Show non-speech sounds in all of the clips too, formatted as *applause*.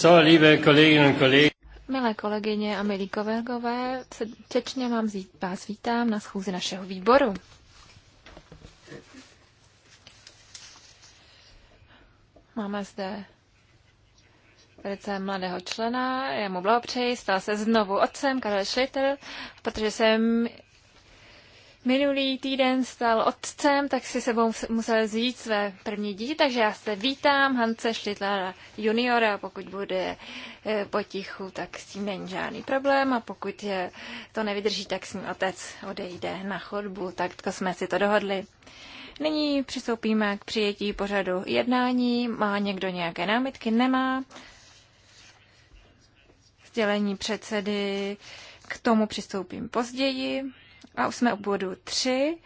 So, liebe Kolleginnen und Kollegen. Milé kolegyně a milí kolegové, srdečně vám zít, vás vítám na schůzi našeho výboru. Máme zde velice mladého člena, já mu blahopřeji, stal se znovu otcem, Karel Schlitter, protože jsem minulý týden stal otcem, tak si sebou musel zjít své první dítě, takže já se vítám Hance Šlitlára juniora, pokud bude e, potichu, tak s tím není žádný problém a pokud je, to nevydrží, tak s ním otec odejde na chodbu, tak to jsme si to dohodli. Nyní přistoupíme k přijetí pořadu jednání. Má někdo nějaké námitky? Nemá. Sdělení předsedy k tomu přistoupím později. A už jsme u bodu 3.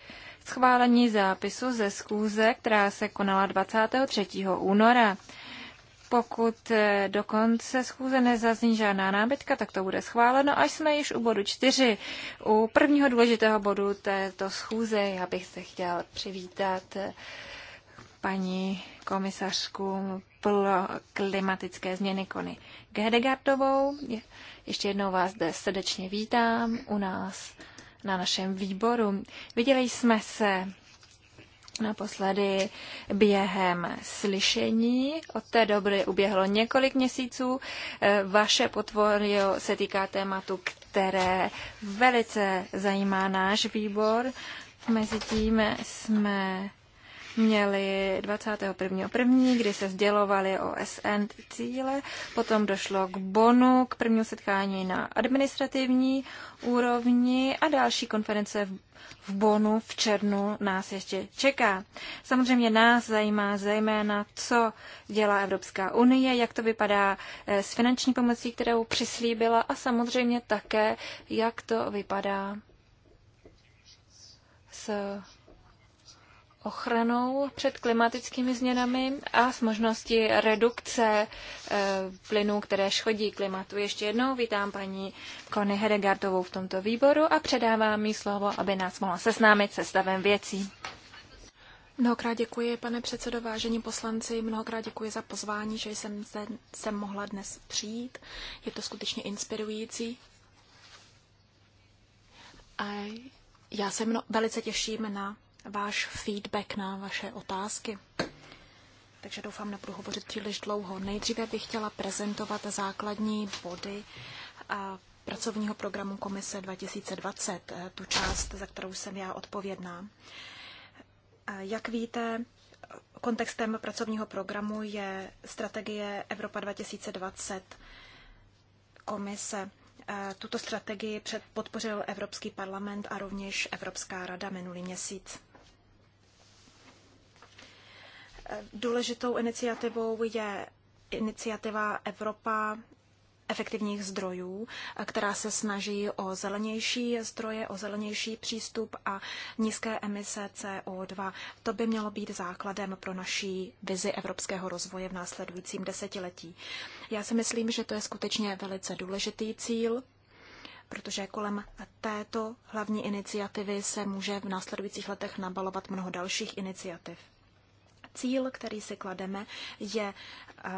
Schválení zápisu ze schůze, která se konala 23. února. Pokud eh, do konce schůze nezazní žádná námitka, tak to bude schváleno, až jsme již u bodu 4, u prvního důležitého bodu této schůze. Já bych se chtěl přivítat eh, paní komisařku pro klimatické změny Kony Gedegardovou. Ještě jednou vás zde srdečně vítám u nás na našem výboru. Viděli jsme se naposledy během slyšení. Od té doby uběhlo několik měsíců. E, vaše potvorio se týká tématu, které velice zajímá náš výbor. Mezitím jsme měli 21.1., kdy se sdělovali SN cíle, potom došlo k Bonu, k prvnímu setkání na administrativní úrovni a další konference v Bonu v černu nás ještě čeká. Samozřejmě nás zajímá zejména, co dělá Evropská unie, jak to vypadá eh, s finanční pomocí, kterou přislíbila a samozřejmě také, jak to vypadá s ochranou před klimatickými změnami a s možností redukce eh, plynů, které škodí klimatu. Ještě jednou vítám paní Kony Hedegardovou v tomto výboru a předávám jí slovo, aby nás mohla seznámit se stavem věcí. Mnohokrát děkuji, pane předsedo, vážení poslanci, mnohokrát děkuji za pozvání, že jsem se jsem mohla dnes přijít. Je to skutečně inspirující. A já se mno, velice těším na váš feedback na vaše otázky. Takže doufám, nebudu hovořit příliš dlouho. Nejdříve bych chtěla prezentovat základní body a pracovního programu Komise 2020, e, tu část, za kterou jsem já odpovědná. E, jak víte, kontextem pracovního programu je strategie Evropa 2020 Komise. E, tuto strategii podpořil Evropský parlament a rovněž Evropská rada minulý měsíc. Důležitou iniciativou je iniciativa Evropa efektivních zdrojů, která se snaží o zelenější zdroje, o zelenější přístup a nízké emise CO2. To by mělo být základem pro naší vizi evropského rozvoje v následujícím desetiletí. Já si myslím, že to je skutečně velice důležitý cíl, protože kolem této hlavní iniciativy se může v následujících letech nabalovat mnoho dalších iniciativ cíl, který si klademe, je eh,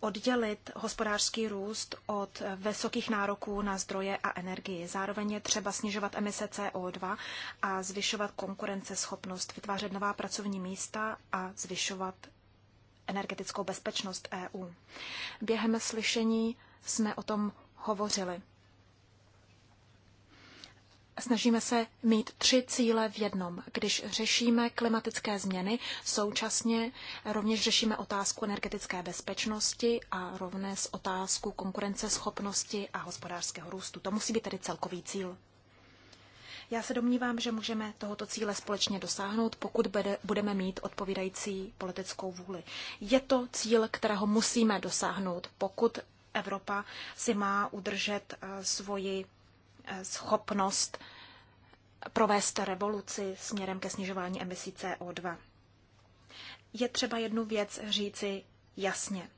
oddělit hospodářský růst od vysokých nároků na zdroje a energii. Zároveň je třeba snižovat emise CO2 a zvyšovat konkurenceschopnost, vytvářet nová pracovní místa a zvyšovat energetickou bezpečnost EU. Během slyšení jsme o tom hovořili. Snažíme se mít tři cíle v jednom. Když řešíme klimatické změny, současně rovněž řešíme otázku energetické bezpečnosti a rovné s otázku konkurenceschopnosti a hospodářského růstu. To musí být tedy celkový cíl. Já se domnívám, že můžeme tohoto cíle společně dosáhnout, pokud budeme mít odpovídající politickou vůli. Je to cíl, kterého musíme dosáhnout, pokud Evropa si má udržet eh, svoji schopnost provést revoluci směrem ke snižování emisí CO2. Je třeba jednu věc říci jasně.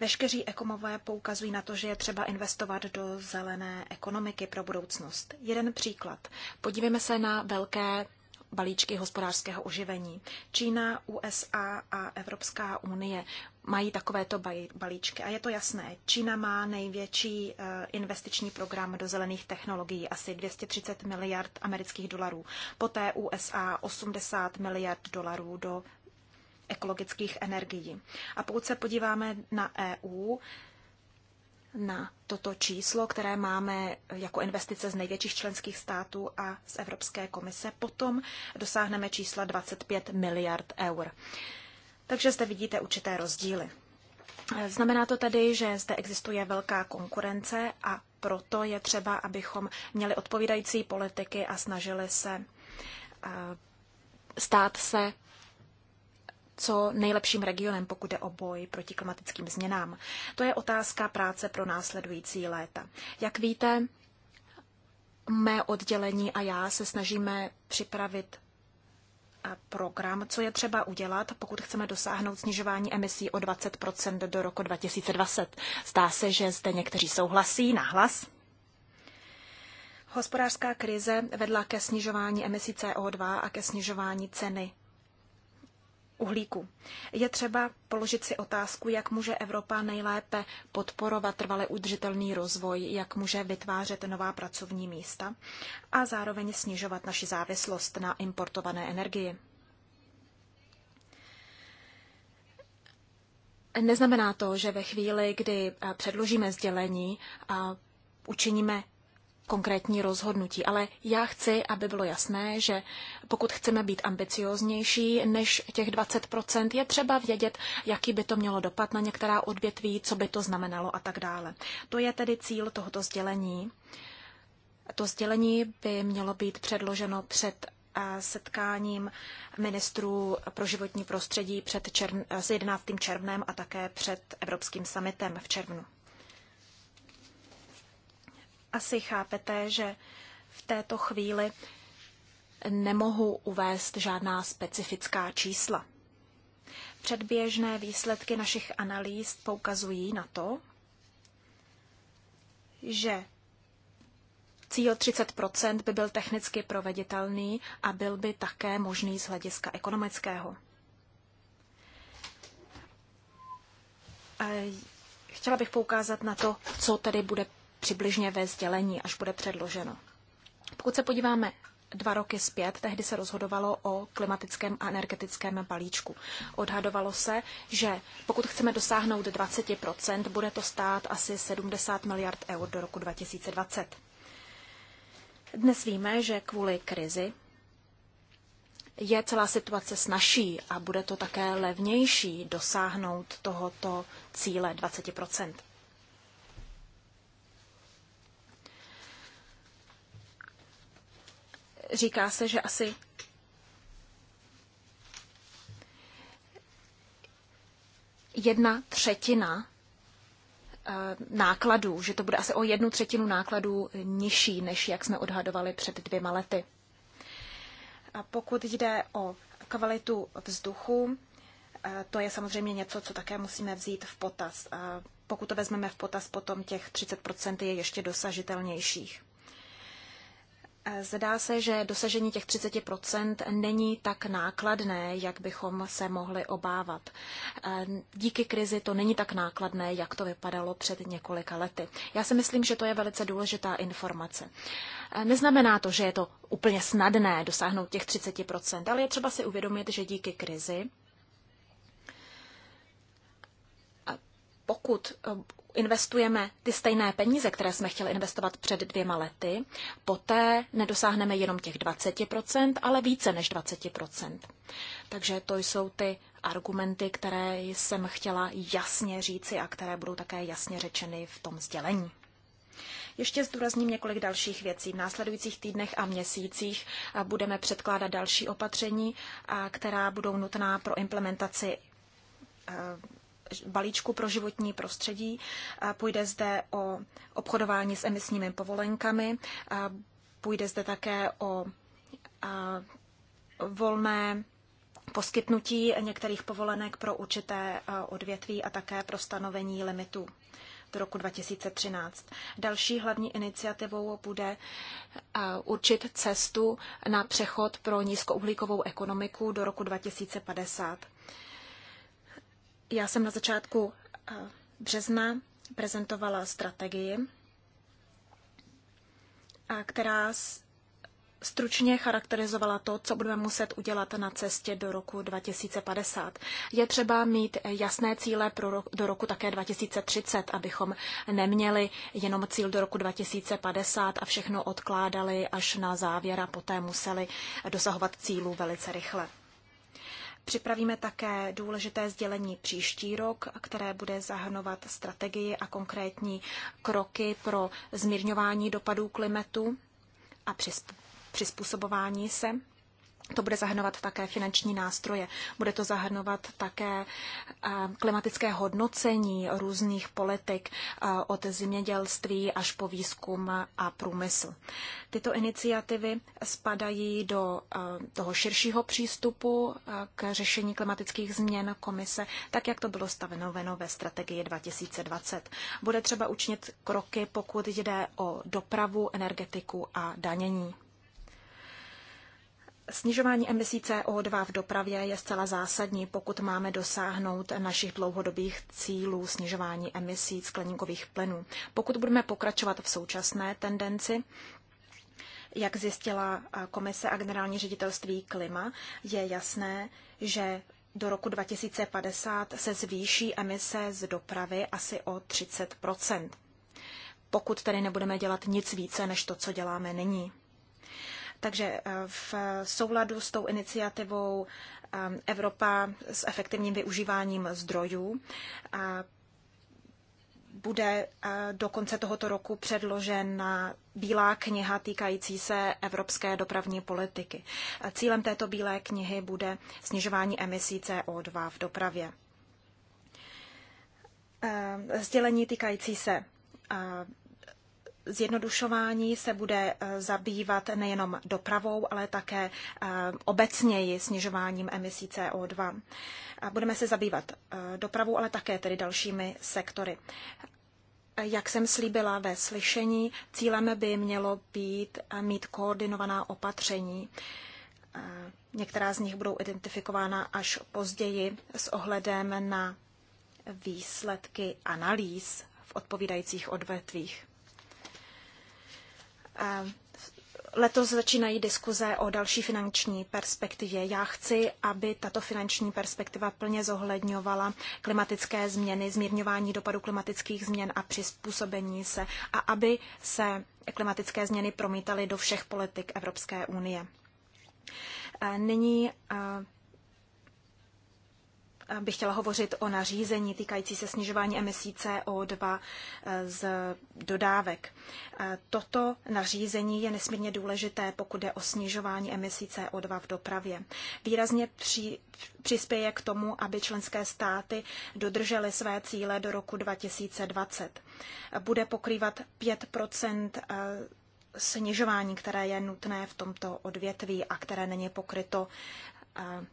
Veškeří ekomové poukazují na to, že je třeba investovat do zelené ekonomiky pro budoucnost. Jeden příklad. Podívejme se na velké balíčky hospodářského oživení. Čína, USA a Evropská unie mají takovéto balíčky. A je to jasné, Čína má největší eh, investiční program do zelených technologií, asi 230 miliard amerických dolarů. Poté USA 80 miliard dolarů do ekologických energií. A pokud se podíváme na EU, na toto číslo, které máme jako investice z největších členských států a z Evropské komise, potom dosáhneme čísla 25 miliard eur. Takže zde vidíte určité rozdíly. Znamená to tedy, že zde existuje velká konkurence a proto je třeba, abychom měli odpovídající politiky a snažili se eh, stát se co nejlepším regionem, pokud jde o boj proti klimatickým změnám. To je otázka práce pro následující léta. Jak víte, mé oddělení a já se snažíme připravit program, co je třeba udělat, pokud chceme dosáhnout snižování emisí o 20 do roku 2020. Zdá se, že zde někteří souhlasí nahlas. Hospodářská krize vedla ke snižování emisí CO2 a ke snižování ceny uhlíku. Je třeba položit si otázku, jak může Evropa nejlépe podporovat trvale udržitelný rozvoj, jak může vytvářet nová pracovní místa a zároveň snižovat naši závislost na importované energii. Neznamená to, že ve chvíli, kdy eh, předložíme sdělení, učiníme konkrétní rozhodnutí, ale já chci, aby bylo jasné, že pokud chceme být ambicioznější než těch 20%, je třeba vědět, jaký by to mělo dopad na některá odvětví, co by to znamenalo a tak dále. To je tedy cíl tohoto sdělení. To sdělení by mělo být předloženo před eh, setkáním ministrů pro životní prostředí před čern, eh, s 11. červnem a také před Evropským summitem v červnu. Asi chápete, že v této chvíli nemohu uvést žádná specifická čísla. Předběžné výsledky našich analýz poukazují na to, že cíl 30 by byl technicky proveditelný a byl by také možný z hlediska ekonomického. Chtěla bych poukázat na to, co tedy bude přibližně ve sdělení, až bude předloženo. Pokud se podíváme dva roky zpět, tehdy se rozhodovalo o klimatickém a energetickém balíčku. Odhadovalo se, že pokud chceme dosáhnout 20%, bude to stát asi 70 miliard eur do roku 2020. Dnes víme, že kvůli krizi je celá situace snažší a bude to také levnější dosáhnout tohoto cíle 20 Říká se, že asi jedna třetina eh, nákladů, že to bude asi o jednu třetinu nákladů nižší, než jak jsme odhadovali před dvěma lety. A pokud jde o kvalitu vzduchu, eh, to je samozřejmě něco, co také musíme vzít v potaz. A pokud to vezmeme v potaz, potom těch 30% je ještě dosažitelnějších. Zdá se, že dosažení těch 30 není tak nákladné, jak bychom se mohli obávat. E, díky krizi to není tak nákladné, jak to vypadalo před několika lety. Já si myslím, že to je velice důležitá informace. E, neznamená to, že je to úplně snadné dosáhnout těch 30 ale je třeba si uvědomit, že díky krizi pokud e, investujeme ty stejné peníze, které jsme chtěli investovat před dvěma lety, poté nedosáhneme jenom těch 20%, ale více než 20%. Takže to jsou ty argumenty, které jsem chtěla jasně říci a které budou také jasně řečeny v tom sdělení. Ještě zdůrazním několik dalších věcí. V následujících týdnech a měsících budeme předkládat další opatření, která budou nutná pro implementaci eh, balíčku pro životní prostředí. Půjde zde o obchodování s emisními povolenkami, půjde zde také o volné poskytnutí některých povolenek pro určité odvětví a také pro stanovení limitů do roku 2013. Další hlavní iniciativou bude určit cestu na přechod pro nízkouhlíkovou ekonomiku do roku 2050. Já jsem na začátku eh, března prezentovala strategii, která stručně charakterizovala to, co budeme muset udělat na cestě do roku 2050. Je třeba mít jasné cíle pro rok, do roku také 2030, abychom neměli jenom cíl do roku 2050 a všechno odkládali až na závěr a poté museli dosahovat cílů velice rychle. Připravíme také důležité sdělení příští rok, které bude zahrnovat strategii a konkrétní kroky pro zmírňování dopadů klimatu a přizpůsobování se to bude zahrnovat také finanční nástroje, bude to zahrnovat také eh, klimatické hodnocení různých politik eh, od zemědělství až po výzkum a průmysl. Tyto iniciativy spadají do eh, toho širšího přístupu k řešení klimatických změn komise, tak jak to bylo stanoveno ve strategii 2020. Bude třeba učinit kroky, pokud jde o dopravu, energetiku a danění. Snižování emisí CO2 v dopravě je zcela zásadní, pokud máme dosáhnout našich dlouhodobých cílů snižování emisí skleníkových plynů. Pokud budeme pokračovat v současné tendenci, jak zjistila eh, komise a generální ředitelství klima, je jasné, že do roku 2050 se zvýší emise z dopravy asi o 30 pokud tedy nebudeme dělat nic více než to, co děláme nyní. Takže eh, v souladu s tou iniciativou eh, Evropa s efektivním využíváním zdrojů bude eh, do konce tohoto roku předložena bílá kniha týkající se evropské dopravní politiky. Cílem této bílé knihy bude snižování emisí CO2 v dopravě. Sdělení týkající se Zjednodušování se bude eh, zabývat nejenom dopravou, ale také eh, obecněji snižováním emisí CO2. Budeme se zabývat eh, dopravou, ale také tedy dalšími sektory. Jak jsem slíbila ve slyšení, cílem by mělo být mít koordinovaná opatření. Některá z nich budou identifikována až později s ohledem na výsledky analýz v odpovídajících odvetvích. Letos začínají diskuze o další finanční perspektivě. Já chci, aby tato finanční perspektiva plně zohledňovala klimatické změny, zmírňování dopadu klimatických změn a přizpůsobení se a aby se klimatické změny promítaly do všech politik Evropské unie. Nyní bych chtěla hovořit o nařízení týkající se snižování emisí CO2 eh, z dodávek. Eh, toto nařízení je nesmírně důležité, pokud jde o snižování emisí CO2 v dopravě. Výrazně při, přispěje k tomu, aby členské státy dodržely své cíle do roku 2020. Bude pokrývat 5 eh, snižování, které je nutné v tomto odvětví a které není pokryto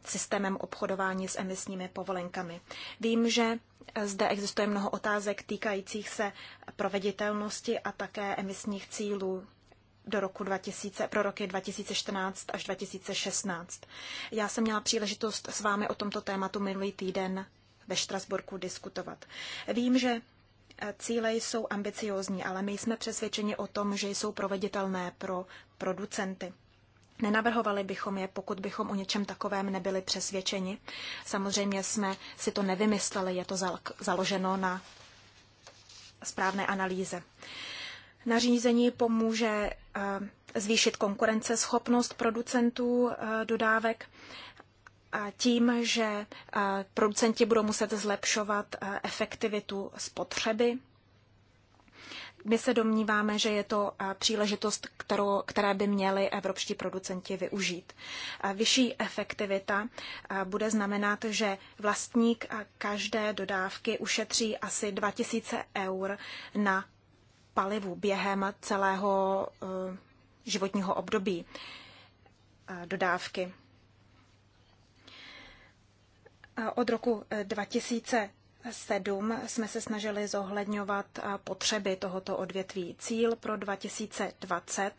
systémem obchodování s emisními povolenkami. Vím, že zde existuje mnoho otázek týkajících se proveditelnosti a také emisních cílů do roku 2000, pro roky 2014 až 2016. Já jsem měla příležitost s vámi o tomto tématu minulý týden ve Štrasburku diskutovat. Vím, že cíle jsou ambiciózní, ale my jsme přesvědčeni o tom, že jsou proveditelné pro producenty. Nenavrhovali bychom je, pokud bychom o něčem takovém nebyli přesvědčeni. Samozřejmě jsme si to nevymysleli, je to založeno na správné analýze. Nařízení pomůže eh, zvýšit konkurenceschopnost producentů eh, dodávek tím, že eh, producenti budou muset zlepšovat efektivitu spotřeby my se domníváme, že je to eh, příležitost, kterou, které by měli evropští producenti využít. Vyšší efektivita eh, bude znamenat, že vlastník eh, každé dodávky ušetří asi 2000 eur na palivu během celého životního období dodávky. Od roku 2000 7 jsme se snažili zohledňovat eh, potřeby tohoto odvětví. Cíl pro 2020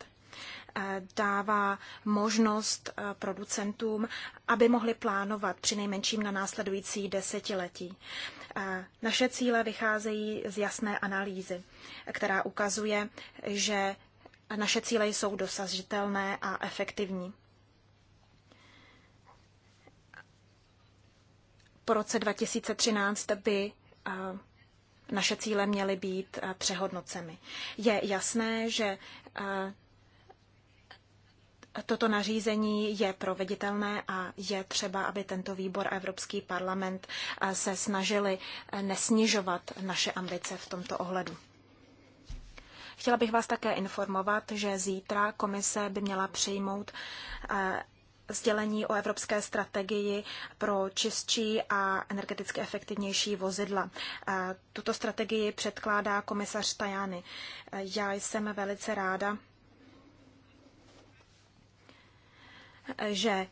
eh, dává možnost eh, producentům, aby mohli plánovat při nejmenším na následující desetiletí. Naše cíle vycházejí z jasné analýzy, která ukazuje, že naše cíle jsou dosažitelné a efektivní. po roce 2013 by eh, naše cíle měly být eh, přehodnoceny. Je jasné, že eh, toto nařízení je proveditelné a je třeba, aby tento výbor a Evropský parlament se snažili nesnižovat naše ambice v tomto ohledu. Chtěla bych vás také informovat, že zítra komise by měla přijmout sdělení o evropské strategii pro čistší a energeticky efektivnější vozidla. Tuto strategii předkládá komisař Tajany. Já jsem velice ráda, že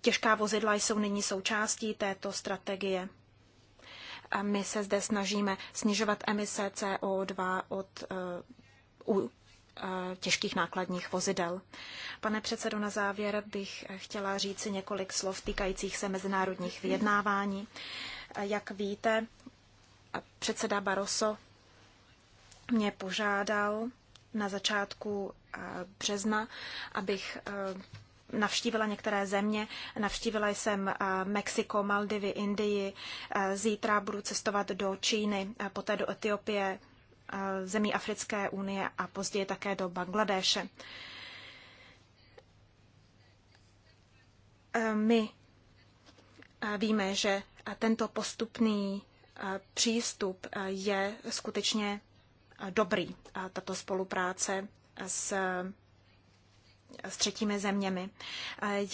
těžká vozidla jsou nyní součástí této strategie. A my se zde snažíme snižovat emise CO2 od eh, u těžkých nákladních vozidel. Pane předsedo, na závěr bych chtěla říci několik slov týkajících se mezinárodních vyjednávání. Jak víte, předseda Barroso mě požádal na začátku března, abych navštívila některé země. Navštívila jsem Mexiko, Maldivy, Indii. Zítra budu cestovat do Číny, poté do Etiopie, Eh, zemí Africké unie a později také do Bangladéše. Eh, my eh, víme, že tento postupný přístup je skutečně dobrý, tato spolupráce s, s třetími zeměmi.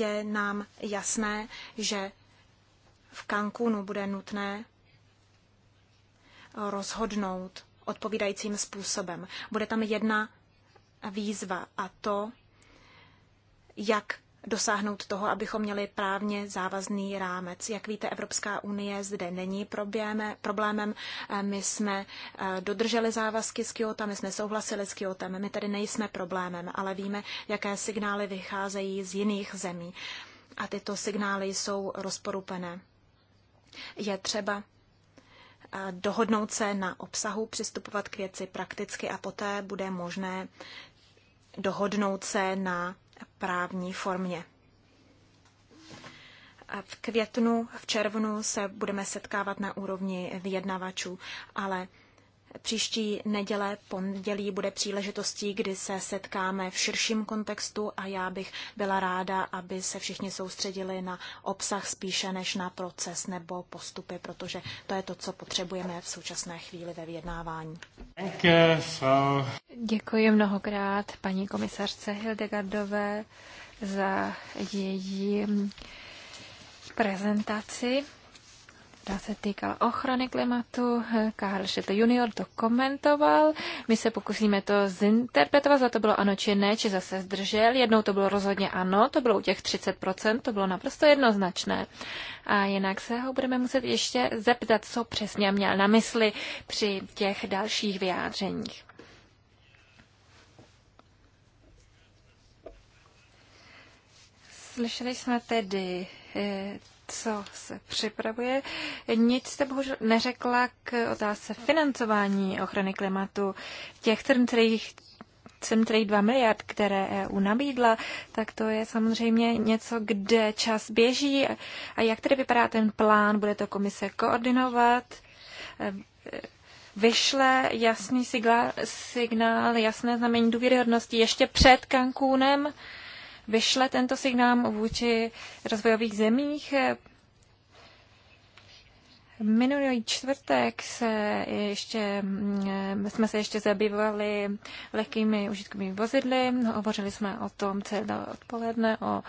Je nám jasné, že v Cancúnu bude nutné rozhodnout odpovídajícím způsobem. Bude tam jedna výzva a to, jak dosáhnout toho, abychom měli právně závazný rámec. Jak víte, Evropská unie zde není problémem. My jsme eh, dodrželi závazky s Kyoto, my jsme souhlasili s Kyoto, my tedy nejsme problémem, ale víme, jaké signály vycházejí z jiných zemí. A tyto signály jsou rozporupené. Je třeba dohodnout se na obsahu, přistupovat k věci prakticky a poté bude možné dohodnout se na právní formě. V květnu, v červnu se budeme setkávat na úrovni vyjednavačů, ale Příští neděle, pondělí bude příležitostí, kdy se setkáme v širším kontextu a já bych byla ráda, aby se všichni soustředili na obsah spíše než na proces nebo postupy, protože to je to, co potřebujeme v současné chvíli ve vyjednávání. Děkuji mnohokrát paní komisařce Hildegardové za její prezentaci. Ta se týkala ochrany klimatu. Karl Schittl junior to komentoval. My se pokusíme to zinterpretovat, za to bylo ano či ne, či zase zdržel. Jednou to bylo rozhodně ano, to bylo u těch 30%, to bylo naprosto jednoznačné. A jinak se ho budeme muset ještě zeptat, co přesně měl na mysli při těch dalších vyjádřeních. Slyšeli jsme tedy E, co se připravuje. Nic jste bohužel neřekla k otázce financování ochrany klimatu. Těch 7,2 miliard, které EU nabídla, tak to je samozřejmě něco, kde čas běží. A jak tedy vypadá ten plán? Bude to komise koordinovat? E, vyšle jasný signál, jasné znamení důvěryhodnosti ještě před Cancúnem? vyšle tento signál vůči rozvojových zemích. Minulý čtvrtek se ještě, jsme se ještě zabývali lehkými užitkovými vozidly. Hovořili jsme o tom celé odpoledne, o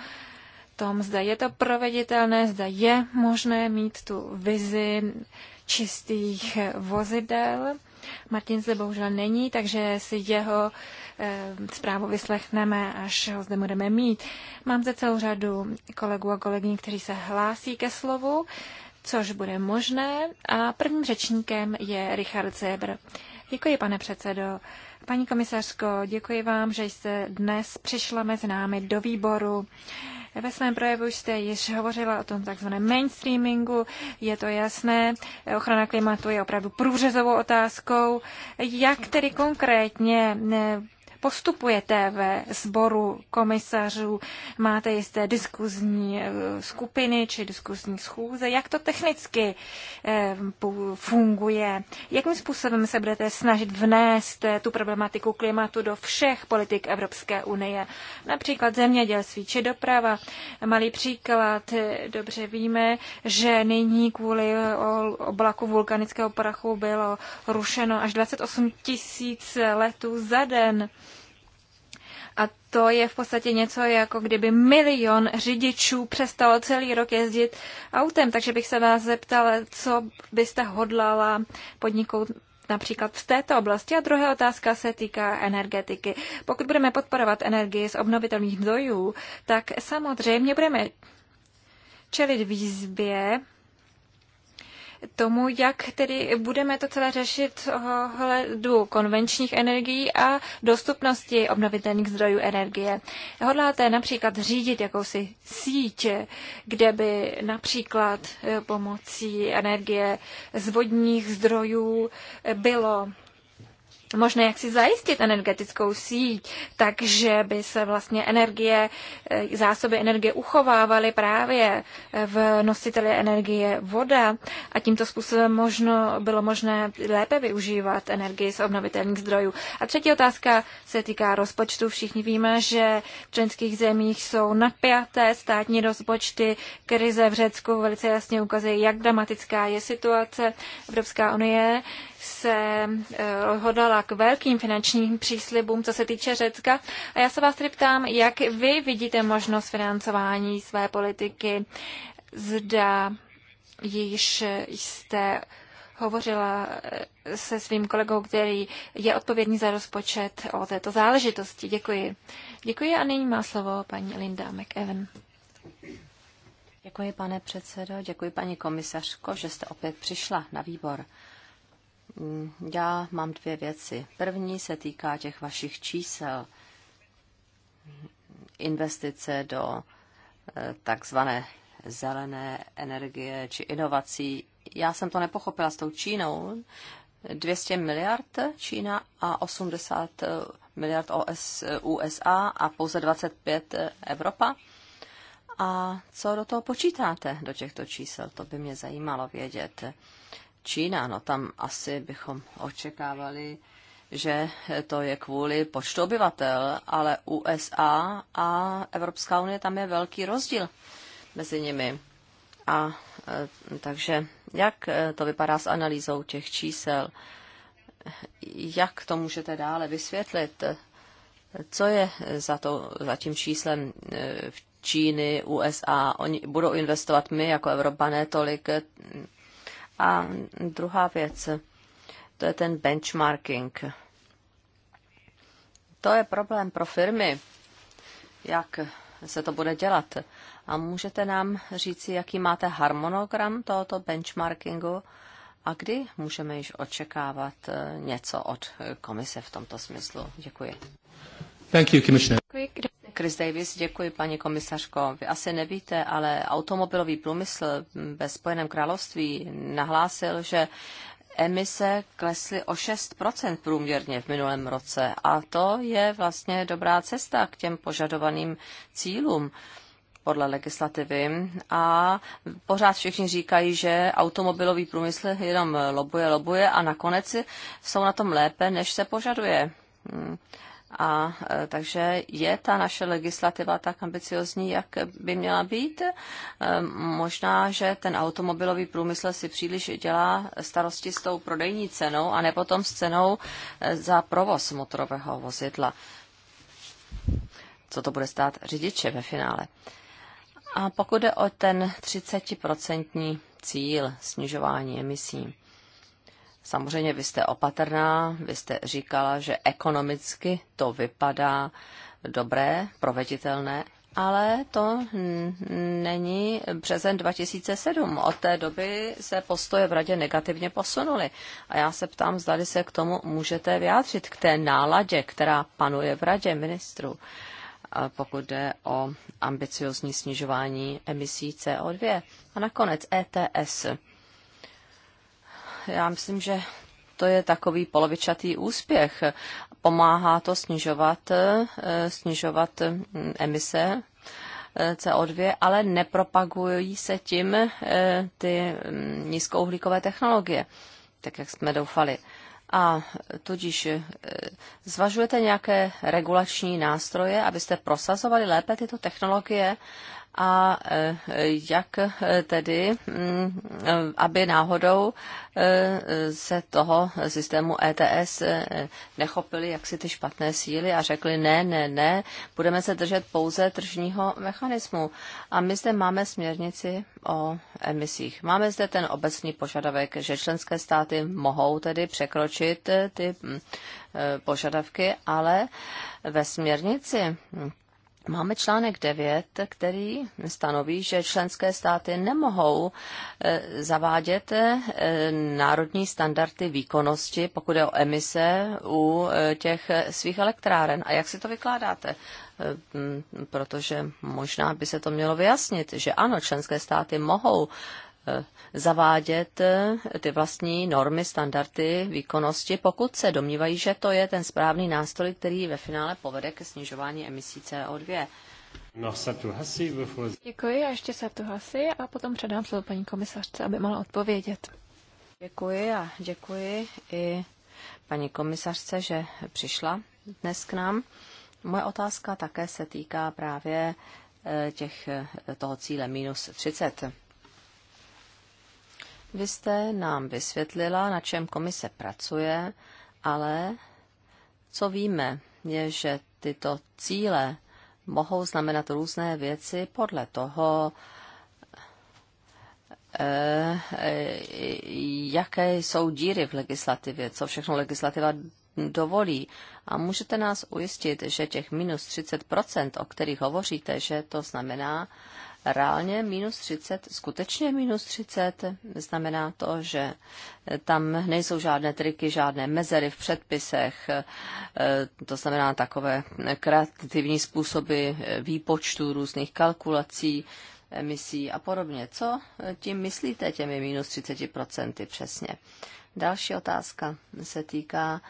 tom, zda je to proveditelné, zda je možné mít tu vizi čistých vozidel. Martin zde bohužel není, takže si jeho eh, zprávu vyslechneme, až ho zde budeme mít. Mám zde celou řadu kolegů a kolegyní, kteří se hlásí ke slovu, což bude možné. A prvním řečníkem je Richard Zebr. Děkuji, pane předsedo. Paní komisařko, děkuji vám, že jste dnes přišla mezi námi do výboru. Eh, ve svém projevu jste již hovořila o tom takzvaném mainstreamingu, je to jasné, ochrana klimatu je opravdu průřezovou otázkou. Jak tedy konkrétně postupujete ve sboru komisařů? Máte jisté diskuzní eh, skupiny či diskuzní schůze? Jak to technicky eh, funguje? Jakým způsobem se budete snažit vnést eh, tu problematiku klimatu do všech politik Evropské unie? Například zemědělství či doprava. Malý příklad, dobře víme, že nyní kvůli oblaku vulkanického prachu bylo rušeno až 28 tisíc letů za den to je v podstatě něco, jako kdyby milion řidičů přestalo celý rok jezdit autem. Takže bych se vás zeptala, co byste hodlala podniknout například v této oblasti. A druhá otázka se týká energetiky. Pokud budeme podporovat energii z obnovitelných zdrojů, tak samozřejmě budeme čelit výzvě tomu, jak tedy budeme to celé řešit ohledu konvenčních energií a dostupnosti obnovitelných zdrojů energie. Hodláte například řídit jakousi síť, kde by například eh, pomocí energie z vodních zdrojů bylo možné jak si zajistit energetickou síť, takže by se vlastně energie, eh, zásoby energie uchovávaly právě eh, v nositeli energie voda a tímto způsobem možno, bylo možné lépe využívat energii z obnovitelných zdrojů. A třetí otázka se týká rozpočtu. Všichni víme, že v členských zemích jsou napjaté státní rozpočty. Krize v Řecku velice jasně ukazuje, jak dramatická je situace. Evropská unie se eh, hodala k velkým finančním příslibům, co se týče Řecka. A já se vás tedy ptám, jak vy vidíte možnost financování své politiky, zda již jste hovořila eh, se svým kolegou, který je odpovědný za rozpočet o této záležitosti. Děkuji. Děkuji a nyní má slovo paní Linda McEwen. Děkuji, pane předsedo, děkuji, paní komisařko, že jste opět přišla na výbor. Mm, já mám dvě věci. První se týká těch vašich čísel. Investice do eh, takzvané zelené energie či inovací. Já jsem to nepochopila s tou Čínou. 200 miliard Čína a 80 eh, miliard eh, USA a pouze 25 Evropa. A co do toho počítáte, do těchto čísel? To by mě zajímalo vědět. Čína, no tam asi bychom očekávali, že to je kvůli počtu obyvatel, ale USA a Evropská unie, tam je velký rozdíl mezi nimi. A e, takže jak e, to vypadá s analýzou těch čísel? Jak to můžete dále vysvětlit? Co je za, to, za tím číslem e, v Číny, USA? Oni budou investovat my jako Evropané tolik, a druhá věc, to je ten benchmarking. To je problém pro firmy, jak se to bude dělat. A můžete nám říci, jaký máte harmonogram tohoto benchmarkingu a kdy můžeme již očekávat eh, něco od komise v tomto smyslu? Děkuji. Thank you, Commissioner. Chris Davis, děkuji, paní komisařko. Vy asi nevíte, ale automobilový průmysl ve Spojeném království nahlásil, že emise klesly o 6% průměrně v minulém roce. A to je vlastně dobrá cesta k těm požadovaným cílům podle legislativy. A pořád všichni říkají, že automobilový průmysl jenom lobuje, lobuje a nakonec jsou na tom lépe, než se požaduje. A e, takže je ta naše legislativa tak ambiciozní, jak by měla být? E, možná, že ten automobilový průmysl si příliš dělá starosti s tou prodejní cenou a ne potom s cenou e, za provoz motorového vozidla. Co to bude stát řidiče ve finále? A pokud jde o ten 30% cíl snižování emisí, Samozřejmě vy jste opatrná, vy jste říkala, že ekonomicky to vypadá dobré, proveditelné, ale to není březen 2007. Od té doby se postoje v radě negativně posunuly. A já se ptám, zda se k tomu můžete vyjádřit, k té náladě, která panuje v radě ministru, pokud jde o ambiciozní snižování emisí CO2. A nakonec ETS já myslím, že to je takový polovičatý úspěch. Pomáhá to snižovat, eh, snižovat mm, emise eh, CO2, ale nepropagují se tím eh, ty mm, nízkouhlíkové technologie, tak jak jsme doufali. A tudíž zvažujete nějaké regulační nástroje, abyste prosazovali lépe tyto technologie a e, jak e, tedy, mm, aby náhodou e, se toho systému ETS nechopili jaksi ty špatné síly a řekli ne, ne, ne, budeme se držet pouze tržního mechanismu. A my zde máme směrnici o emisích. Máme zde ten obecný požadavek, že členské státy mohou tedy překročit ty mm, požadavky, ale ve směrnici Máme článek 9, který stanoví, že členské státy nemohou eh, zavádět eh, národní standardy výkonnosti, pokud je o emise u eh, těch svých elektráren. A jak si to vykládáte? Protože možná by se to mělo vyjasnit, že ano, členské státy mohou zavádět eh, ty vlastní normy, standardy výkonnosti, pokud se domnívají, že to je ten správný nástroj, který ve finále povede ke snižování emisí CO2. Děkuji a ještě tu Hasi a potom předám slovo paní komisařce, aby mohla odpovědět. Děkuji a děkuji i paní komisařce, že přišla dnes k nám. Moje otázka také se týká právě eh, těch, eh, toho cíle minus 30. Vy jste nám vysvětlila, na čem komise pracuje, ale co víme, je, že tyto cíle mohou znamenat různé věci podle toho, eh, eh, jaké jsou díry v legislativě, co všechno legislativa dovolí. A můžete nás ujistit, že těch minus 30%, o kterých hovoříte, že to znamená, reálně minus 30, skutečně minus 30, znamená to, že tam nejsou žádné triky, žádné mezery v předpisech, eh, to znamená takové kreativní způsoby eh, výpočtu různých kalkulací, emisí a podobně. Co eh, tím myslíte těmi minus 30% přesně? Další otázka se týká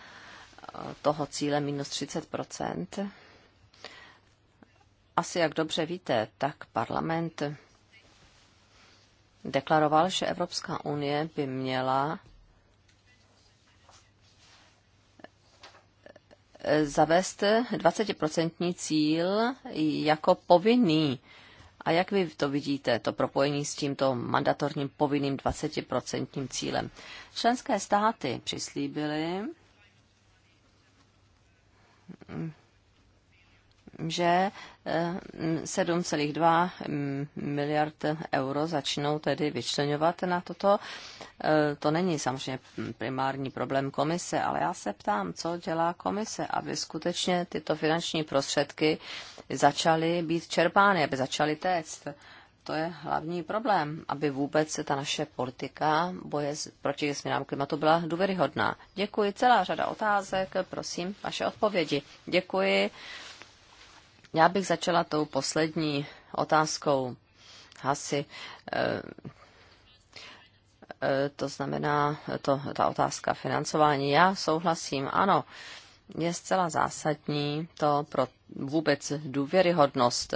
toho cíle minus 30% asi jak dobře víte, tak parlament deklaroval, že Evropská unie by měla eh, zavést 20% cíl jako povinný. A jak vy to vidíte, to propojení s tímto mandatorním povinným 20% cílem? Členské státy přislíbily že 7,2 eh, miliard euro začnou tedy vyčlenovat na toto. Eh, to není samozřejmě primární problém komise, ale já se ptám, co dělá komise, aby skutečně tyto finanční prostředky začaly být čerpány, aby začaly téct. To je hlavní problém, aby vůbec ta naše politika boje proti změnám klimatu byla důvěryhodná. Děkuji, celá řada otázek, prosím, vaše odpovědi. Děkuji. Já bych začala tou poslední otázkou. Hasi, eh, eh, to znamená to, ta otázka financování. Já souhlasím, ano, je zcela zásadní to pro vůbec důvěryhodnost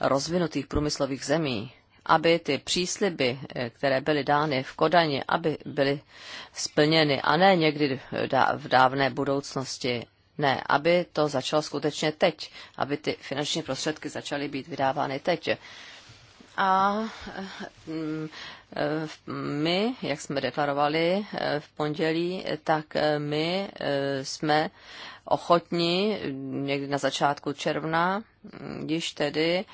rozvinutých průmyslových zemí, aby ty přísliby, eh, které byly dány v Kodani, aby byly splněny a ne někdy v dávné budoucnosti. Ne, aby to začalo skutečně teď, aby ty finanční prostředky začaly být vydávány teď. A mm, my, jak jsme deklarovali eh, v pondělí, tak eh, my eh, jsme ochotní mm, někdy na začátku června, když mm, tedy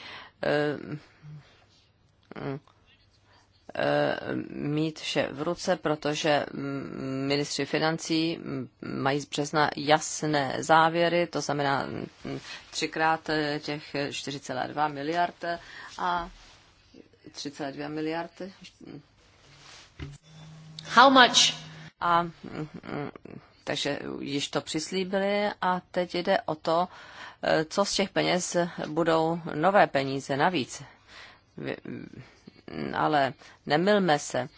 mít vše v ruce, protože ministři financí mají z března jasné závěry, to znamená třikrát eh, těch 4,2 miliard a 3,2 miliard. How much? A, mm, mm, takže již to přislíbili a teď jde o to, eh, co z těch peněz budou nové peníze navíc ale nemilme se.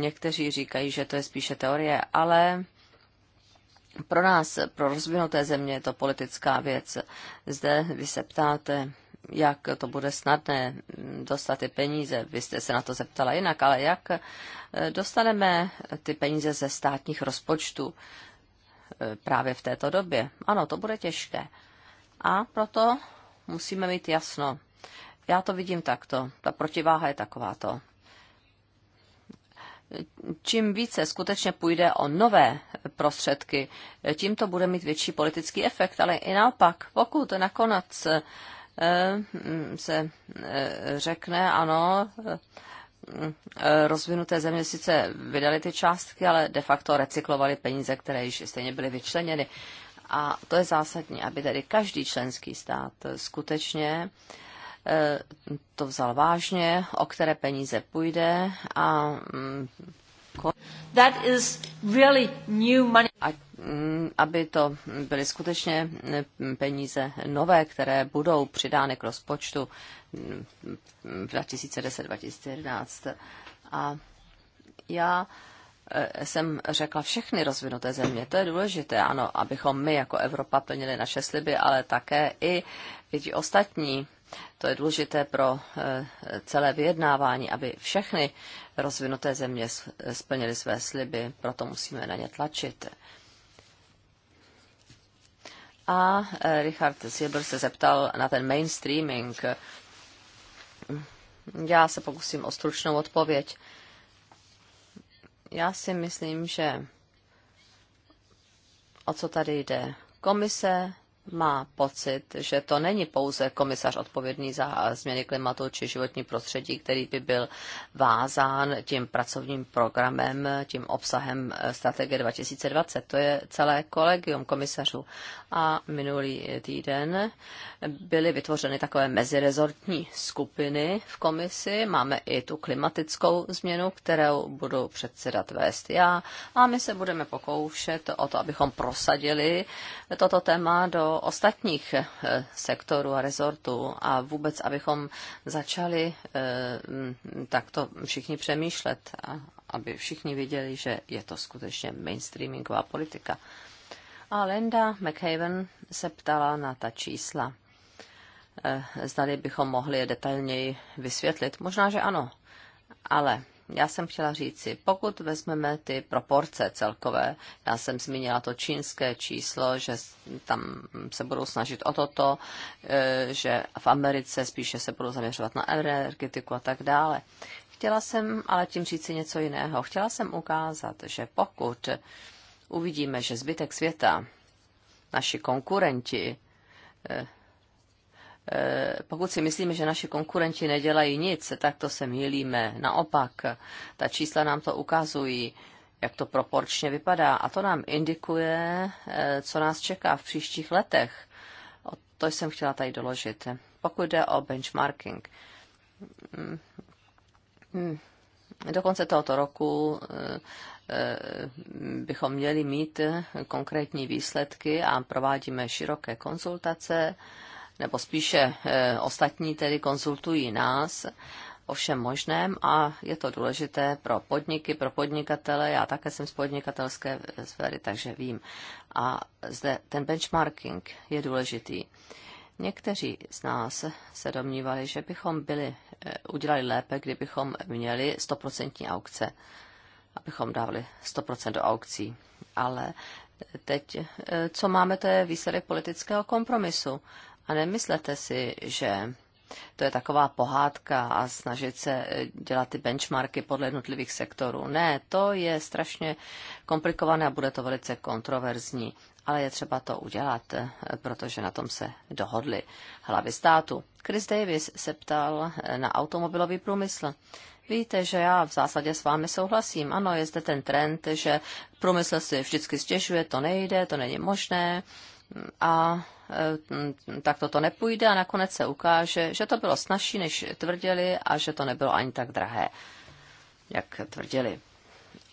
Někteří říkají, že to je spíše teorie, ale pro nás, pro rozvinuté země, je to politická věc. Zde vy se ptáte, jak to bude snadné dostat ty peníze. Vy jste se na to zeptala jinak, ale jak dostaneme ty peníze ze státních rozpočtů právě v této době? Ano, to bude těžké. A proto musíme mít jasno já to vidím takto. Ta protiváha je takováto. Čím více skutečně půjde o nové prostředky, tím to bude mít větší politický efekt, ale i naopak, pokud nakonec eh, mm, se eh, řekne, ano, eh, rozvinuté země sice vydali ty částky, ale de facto recyklovali peníze, které již stejně byly vyčleněny. A to je zásadní, aby tedy každý členský stát skutečně uh, Eh, to vzal vážně, o které peníze půjde a mm, That is really new money. A, mm, aby to byly skutečně mm, peníze nové, které budou přidány k rozpočtu v 2010-2011. A já eh, jsem řekla všechny rozvinuté země. To je důležité, ano, abychom my jako Evropa plnili naše sliby, ale také i ti ostatní to je důležité pro eh, celé vyjednávání, aby všechny rozvinuté země splnily své sliby, proto musíme na ně tlačit. A eh, Richard Silber se zeptal na ten mainstreaming. Já se pokusím o stručnou odpověď. Já si myslím, že o co tady jde? Komise má pocit, že to není pouze komisař odpovědný za změny klimatu či životní prostředí, který by byl vázán tím pracovním programem, tím obsahem eh, strategie 2020. To je celé kolegium komisařů. A minulý týden byly vytvořeny takové mezirezortní skupiny v komisi. Máme i tu klimatickou změnu, kterou budu předsedat vést já. A my se budeme pokoušet o to, abychom prosadili toto téma do ostatních eh, sektorů a rezortů a vůbec, abychom začali eh, mm, takto všichni přemýšlet, aby všichni viděli, že je to skutečně mainstreamingová politika. A Linda McHaven se ptala na ta čísla. Eh, zdali bychom mohli je detailněji vysvětlit. Možná, že ano, ale já jsem chtěla říci, pokud vezmeme ty proporce celkové, já jsem zmínila to čínské číslo, že tam se budou snažit o toto, e, že v Americe spíše se budou zaměřovat na energetiku a tak dále. Chtěla jsem ale tím říci něco jiného. Chtěla jsem ukázat, že pokud uvidíme, že zbytek světa, naši konkurenti, e, Eh, pokud si myslíme, že naši konkurenti nedělají nic, tak to se mýlíme. Naopak, ta čísla nám to ukazují, jak to proporčně vypadá a to nám indikuje, eh, co nás čeká v příštích letech. O to jsem chtěla tady doložit. Pokud jde o benchmarking, mm, mm, mm, do konce tohoto roku eh, bychom měli mít konkrétní výsledky a provádíme široké konzultace nebo spíše eh, ostatní tedy konzultují nás o všem možném a je to důležité pro podniky, pro podnikatele. Já také jsem z podnikatelské sféry, takže vím. A zde ten benchmarking je důležitý. Někteří z nás se domnívali, že bychom byli, eh, udělali lépe, kdybychom měli 100% aukce, abychom dávali 100% do aukcí. Ale teď, eh, co máme, to je výsledek politického kompromisu. A nemyslete si, že to je taková pohádka a snažit se eh, dělat ty benchmarky podle jednotlivých sektorů. Ne, to je strašně komplikované a bude to velice kontroverzní, ale je třeba to udělat, eh, protože na tom se dohodli hlavy státu. Chris Davis se ptal eh, na automobilový průmysl. Víte, že já v zásadě s vámi souhlasím. Ano, je zde ten trend, že průmysl si vždycky stěžuje, to nejde, to není možné a e, tak toto nepůjde a nakonec se ukáže, že to bylo snažší, než tvrdili a že to nebylo ani tak drahé, jak tvrdili.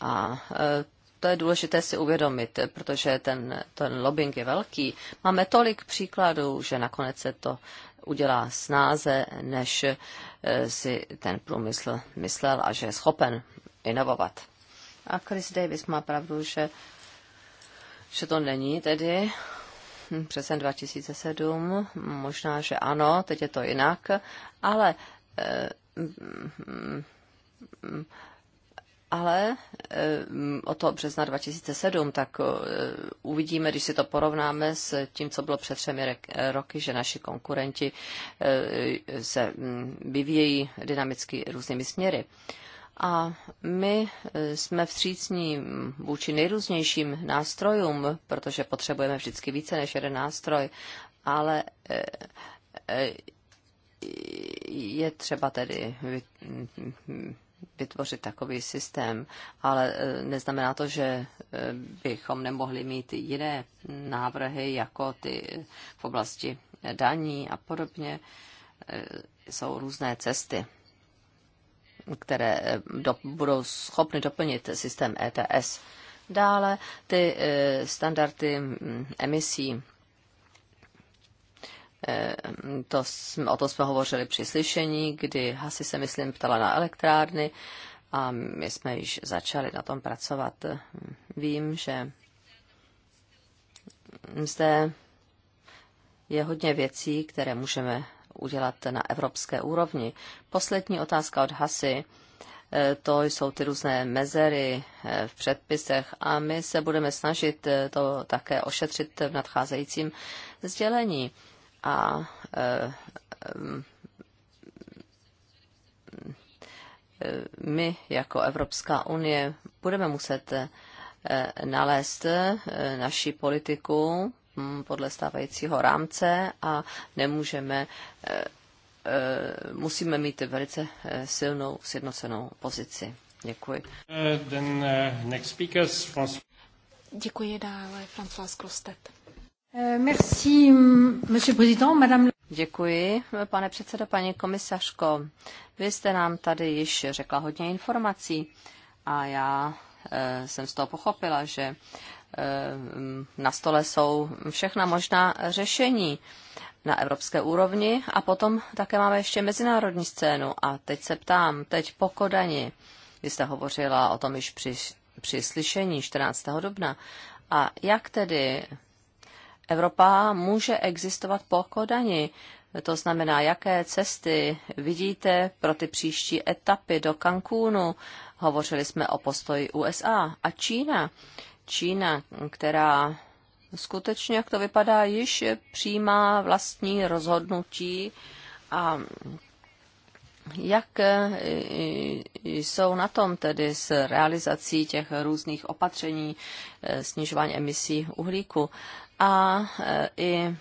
A e, to je důležité si uvědomit, protože ten, ten lobbying je velký. Máme tolik příkladů, že nakonec se to udělá snáze, než e, si ten průmysl myslel a že je schopen inovovat. A Chris Davis má pravdu, že, že to není tedy březen 2007, možná, že ano, teď je to jinak, ale eh, ale eh, o to března 2007, tak eh, uvidíme, když si to porovnáme s tím, co bylo před třemi roky, že naši konkurenti se mm, vyvíjejí dynamicky různými směry. A my eh, jsme vstřícní vůči nejrůznějším nástrojům, protože potřebujeme vždycky více než jeden nástroj, ale eh, eh, je třeba tedy vytvořit takový systém, ale neznamená to, že bychom nemohli mít jiné návrhy, jako ty v oblasti daní a podobně. Jsou různé cesty které eh, do, budou schopny doplnit systém ETS. Dále ty eh, standardy mm, emisí eh, to, o tom jsme hovořili při slyšení, kdy Hasi se, myslím, ptala na elektrárny a my jsme již začali na tom pracovat. Vím, že zde je hodně věcí, které můžeme udělat na evropské úrovni. Poslední otázka od Hasy. E, to jsou ty různé mezery e, v předpisech a my se budeme snažit e, to také ošetřit v nadcházejícím sdělení. A my jako Evropská unie budeme muset nalézt naši politiku Hm, podle stávajícího rámce a nemůžeme, eh, eh, musíme mít velice eh, silnou, sjednocenou pozici. Děkuji. Then, next speakers, Děkuji dále, François Krostet. Merci, monsieur président, madame... Děkuji, pane předsedo, paní komisařko. Vy jste nám tady již řekla hodně informací a já jsem z toho pochopila, že Eh, na stole jsou všechna možná řešení na evropské úrovni a potom také máme ještě mezinárodní scénu. A teď se ptám, teď po Kodani, vy jste hovořila o tom již při, při slyšení 14. dubna, a jak tedy Evropa může existovat po Kodani? To znamená, jaké cesty vidíte pro ty příští etapy do Cancúnu? Hovořili jsme o postoji USA a Čína. Čína, která skutečně, jak to vypadá, již přijímá vlastní rozhodnutí a jak jsou na tom tedy s realizací těch různých opatření snižování emisí uhlíku? A i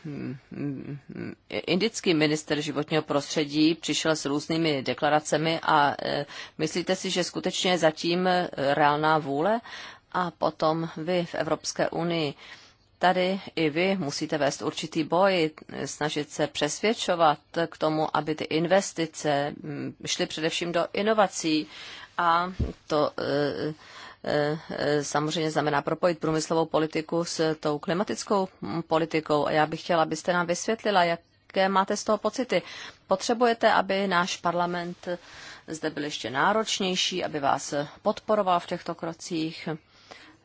indický minister životního prostředí přišel s různými deklaracemi a e, myslíte si, že skutečně zatím reálná vůle a potom vy v Evropské unii. Tady i vy musíte vést určitý boj, snažit se přesvědčovat k tomu, aby ty investice mm, šly především do inovací a to e, e, e, samozřejmě znamená propojit průmyslovou politiku s tou klimatickou mm, politikou. A já bych chtěla, abyste nám vysvětlila, jaké máte z toho pocity. Potřebujete, aby náš parlament zde byl ještě náročnější, aby vás podporoval v těchto krocích?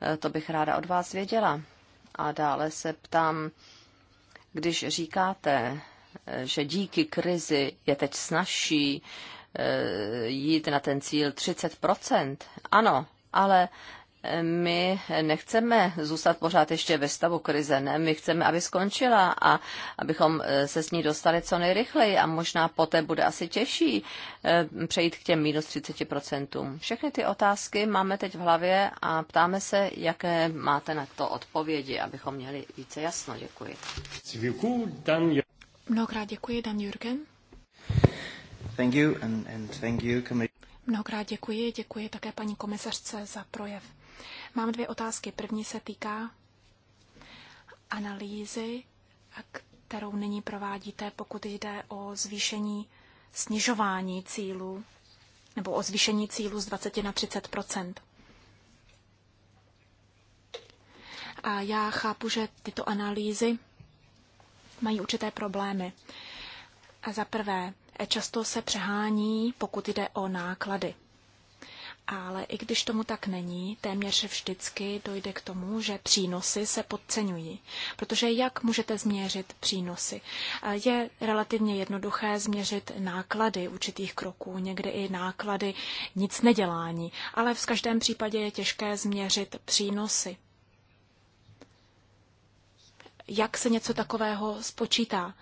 Eh, to bych ráda od vás věděla. A dále se ptám, když říkáte, eh, že díky krizi je teď snažší eh, jít na ten cíl 30%, ano, ale my nechceme zůstat pořád ještě ve stavu krize, ne? My chceme, aby skončila a abychom e, se s ní dostali co nejrychleji a možná poté bude asi těžší e, přejít k těm minus 30%. Všechny ty otázky máme teď v hlavě a ptáme se, jaké máte na to odpovědi, abychom měli více jasno. Děkuji. Mnohokrát děkuji, Dan Jürgen. Thank you and, and thank you, Mnohokrát děkuji, děkuji také paní komisařce za projev. Mám dvě otázky. První se týká analýzy, kterou nyní provádíte, pokud jde o zvýšení snižování cílů nebo o zvýšení cílů z 20 na 30 A já chápu, že tyto analýzy mají určité problémy. A za prvé, často se přehání, pokud jde o náklady. Ale i když tomu tak není, téměř vždycky dojde k tomu, že přínosy se podceňují. Protože jak můžete změřit přínosy? Je relativně jednoduché změřit náklady určitých kroků, někdy i náklady nic nedělání, ale v každém případě je těžké změřit přínosy. Jak se něco takového spočítá?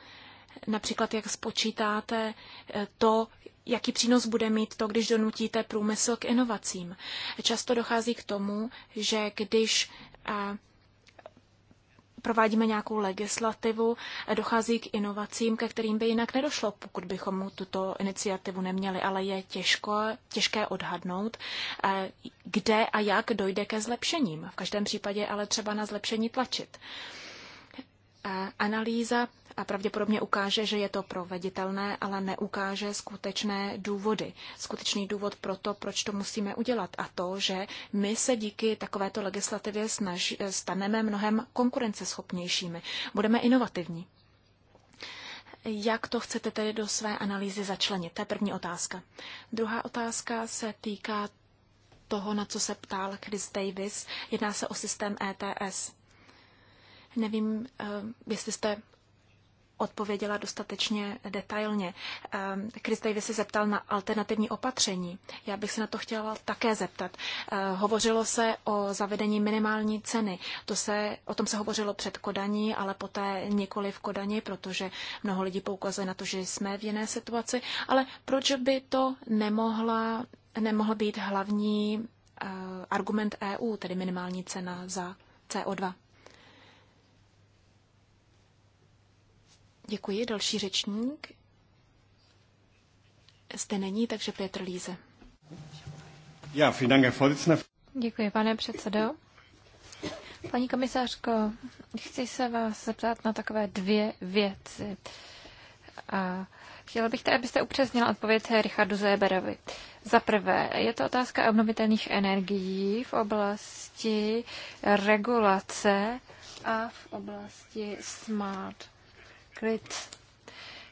Například, jak spočítáte eh, to, jaký přínos bude mít to, když donutíte průmysl k inovacím. Často dochází k tomu, že když provádíme nějakou legislativu, dochází k inovacím, ke kterým by jinak nedošlo, pokud bychom tuto iniciativu neměli, ale je těžko, těžké odhadnout, kde a jak dojde ke zlepšením. V každém případě ale třeba na zlepšení tlačit. Analýza a pravděpodobně ukáže, že je to proveditelné, ale neukáže skutečné důvody. Skutečný důvod pro to, proč to musíme udělat a to, že my se díky takovéto legislativě snaž, staneme mnohem konkurenceschopnějšími. Budeme inovativní. Jak to chcete tedy do své analýzy začlenit? To je první otázka. Druhá otázka se týká toho, na co se ptal Chris Davis. Jedná se o systém ETS. Nevím, eh, jestli jste odpověděla dostatečně detailně. Ehm, Chris Davis se zeptal na alternativní opatření. Já bych se na to chtěla také zeptat. Ehm, hovořilo se o zavedení minimální ceny. To se, o tom se hovořilo před Kodaní, ale poté nikoli v Kodani, protože mnoho lidí poukazuje na to, že jsme v jiné situaci. Ale proč by to nemohla, nemohl být hlavní ehm, argument EU, tedy minimální cena za CO2? Děkuji. Další řečník. Zde není, takže Petr Líze. Já, Děkuji, pane předsedo. Paní komisářko, chci se vás zeptat na takové dvě věci. A chtěla bych, tady, abyste upřesnila odpověď Richardu Zéberovi. Za prvé, je to otázka obnovitelných energií v oblasti regulace a v oblasti smart klid.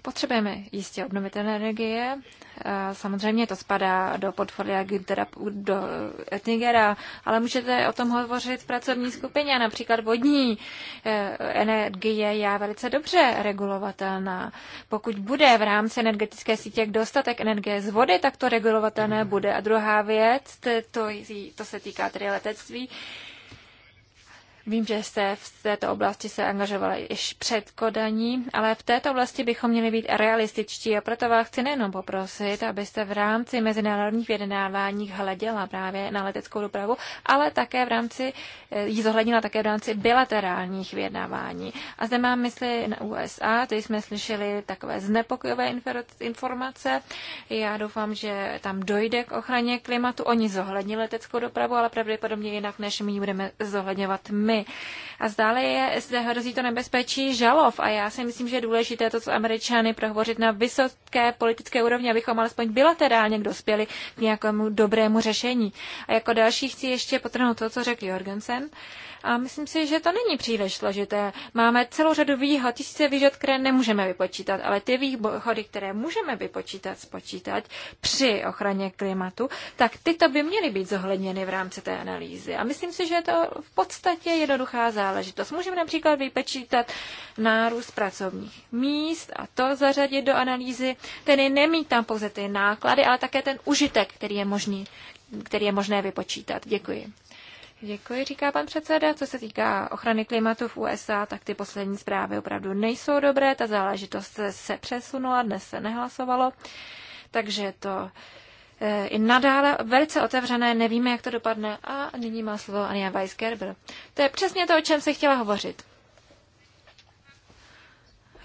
Potřebujeme jistě obnovitelné energie. Samozřejmě to spadá do portfolia Günthera, do Etnigera, ale můžete o tom hovořit v pracovní skupině. Například vodní e, energie je velice dobře regulovatelná. Pokud bude v rámci energetické sítě dostatek energie z vody, tak to regulovatelné bude. A druhá věc, to, to se týká tedy letectví, Vím, že jste v této oblasti se angažovali již před kodaní, ale v této oblasti bychom měli být realističtí a proto vás chci nejenom poprosit, abyste v rámci mezinárodních vědnávání hleděla právě na leteckou dopravu, ale také v rámci, eh, jí zohlednila také v rámci bilaterálních vědnávání. A zde mám mysli na USA, tady jsme slyšeli takové znepokojové informace. Já doufám, že tam dojde k ochraně klimatu. Oni zohlednili leteckou dopravu, ale pravděpodobně jinak, než my ji budeme zohledňovat my my. A zdále je, zde hrozí to nebezpečí žalov a já si myslím, že je důležité to, co američany prohovořit na vysoké politické úrovni, abychom alespoň bilaterálně dospěli k nějakému dobrému řešení. A jako další chci ještě potrhnout to, co řekl Jorgensen. Uh, a myslím si, že to není příliš složité. Máme celou řadu výhod, tisíce výhod, které nemůžeme vypočítat, ale ty výhody, které můžeme vypočítat, spočítat při ochraně klimatu, tak tyto by měly být zohledněny v rámci té analýzy. A myslím si, že je to v podstatě jednoduchá záležitost. Můžeme například vypočítat nárůst pracovních míst a to zařadit do analýzy, tedy nemít tam pouze ty náklady, ale také ten užitek, který je možný, který je možné vypočítat. Děkuji. Děkuji, říká pan předseda. Co se týká ochrany klimatu v USA, tak ty poslední zprávy opravdu nejsou dobré. Ta záležitost se přesunula, dnes se nehlasovalo. Takže to e, i nadále velice otevřené, nevíme, jak to dopadne. A nyní má slovo Ania Weisgerber. To je přesně to, o čem se chtěla hovořit.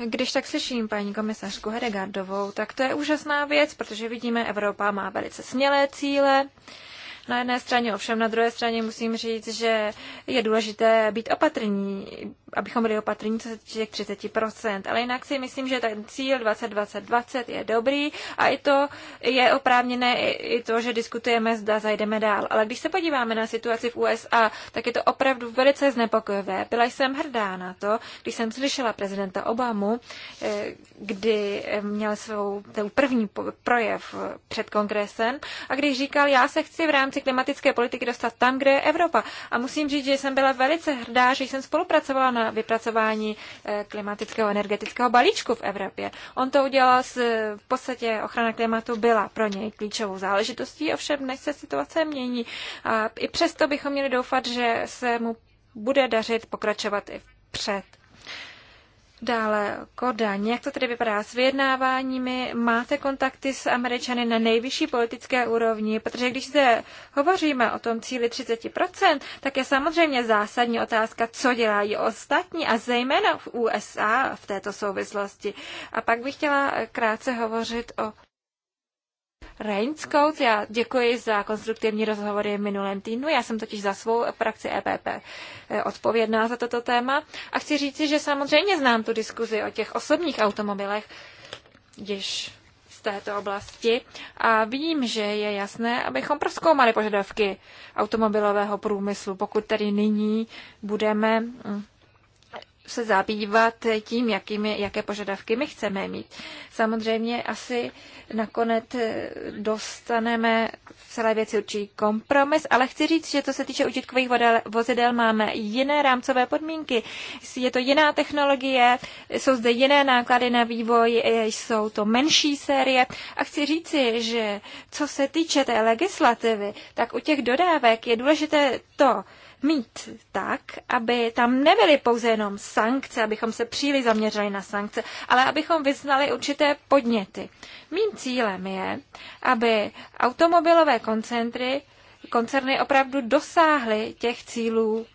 Když tak slyším paní komisařku Hedegardovou, tak to je úžasná věc, protože vidíme, Evropa má velice smělé cíle na jedné straně, ovšem na druhé straně musím říct, že je důležité být opatrní, abychom byli opatrní co se týče těch 30%, ale jinak si myslím, že ten cíl 2020-2020 je dobrý a i to je oprávněné i to, že diskutujeme, zda zajdeme dál. Ale když se podíváme na situaci v USA, tak je to opravdu velice znepokojivé. Byla jsem hrdá na to, když jsem slyšela prezidenta Obamu, eh, kdy eh, měl svou ten první projev před kongresem a když říkal, já se chci v rámci rámci klimatické politiky dostat tam, kde je Evropa. A musím říct, že jsem byla velice hrdá, že jsem spolupracovala na vypracování eh, klimatického energetického balíčku v Evropě. On to udělal, s, v podstatě ochrana klimatu byla pro něj klíčovou záležitostí, ovšem než se situace mění. A i přesto bychom měli doufat, že se mu bude dařit pokračovat i před Dále Kodaň. Jak to tedy vypadá s vyjednáváními? Máte kontakty s Američany na nejvyšší politické úrovni? Protože když zde hovoříme o tom cíli 30%, tak je samozřejmě zásadní otázka, co dělají ostatní a zejména v USA v této souvislosti. A pak bych chtěla krátce hovořit o Reinskout. Já děkuji za konstruktivní rozhovory v minulém týdnu. Já jsem totiž za svou praxi EPP eh, odpovědná za toto téma. A chci říci, že samozřejmě znám tu diskuzi o těch osobních automobilech, když této oblasti a vím, že je jasné, abychom proskoumali požadavky automobilového průmyslu, pokud tedy nyní budeme mm, se zabývat tím, jakými, jaké požadavky my chceme mít. Samozřejmě asi nakonec dostaneme v celé věci určitý kompromis, ale chci říct, že to se týče užitkových vozidel, máme jiné rámcové podmínky. Je to jiná technologie, jsou zde jiné náklady na vývoj, e, jsou to menší série. A chci říci, že co se týče té legislativy, tak u těch dodávek je důležité to, mít tak, aby tam nebyly pouze jenom sankce, abychom se příliš zaměřili na sankce, ale abychom vyznali určité podněty. Mým cílem je, aby automobilové koncentry, koncerny opravdu dosáhly těch cílů,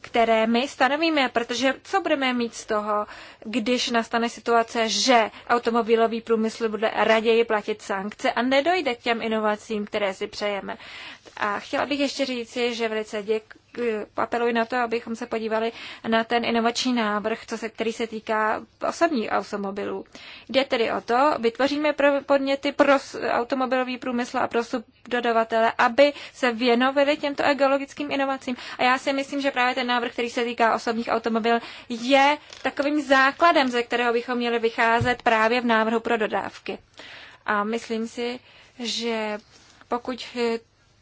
které my stanovíme, protože co budeme mít z toho, když nastane situace, že automobilový průmysl bude raději platit sankce a nedojde k těm inovacím, které si přejeme. A chtěla bych ještě říci, že velice děk, apeluji na to, abychom se podívali na ten inovační návrh, co se, který se týká osobních automobilů. Jde tedy o to, vytvoříme pro podněty pro automobilový průmysl a pro dodavatele, aby se věnovali těmto ekologickým inovacím. A já si myslím, že právě ten návrh, který se týká osobních automobil, je takovým základem, ze kterého bychom měli vycházet právě v návrhu pro dodávky. A myslím si, že pokud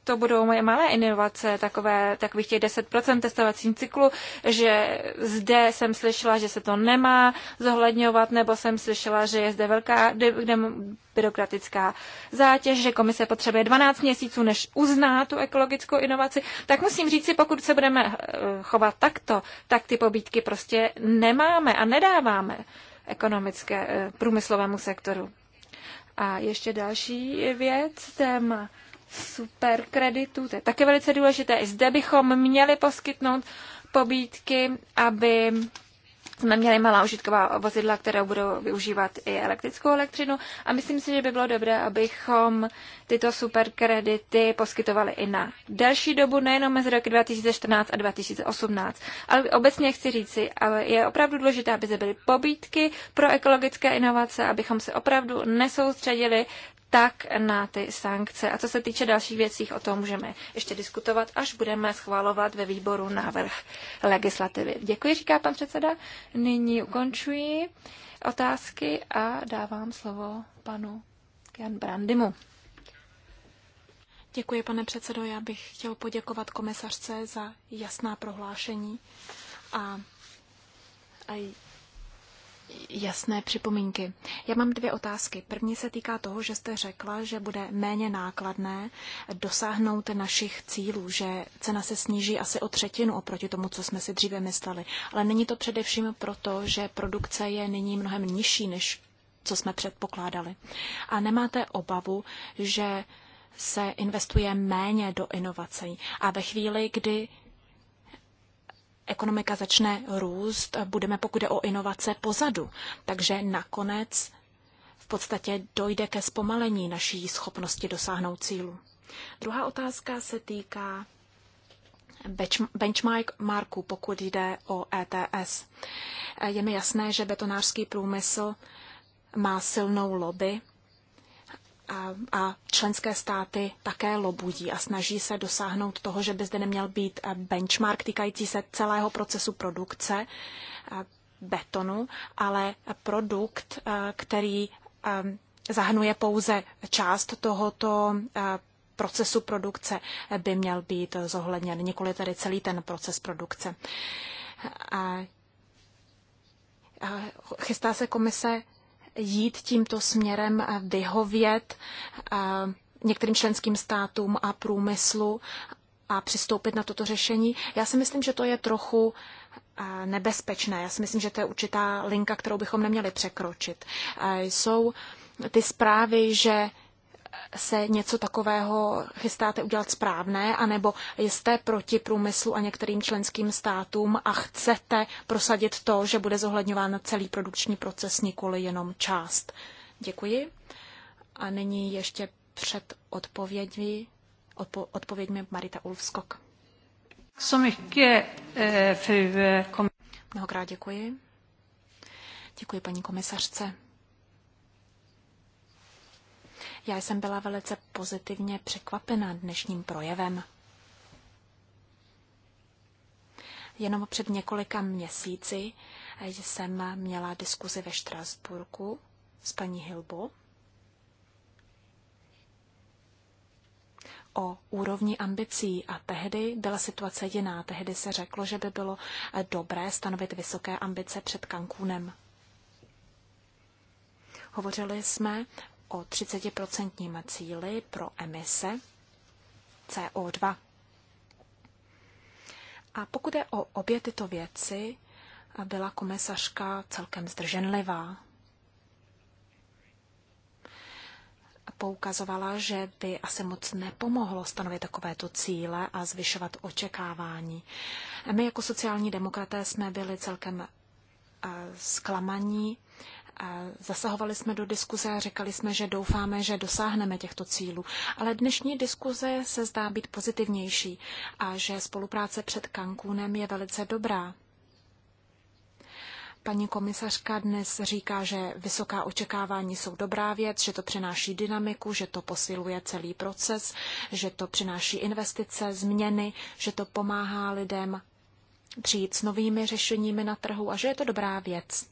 to budou moje malé inovace, takové, takových těch 10% testovacím cyklu, že zde jsem slyšela, že se to nemá zohledňovat, nebo jsem slyšela, že je zde velká byrokratická zátěž, že komise potřebuje 12 měsíců, než uzná tu ekologickou inovaci, tak musím říct si, pokud se budeme eh, chovat takto, tak ty pobídky prostě nemáme a nedáváme ekonomické eh, průmyslovému sektoru. A ještě další věc, téma superkreditů. To je také velice důležité. I zde bychom měli poskytnout pobídky, aby jsme měli malá užitková vozidla, která budou využívat i elektrickou elektřinu a myslím si, že by bylo dobré, abychom tyto superkredity poskytovali i na delší dobu, nejenom mezi roky 2014 a 2018. Ale obecně chci říci, ale je opravdu důležité, aby zde byly pobídky pro ekologické inovace, abychom se opravdu nesoustředili tak na ty sankce. A co se týče dalších věcí, o tom můžeme ještě diskutovat, až budeme schvalovat ve výboru návrh legislativy. Děkuji, říká pan předseda. Nyní ukončuji otázky a dávám slovo panu Jan Brandimu. Děkuji, pane předsedo. Já bych chtěl poděkovat komisařce za jasná prohlášení a, a jasné připomínky. Já mám dvě otázky. První se týká toho, že jste řekla, že bude méně nákladné dosáhnout našich cílů, že cena se sníží asi o třetinu oproti tomu, co jsme si dříve mysleli. Ale není to především proto, že produkce je nyní mnohem nižší, než co jsme předpokládali. A nemáte obavu, že se investuje méně do inovací. A ve chvíli, kdy ekonomika začne růst, budeme, pokud jde o inovace, pozadu. Takže nakonec v podstatě dojde ke zpomalení naší schopnosti dosáhnout cílu. Druhá otázka se týká benchmarku, pokud jde o ETS. Je mi jasné, že betonářský průmysl má silnou lobby a členské státy také lobují a snaží se dosáhnout toho, že by zde neměl být eh, benchmark týkající se celého procesu produkce eh, betonu, ale produkt, eh, který zahrnuje pouze část tohoto procesu produkce, by měl být zohledněn, nikoli tedy celý ten proces produkce. Chystá se komise jít tímto směrem, vyhovět některým členským státům a průmyslu a přistoupit na toto řešení. Já si myslím, že to je trochu nebezpečné. Já si myslím, že to je určitá linka, kterou bychom neměli překročit. Jsou ty zprávy, že se něco takového chystáte udělat správné, anebo jste proti průmyslu a některým členským státům a chcete prosadit to, že bude zohledňován celý produkční proces, nikoli jenom část. Děkuji. A nyní ještě před odpovědmi, odpo, odpovědmi Marita Ulfskok. Eh, eh, Mnohokrát děkuji. Děkuji paní komisařce. Já jsem byla velice pozitivně překvapena dnešním projevem. Jenom před několika měsíci jsem měla diskuzi ve Štrasburku s paní Hilbo o úrovni ambicí a tehdy byla situace jiná. Tehdy se řeklo, že by bylo dobré stanovit vysoké ambice před Cancúnem. Hovořili jsme o 30% cíli pro emise CO2. A pokud je o obě tyto věci, byla komisařka celkem zdrženlivá. Poukazovala, že by asi moc nepomohlo stanovit takovéto cíle a zvyšovat očekávání. My jako sociální demokraté jsme byli celkem eh, zklamaní Zasahovali jsme do diskuze a říkali jsme, že doufáme, že dosáhneme těchto cílů. Ale dnešní diskuze se zdá být pozitivnější a že spolupráce před Cancunem je velice dobrá. Paní komisařka dnes říká, že vysoká očekávání jsou dobrá věc, že to přináší dynamiku, že to posiluje celý proces, že to přináší investice, změny, že to pomáhá lidem přijít s novými řešeními na trhu a že je to dobrá věc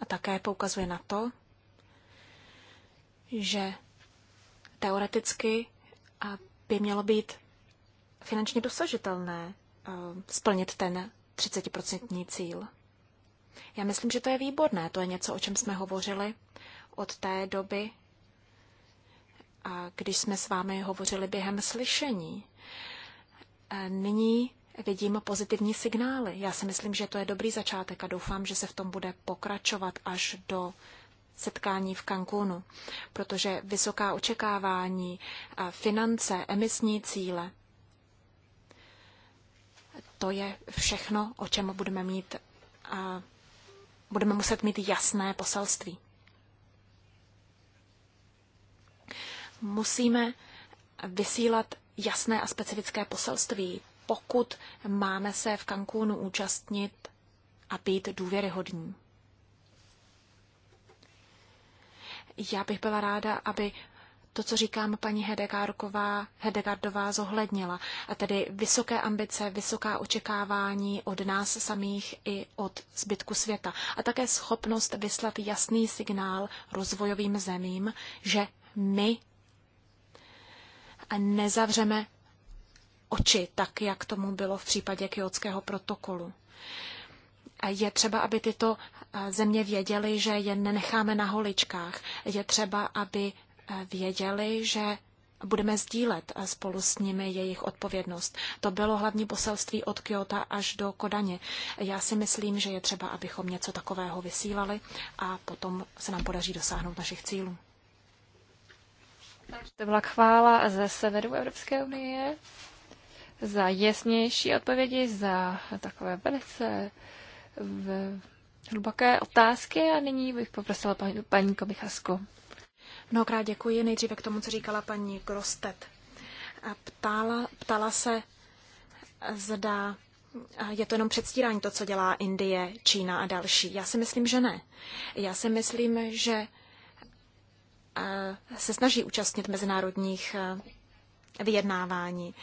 a také poukazuje na to, že teoreticky by mělo být finančně dosažitelné eh, splnit ten 30% cíl. Já myslím, že to je výborné. To je něco, o čem jsme hovořili od té doby, když jsme s vámi hovořili během slyšení. Eh, nyní vidím pozitivní signály. Já si myslím, že to je dobrý začátek a doufám, že se v tom bude pokračovat až do setkání v Cancúnu, protože vysoká očekávání, finance, emisní cíle, to je všechno, o čem budeme mít a budeme muset mít jasné poselství. Musíme vysílat jasné a specifické poselství pokud máme se v Cancúnu účastnit a být důvěryhodní. Já bych byla ráda, aby to, co říkám paní Hedegárková, Hedegardová zohlednila, a tedy vysoké ambice, vysoká očekávání od nás samých i od zbytku světa. A také schopnost vyslat jasný signál rozvojovým zemím, že my nezavřeme oči, tak jak tomu bylo v případě kyotského protokolu. Je třeba, aby tyto země věděly, že je nenecháme na holičkách. Je třeba, aby věděli, že budeme sdílet spolu s nimi jejich odpovědnost. To bylo hlavní poselství od Kyoto až do Kodaně. Já si myslím, že je třeba, abychom něco takového vysílali a potom se nám podaří dosáhnout našich cílů. Takže to byla chvála ze severu Evropské unie za jasnější odpovědi, za takové velice v hluboké otázky a nyní bych poprosila paní, paní Komichasku. Mnohokrát děkuji nejdříve k tomu, co říkala paní Grostet. Ptala, ptala se, zda je to jenom předstírání to, co dělá Indie, Čína a další. Já si myslím, že ne. Já si myslím, že se snaží účastnit mezinárodních vyjednávání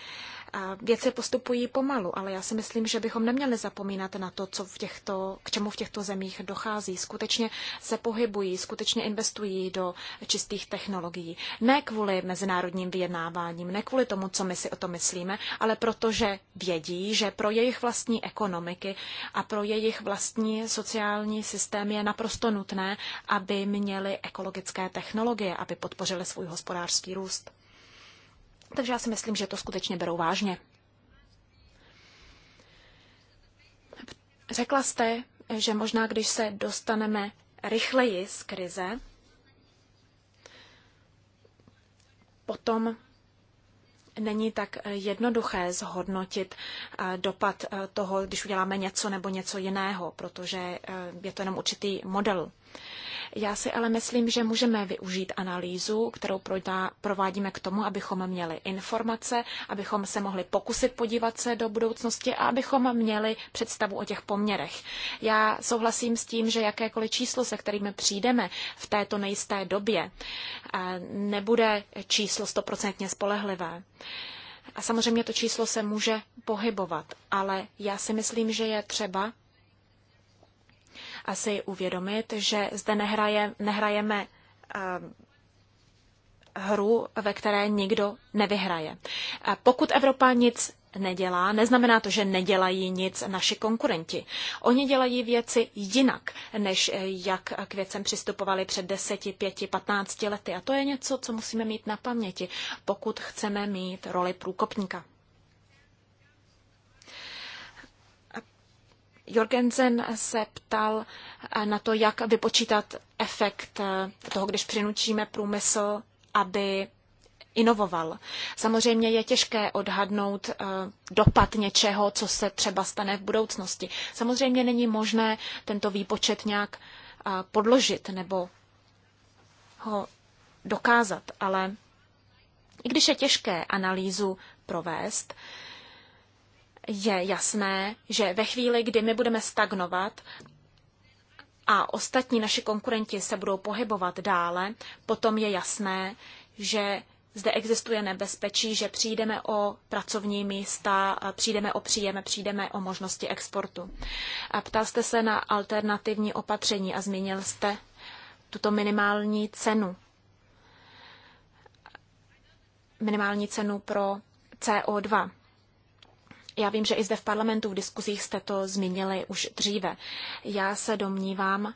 věci postupují pomalu, ale já si myslím, že bychom neměli zapomínat na to, co v těchto, k čemu v těchto zemích dochází. Skutečně se pohybují, skutečně investují do čistých technologií. Ne kvůli mezinárodním vyjednáváním, ne kvůli tomu, co my si o to myslíme, ale protože vědí, že pro jejich vlastní ekonomiky a pro jejich vlastní sociální systém je naprosto nutné, aby měli ekologické technologie, aby podpořili svůj hospodářský růst. Takže já si myslím, že to skutečně berou vážně. Řekla jste, že možná když se dostaneme rychleji z krize, potom není tak jednoduché zhodnotit eh, dopad eh, toho, když uděláme něco nebo něco jiného, protože eh, je to jenom určitý model. Já si ale myslím, že můžeme využít analýzu, kterou provádíme k tomu, abychom měli informace, abychom se mohli pokusit podívat se do budoucnosti a abychom měli představu o těch poměrech. Já souhlasím s tím, že jakékoliv číslo, se kterými přijdeme v této nejisté době, eh, nebude číslo stoprocentně spolehlivé. A samozřejmě to číslo se může pohybovat, ale já si myslím, že je třeba si uvědomit, že zde nehraje, nehrajeme eh, hru, ve které nikdo nevyhraje. Pokud Evropa nic nedělá, neznamená to, že nedělají nic naši konkurenti. Oni dělají věci jinak, než eh, jak k věcem přistupovali před 10, 5, 15 lety. A to je něco, co musíme mít na paměti, pokud chceme mít roli průkopníka. Jorgensen se ptal eh, na to, jak vypočítat efekt eh, toho, když přinučíme průmysl, aby inovoval. Samozřejmě je těžké odhadnout eh, dopad něčeho, co se třeba stane v budoucnosti. Samozřejmě není možné tento výpočet nějak podložit nebo ho dokázat, ale i když je těžké analýzu provést, je jasné, že ve chvíli, kdy my budeme stagnovat a ostatní naši konkurenti se budou pohybovat dále, potom je jasné, že zde existuje nebezpečí, že přijdeme o pracovní místa, přijdeme o příjem, přijdeme o možnosti exportu. A ptal jste se na alternativní opatření a zmínil jste tuto minimální cenu. Minimální cenu pro CO2. Já vím, že i zde v parlamentu v diskuzích jste to zmínili už dříve. Já se domnívám,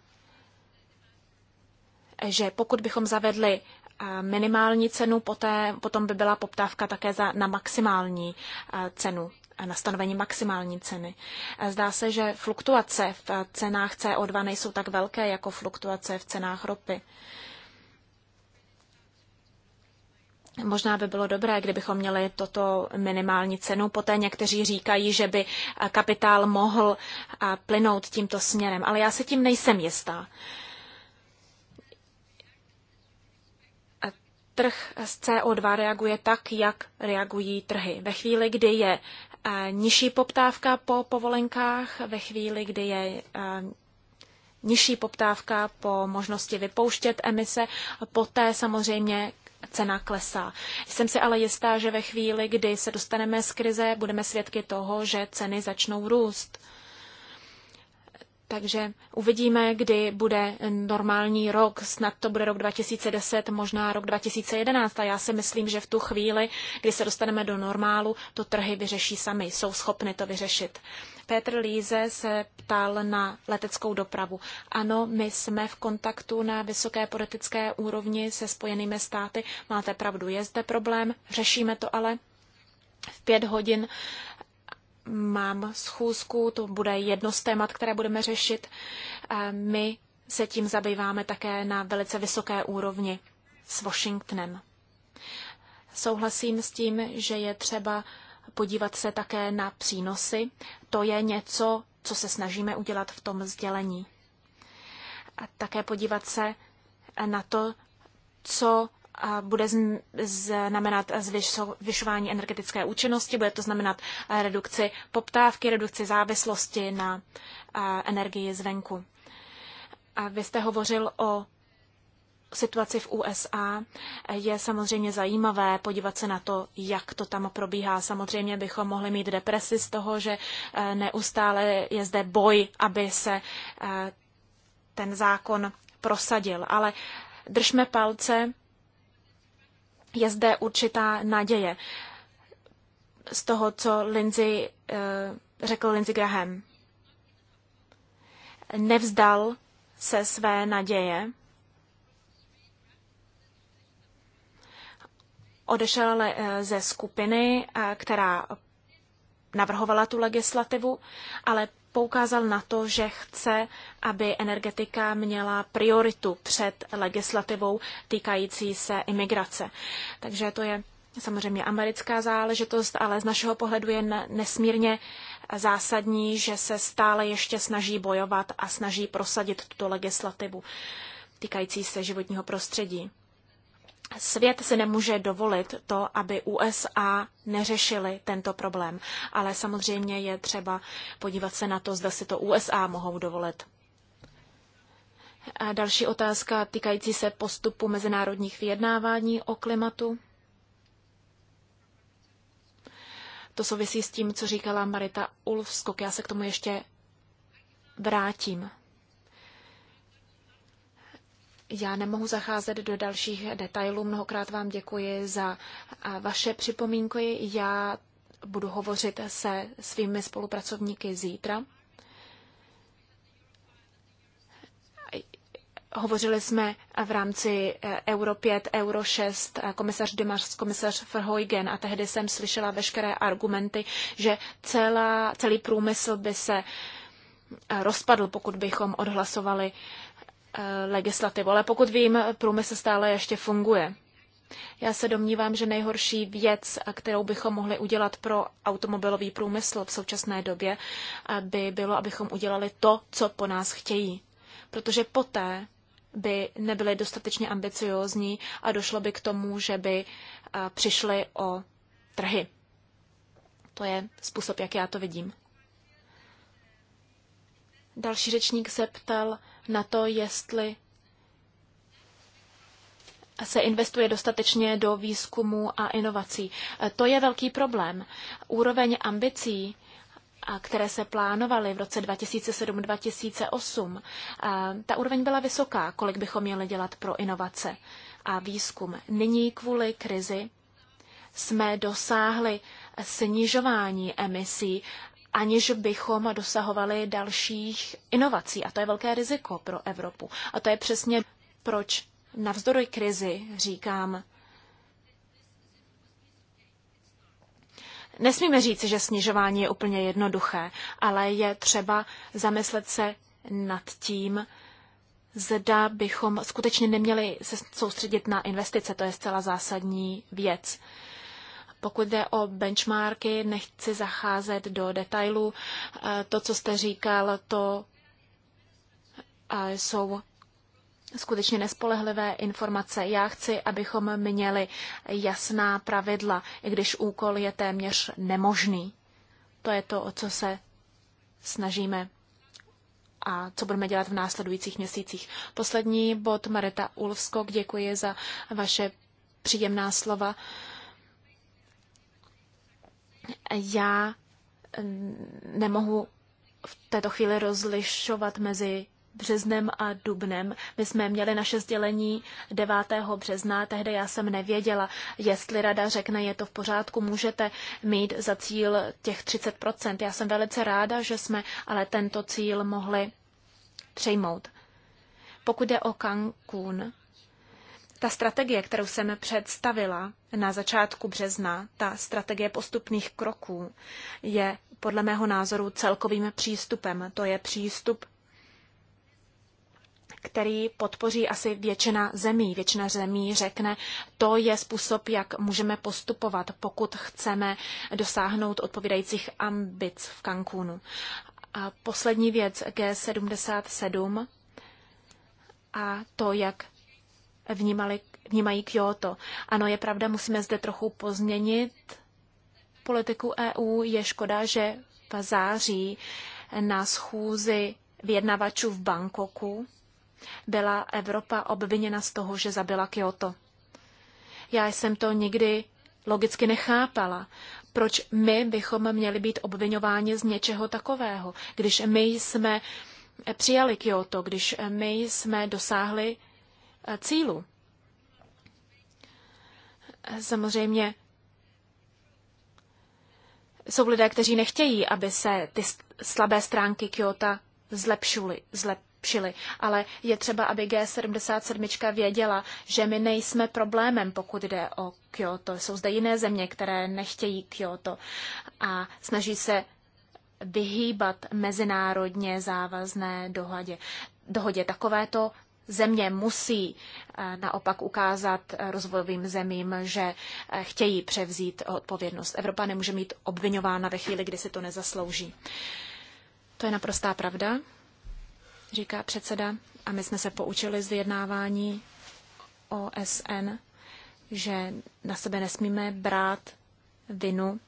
že pokud bychom zavedli eh, minimální cenu, poté, potom by byla poptávka také za, na maximální eh, cenu eh, na stanovení maximální ceny. Zdá se, že fluktuace v cenách CO2 nejsou tak velké jako fluktuace v cenách ropy. Možná by bylo dobré, kdybychom měli toto minimální cenu. Poté někteří říkají, že by kapitál mohl plynout tímto směrem, ale já se tím nejsem jistá. Trh s CO2 reaguje tak, jak reagují trhy. Ve chvíli, kdy je nižší poptávka po povolenkách, ve chvíli, kdy je nižší poptávka po možnosti vypouštět emise, poté samozřejmě cena klesá. Jsem si ale jistá, že ve chvíli, kdy se dostaneme z krize, budeme svědky toho, že ceny začnou růst. Takže uvidíme, kdy bude normální rok, snad to bude rok 2010, možná rok 2011 a já si myslím, že v tu chvíli, kdy se dostaneme do normálu, to trhy vyřeší sami, jsou schopny to vyřešit. Petr Líze se ptal na leteckou dopravu. Ano, my jsme v kontaktu na vysoké politické úrovni se Spojenými státy. Máte pravdu, je zde problém, řešíme to ale. V pět hodin mám schůzku, to bude jedno z témat, které budeme řešit. My se tím zabýváme také na velice vysoké úrovni s Washingtonem. Souhlasím s tím, že je třeba podívat se také na přínosy. To je něco, co se snažíme udělat v tom sdělení. A také podívat se na to, co bude znamenat zvyšování energetické účinnosti, bude to znamenat redukci poptávky, redukci závislosti na energii zvenku. A vy jste hovořil o situaci v USA je samozřejmě zajímavé podívat se na to, jak to tam probíhá. Samozřejmě bychom mohli mít depresi z toho, že eh, neustále je zde boj, aby se eh, ten zákon prosadil. Ale držme palce, je zde určitá naděje z toho, co Lindsay, eh, řekl Lindsay Graham. Nevzdal se své naděje, odešel eh, ze skupiny, eh, která navrhovala tu legislativu, ale poukázal na to, že chce, aby energetika měla prioritu před legislativou týkající se imigrace. Takže to je samozřejmě americká záležitost, ale z našeho pohledu je nesmírně zásadní, že se stále ještě snaží bojovat a snaží prosadit tuto legislativu týkající se životního prostředí. Svět si nemůže dovolit to, aby USA neřešili tento problém, ale samozřejmě je třeba podívat se na to, zda si to USA mohou dovolit. A další otázka týkající se postupu mezinárodních vyjednávání o klimatu. To souvisí s tím, co říkala Marita Ulfskok. Já se k tomu ještě vrátím. Já nemohu zacházet do dalších detailů. Mnohokrát vám děkuji za vaše připomínky. Já budu hovořit se svými spolupracovníky zítra. Hovořili jsme v rámci e, Euro 5, Euro 6, komisař Dimars, komisař Verheugen a tehdy jsem slyšela veškeré argumenty, že celá, celý průmysl by se e, rozpadl, pokud bychom odhlasovali uh, Eh, legislativu, ale pokud vím, průmysl stále ještě funguje. Já se domnívám, že nejhorší věc, kterou bychom mohli udělat pro automobilový průmysl v současné době, eh, by bylo, abychom udělali to, co po nás chtějí. Protože poté by nebyli dostatečně ambiciózní a došlo by k tomu, že by eh, přišli o trhy. To je způsob, jak já to vidím. Další řečník se ptal na to, jestli se investuje dostatečně do výzkumu a inovací. E, to je velký problém. Úroveň ambicí, které se plánovaly v roce 2007-2008, e, ta úroveň byla vysoká, kolik bychom měli dělat pro inovace a výzkum. Nyní kvůli krizi jsme dosáhli snižování emisí aniž bychom dosahovali dalších inovací. A to je velké riziko pro Evropu. A to je přesně proč navzdory krizi říkám, Nesmíme říct, že snižování je úplně jednoduché, ale je třeba zamyslet se nad tím, zda bychom skutečně neměli se soustředit na investice, to je zcela zásadní věc. Pokud jde o benchmarky, nechci zacházet do detailů. Eh, to, co jste říkal, to eh, jsou skutečně nespolehlivé informace. Já chci, abychom měli jasná pravidla, i když úkol je téměř nemožný. To je to, o co se snažíme a co budeme dělat v následujících měsících. Poslední bod Marita Ulfskok, děkuji za vaše příjemná slova. Já eh, nemohu v této chvíli rozlišovat mezi březnem a dubnem. My jsme měli naše sdělení 9. března, tehdy já jsem nevěděla, jestli rada řekne, je to v pořádku, můžete mít za cíl těch 30%. Já jsem velice ráda, že jsme ale tento cíl mohli přejmout. Pokud jde o Cancún, ta strategie, kterou jsem představila na začátku března, ta strategie postupných kroků, je podle mého názoru celkovým přístupem. To je přístup, který podpoří asi většina zemí. Většina zemí řekne, to je způsob, jak můžeme postupovat, pokud chceme dosáhnout odpovídajících ambic v Cancúnu. A poslední věc G77 a to, jak vnímali, vnímají Kyoto. Ano, je pravda, musíme zde trochu pozměnit politiku EU. Je škoda, že v září na schůzi vyjednavačů v Bangkoku byla Evropa obviněna z toho, že zabila Kyoto. Já jsem to nikdy logicky nechápala. Proč my bychom měli být obvinováni z něčeho takového, když my jsme přijali Kyoto, když my jsme dosáhli cílů. Samozřejmě jsou lidé, kteří nechtějí, aby se ty slabé stránky Kyoto zlepšily, zlepšily. Ale je třeba, aby G77 věděla, že my nejsme problémem, pokud jde o Kyoto. Jsou zde jiné země, které nechtějí Kyoto a snaží se vyhýbat mezinárodně závazné dohodě. Dohodě takovéto země musí eh, naopak ukázat eh, rozvojovým zemím, že eh, chtějí převzít odpovědnost. Evropa nemůže mít obvinována ve chvíli, kdy si to nezaslouží. To je naprostá pravda, říká předseda. A my jsme se poučili z vyjednávání OSN, že na sebe nesmíme brát vinu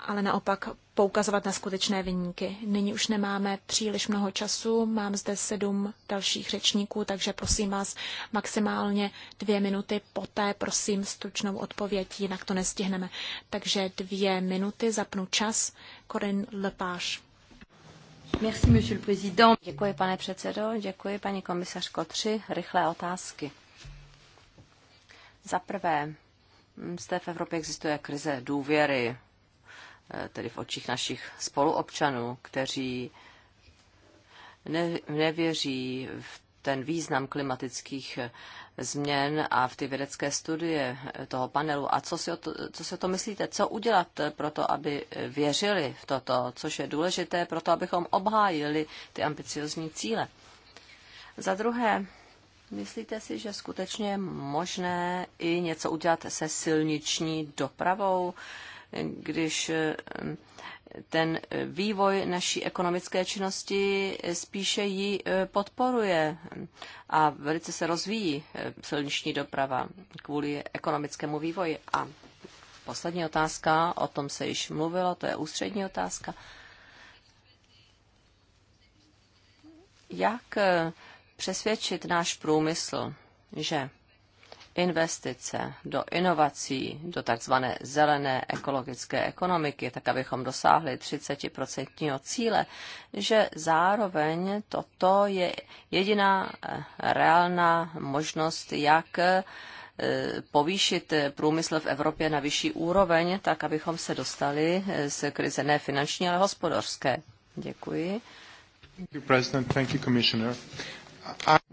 ale naopak poukazovat na skutečné vyníky. Nyní už nemáme příliš mnoho času, mám zde sedm dalších řečníků, takže prosím vás maximálně dvě minuty, poté prosím stručnou odpověď, jinak to nestihneme. Takže dvě minuty, zapnu čas. Corinne Lepage. Merci, monsieur le président. Děkuji, pane předsedo, děkuji, paní komisařko. Tři rychlé otázky. Za prvé, zde v Evropě existuje krize důvěry Eh, tedy v očích našich spoluobčanů, kteří nevěří v ten význam klimatických eh, změn a v ty vědecké studie eh, toho panelu. A co si o to, co si o to myslíte? Co udělat pro to, aby věřili v toto, což je důležité pro to, abychom obhájili ty ambiciozní cíle? Za druhé, myslíte si, že skutečně je možné i něco udělat se silniční dopravou? Uh, když eh, ten vývoj naší ekonomické činnosti spíše ji eh, podporuje a velice se rozvíjí eh, silniční doprava kvůli ekonomickému vývoji. A poslední otázka, o tom se již mluvilo, to je ústřední otázka. Jak přesvědčit náš průmysl, že investice do inovací, do takzvané zelené ekologické ekonomiky, tak abychom dosáhli 30% cíle, že zároveň toto je jediná eh, reálná možnost, jak eh, povýšit průmysl v Evropě na vyšší úroveň, tak abychom se dostali eh, z krize ne finanční, ale hospodářské. Děkuji. Děkuji,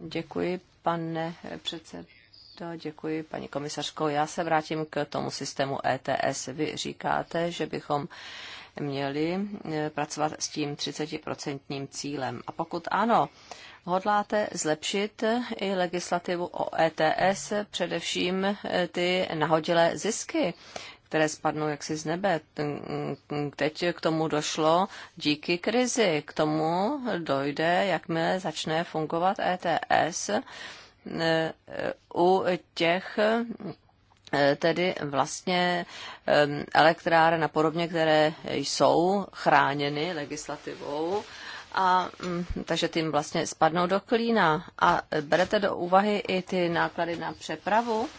Děkuji pane předsedo děkuji, paní komisařko. Já se vrátím k tomu systému ETS. Vy říkáte, že bychom měli e, pracovat s tím 30% cílem. A pokud ano, hodláte zlepšit i legislativu o ETS, především e, ty nahodilé zisky, které spadnou jaksi z nebe. Teď k tomu došlo díky krizi. K tomu dojde, jakmile začne fungovat ETS, u těch eh, tedy vlastně elektráren a podobně, které jsou chráněny legislativou, a mm, takže tím vlastně spadnou do klína. A berete do úvahy i ty náklady na přepravu?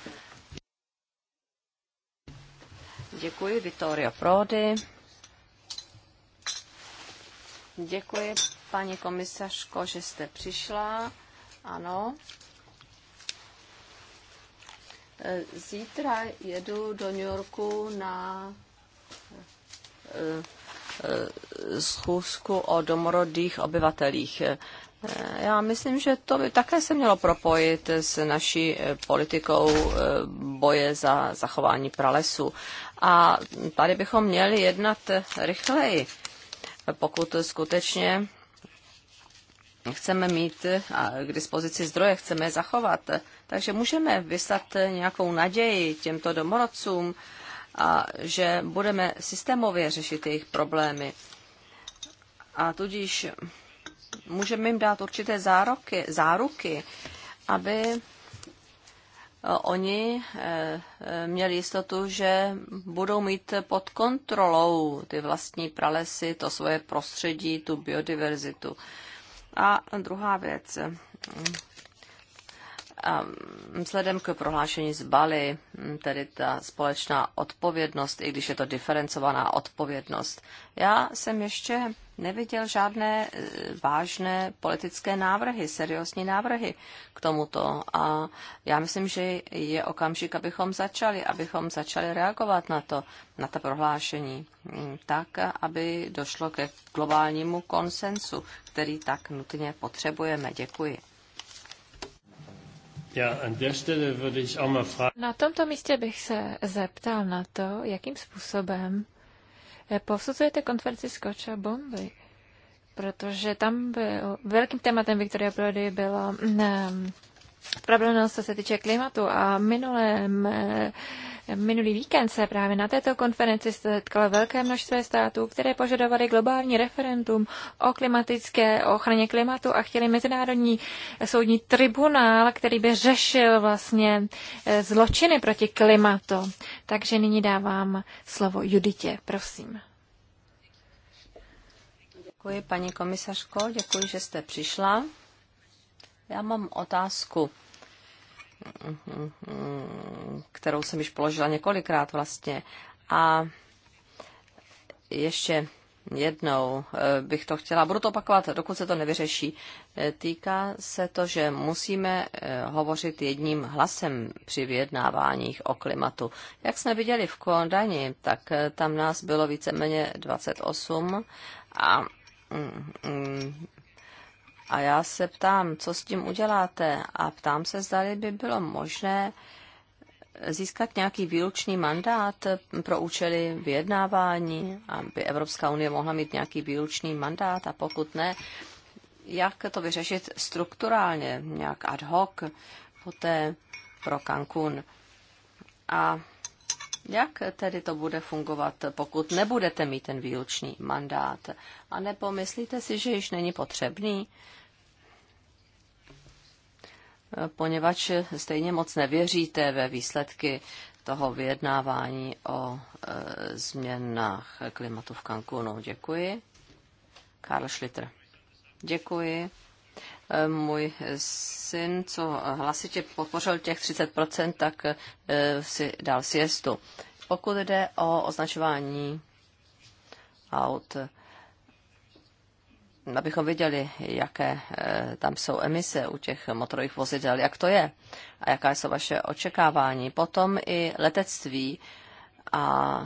Děkuji, Vittorio Prodi. Děkuji, paní komisařko, že jste přišla. Ano. Zítra jedu do New Yorku na eh, eh, schůzku o domorodých obyvatelích. Eh, já myslím, že to by také se mělo propojit s naší politikou boje za zachování pralesu. A tady bychom měli jednat rychleji, pokud skutečně chceme mít eh, k dispozici zdroje, chceme je zachovat. Takže můžeme vyslat eh, nějakou naději těmto domorodcům, a že budeme systémově řešit jejich problémy. A tudíž můžeme jim dát určité zároky, záruky, aby eh, oni měli jistotu, že budou mít pod kontrolou ty vlastní pralesy, to svoje prostředí, tu biodiverzitu. A druhá věc, vzhledem k prohlášení z Bali, tedy ta společná odpovědnost, i když je to diferencovaná odpovědnost, já jsem ještě neviděl žádné e, vážné politické návrhy, seriózní návrhy k tomuto. A já myslím, že je okamžik, abychom začali, abychom začali reagovat na to, na ta prohlášení, tak, aby došlo ke globálnímu konsensu, který tak nutně potřebujeme. Děkuji. Na tomto místě bych se zeptal na to, jakým způsobem eh, posuzujete konferenci Skoča Bomby, protože tam byl, velkým tématem Victoria Brody byla mm, eh, problémnost co se týče klimatu a minulém eh, Minulý víkend se právě na této konferenci setkalo velké množství států, které požadovaly globální referendum o klimatické o ochraně klimatu a chtěli mezinárodní soudní tribunál, který by řešil vlastně eh, zločiny proti klimatu. Takže nyní dávám slovo Juditě, prosím. Děkuji, paní komisařko, děkuji, že jste přišla. Já mám otázku kterou jsem již položila několikrát vlastně. A ještě jednou eh, bych to chtěla, budu to opakovat, dokud se to nevyřeší. Eh, týká se to, že musíme eh, hovořit jedním hlasem při vyjednáváních o klimatu. Jak jsme viděli v Kondani, tak tam nás bylo víceméně 28 a mm, mm, a já se ptám, co s tím uděláte? A ptám se, zda by bylo možné získat nějaký výlučný mandát pro účely vyjednávání, aby Evropská unie mohla mít nějaký výlučný mandát a pokud ne, jak to vyřešit strukturálně, nějak ad hoc, poté pro Cancun? A jak tedy to bude fungovat, pokud nebudete mít ten výlučný mandát? A nepomyslíte si, že již není potřebný? poněvadž stejně moc nevěříte ve výsledky toho vyjednávání o e, změnách klimatu v Cancunu. Děkuji. Karl Schlitter. Děkuji. E, můj syn, co hlasitě podpořil těch 30%, tak e, si dal siestu. Pokud jde o označování aut, e, abychom viděli, jaké eh, tam jsou emise u těch motorových vozidel, jak to je a jaká jsou vaše očekávání. Potom i letectví a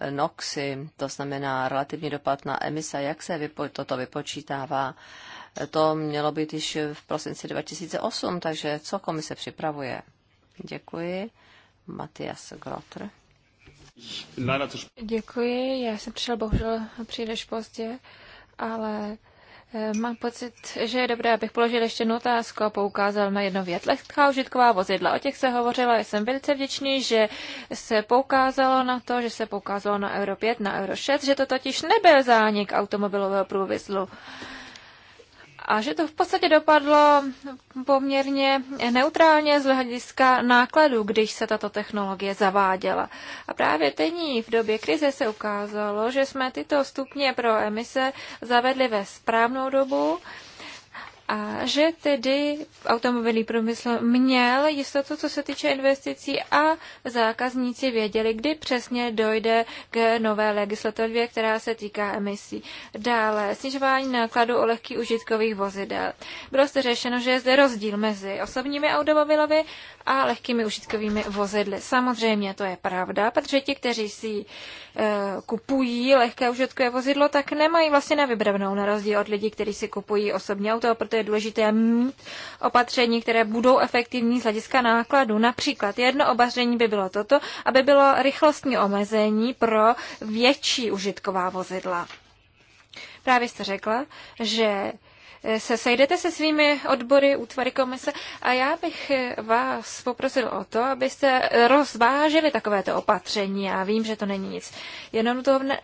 eh, NOXy, to znamená relativní dopad na emise, jak se toto vypočítává. To mělo být již v prosinci 2008, takže co komise připravuje? Děkuji. Matias Grotr. Děkuji, já jsem přišel bohužel příliš pozdě ale eh, Mám pocit, že je dobré, abych položil ještě jednu otázku a poukázal na jedno věc. Lehká užitková vozidla, o těch se hovořilo, jsem velice vděčný, že se poukázalo na to, že se poukázalo na Euro 5, na Euro 6, že to totiž nebyl zánik automobilového průmyslu a že to v podstatě dopadlo poměrně neutrálně z hlediska nákladu, když se tato technologie zaváděla. A právě teď v době krize se ukázalo, že jsme tyto stupně pro emise zavedli ve správnou dobu a že tedy automobilní průmysl měl jistotu, co se týče investicí a zákazníci věděli, kdy přesně dojde k nové legislativě, která se týká emisí. Dále snižování nákladů o lehkých užitkových vozidel. Bylo se řešeno, že je zde rozdíl mezi osobními automobilovi a lehkými užitkovými vozidly. Samozřejmě to je pravda, protože ti, kteří si e, kupují lehké užitkové vozidlo, tak nemají vlastně na vybravnou, na rozdíl od lidí, kteří si kupují osobní auto, proto je důležité mít opatření, které budou efektivní z hlediska nákladu. Například jedno obaření by bylo toto, aby bylo rychlostní omezení pro větší užitková vozidla. Právě jste řekla, že Eh, se sejdete se svými odbory, útvary komise a já bych eh, vás poprosil o to, abyste eh, rozvážili takovéto opatření. Já vím, že to není nic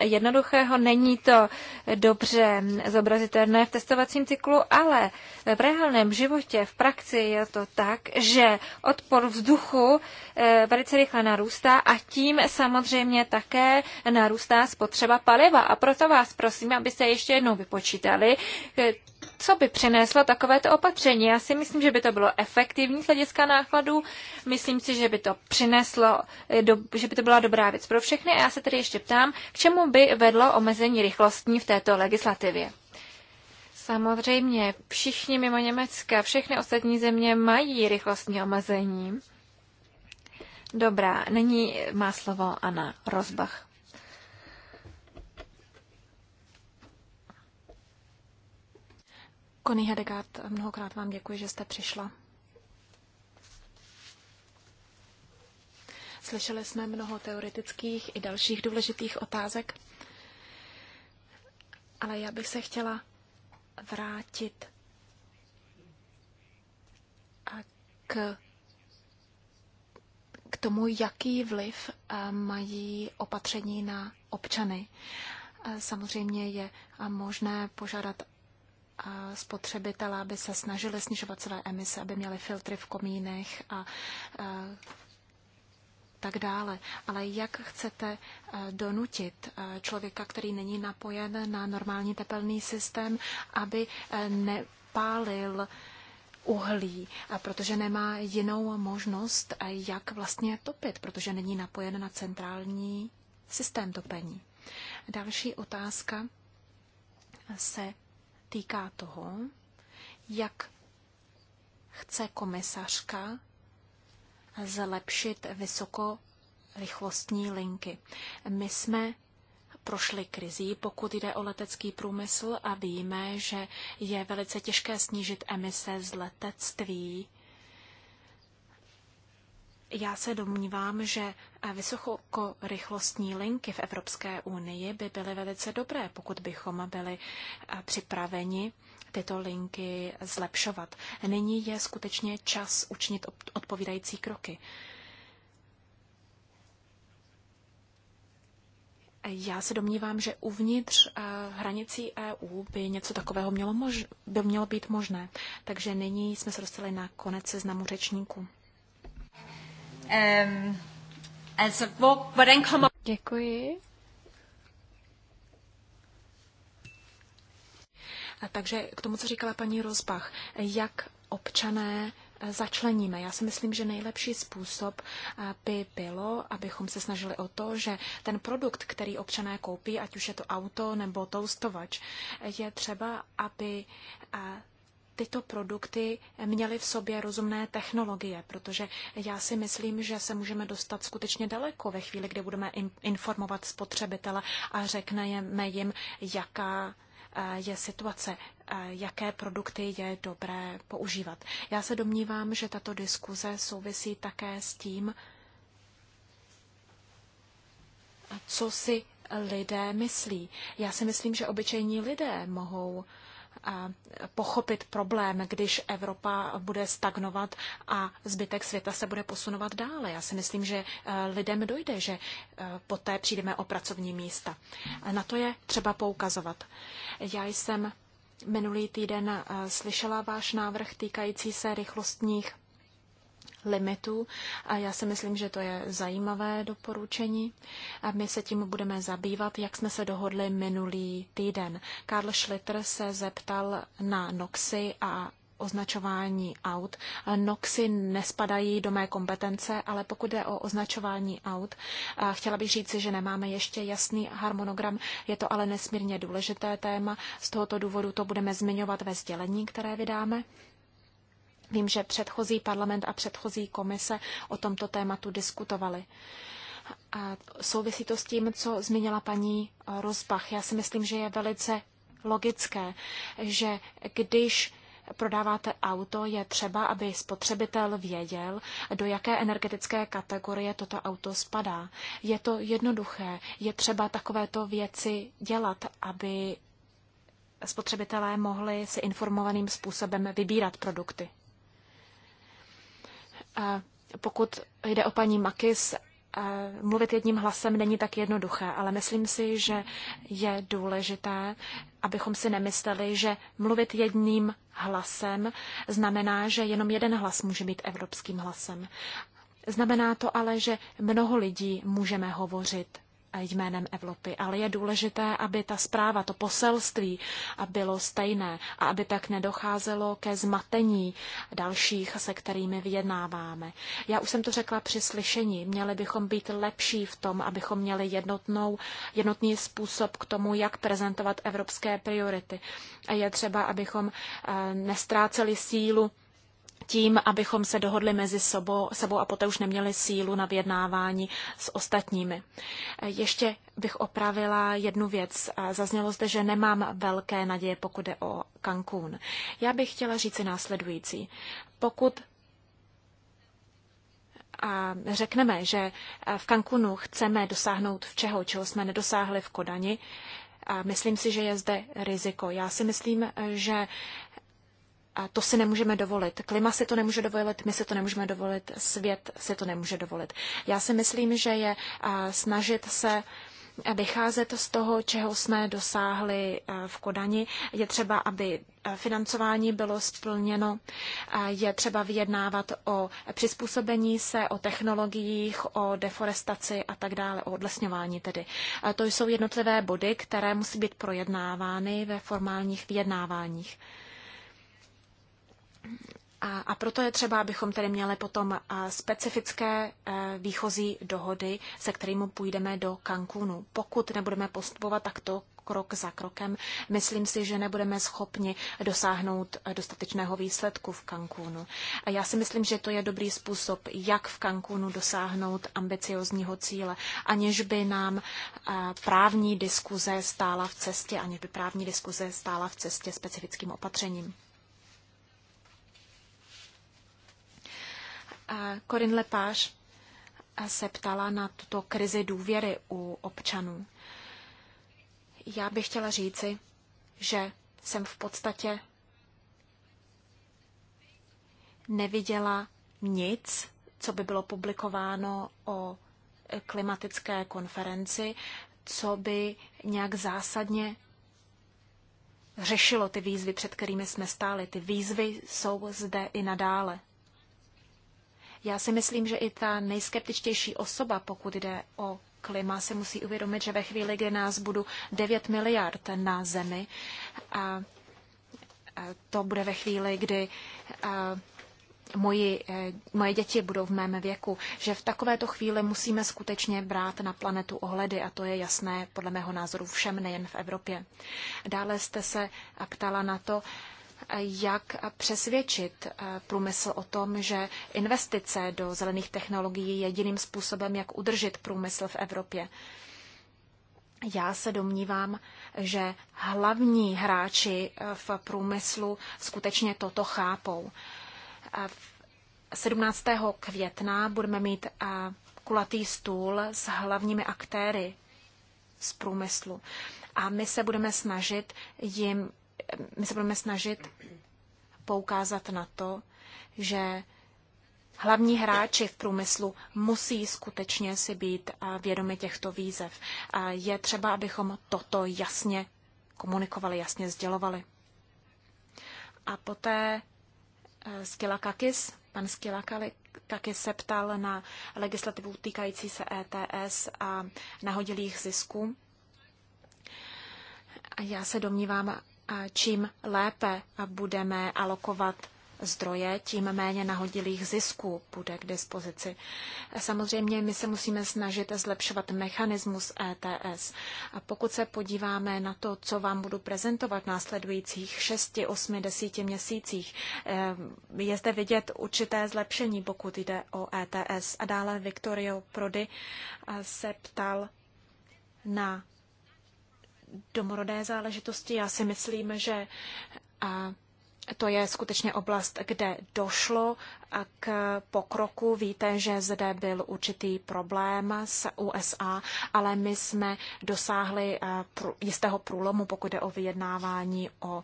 jednoduchého, není to dobře zobrazitelné v testovacím cyklu, ale v reálném životě, v praxi je to tak, že odpor vzduchu velice rychle narůstá a tím samozřejmě také narůstá spotřeba paliva. A proto vás prosím, abyste ještě jednou vypočítali, co by přineslo takovéto opatření. Já si myslím, že by to bylo efektivní z hlediska nákladů. Myslím si, že by to přineslo, eh, že by to byla dobrá věc pro všechny. A já se tedy ještě ptám, k čemu by vedlo omezení rychlostní v této legislativě. Samozřejmě, všichni mimo Německa, všechny ostatní země mají rychlostní omezení. Dobrá, není má slovo Anna Rozbach. Connie Hedegaard, mnohokrát vám děkuji, že jste přišla. Slyšeli jsme mnoho teoretických i dalších důležitých otázek, ale já bych se chtěla vrátit k, k tomu, jaký vliv eh, mají opatření na občany. Eh, samozřejmě je eh, možné požádat spotřebitelé, aby se snažili snižovat své emise, aby měli filtry v komínech a tak dále. Ale jak chcete donutit člověka, který není napojen na normální tepelný systém, aby nepálil uhlí, protože nemá jinou možnost, jak vlastně topit, protože není napojen na centrální systém topení. Další otázka se týká toho, jak chce komisařka zlepšit vysokorychlostní linky. My jsme prošli krizí, pokud jde o letecký průmysl a víme, že je velice těžké snížit emise z letectví já se domnívám, že eh, vysokorychlostní linky v Evropské unii by byly velice dobré, pokud bychom byli eh, připraveni tyto linky zlepšovat. Nyní je skutečně čas učinit odpovídající kroky. Já se domnívám, že uvnitř eh, hranicí EU by něco takového mělo, mož- by mělo být možné. Takže nyní jsme se dostali na konec seznamu řečníků. Um, altså, hvor, hvordan kommer... Děkuji. A takže k tomu, co říkala paní Rozbach, jak občané eh, začleníme. Já si myslím, že nejlepší způsob eh, by bylo, abychom se snažili o to, že ten produkt, který občané koupí, ať už je to auto nebo toustovač, je třeba, aby eh, tyto produkty měly v sobě rozumné technologie, protože já si myslím, že se můžeme dostat skutečně daleko ve chvíli, kdy budeme informovat spotřebitele a řekneme jim, jaká eh, je situace, eh, jaké produkty je dobré používat. Já se domnívám, že tato diskuze souvisí také s tím, co si lidé myslí. Já si myslím, že obyčejní lidé mohou pochopit problém, když Evropa bude stagnovat a zbytek světa se bude posunovat dále. Já si myslím, že eh, lidem dojde, že eh, poté přijdeme o pracovní místa. Na to je třeba poukazovat. Já jsem minulý týden eh, slyšela váš návrh týkající se rychlostních limitů. A já si myslím, že to je zajímavé doporučení. A my se tím budeme zabývat, jak jsme se dohodli minulý týden. Karl Schlitter se zeptal na NOXy a označování aut. Noxy nespadají do mé kompetence, ale pokud jde o označování aut, chtěla bych říci, že nemáme ještě jasný harmonogram, je to ale nesmírně důležité téma, z tohoto důvodu to budeme zmiňovat ve sdělení, které vydáme. Vím, že předchozí parlament a předchozí komise o tomto tématu diskutovali. A souvisí to s tím, co zmínila paní Rozbach. Já si myslím, že je velice logické, že když prodáváte auto, je třeba, aby spotřebitel věděl, do jaké energetické kategorie toto auto spadá. Je to jednoduché, je třeba takovéto věci dělat, aby spotřebitelé mohli si informovaným způsobem vybírat produkty pokud jde o paní Makis, eh, mluvit jedním hlasem není tak jednoduché, ale myslím si, že je důležité, abychom si nemysleli, že mluvit jedním hlasem znamená, že jenom jeden hlas může být evropským hlasem. Znamená to ale, že mnoho lidí můžeme hovořit jménem Evropy, ale je důležité, aby ta zpráva, to poselství bylo stejné a aby tak nedocházelo ke zmatení dalších, se kterými vyjednáváme. Já už jsem to řekla při slyšení, měli bychom být lepší v tom, abychom měli jednotnou, jednotný způsob k tomu, jak prezentovat evropské priority. A je třeba, abychom eh, nestráceli sílu tím, abychom se dohodli mezi sebou, sebou a poté už neměli sílu na vyjednávání s ostatními. E, ještě bych opravila jednu věc. E, zaznělo zde, že nemám velké naděje, pokud jde o Cancún. Já bych chtěla říci následující. Pokud a řekneme, že e, v Cancunu chceme dosáhnout v čeho, čeho jsme nedosáhli v Kodani, a myslím si, že je zde riziko. Já si myslím, že a to si nemůžeme dovolit. Klima si to nemůže dovolit, my si to nemůžeme dovolit, svět si to nemůže dovolit. Já si myslím, že je snažit se vycházet z toho, čeho jsme dosáhli v Kodani. Je třeba, aby financování bylo splněno, je třeba vyjednávat o přizpůsobení se, o technologiích, o deforestaci a tak dále, o odlesňování tedy. To jsou jednotlivé body, které musí být projednávány ve formálních vyjednáváních. A proto je třeba, abychom tedy měli potom specifické e, výchozí dohody, se kterými půjdeme do Cancúnu. Pokud nebudeme postupovat takto krok za krokem, myslím si, že nebudeme schopni dosáhnout dostatečného výsledku v Cancúnu. Já si myslím, že to je dobrý způsob, jak v Cancúnu dosáhnout ambiciozního cíle, aniž by nám právní diskuze stála v cestě, aniž by právní diskuze stála v cestě specifickým opatřením. Corinne Lepage se ptala na tuto krizi důvěry u občanů. Já bych chtěla říci, že jsem v podstatě neviděla nic, co by bylo publikováno o klimatické konferenci, co by nějak zásadně řešilo ty výzvy, před kterými jsme stáli. Ty výzvy jsou zde i nadále. Já si myslím, že i ta nejskeptičtější osoba, pokud jde o klima, se musí uvědomit, že ve chvíli, kdy nás budou 9 miliard na Zemi, a to bude ve chvíli, kdy moji, e, moje děti budou v mém věku, že v takovéto chvíli musíme skutečně brát na planetu ohledy a to je jasné podle mého názoru všem, nejen v Evropě. Dále jste se ptala na to, jak přesvědčit eh, průmysl o tom, že investice do zelených technologií je jediným způsobem, jak udržet průmysl v Evropě. Já se domnívám, že hlavní hráči eh, v průmyslu skutečně toto chápou. 17. května budeme mít eh, kulatý stůl s hlavními aktéry z průmyslu. A my se budeme snažit jim my se budeme snažit poukázat na to, že hlavní hráči v průmyslu musí skutečně si být vědomi těchto výzev. Je třeba, abychom toto jasně komunikovali, jasně sdělovali. A poté e, Skilakakis, pan taky se ptal na legislativu týkající se ETS a nahodilých zisků. Já se domnívám, čím lépe budeme alokovat zdroje, tím méně nahodilých zisků bude k dispozici. Samozřejmě my se musíme snažit zlepšovat mechanismus ETS. A pokud se podíváme na to, co vám budu prezentovat v následujících 6, 8, 10 měsících, eh, je zde vidět určité zlepšení, pokud jde o ETS. A dále Viktorio Prody eh, se ptal na domorodé záležitosti. Já si myslím, že to je skutečně oblast, kde došlo k pokroku. Víte, že zde byl určitý problém s USA, ale my jsme dosáhli jistého průlomu, pokud jde o vyjednávání o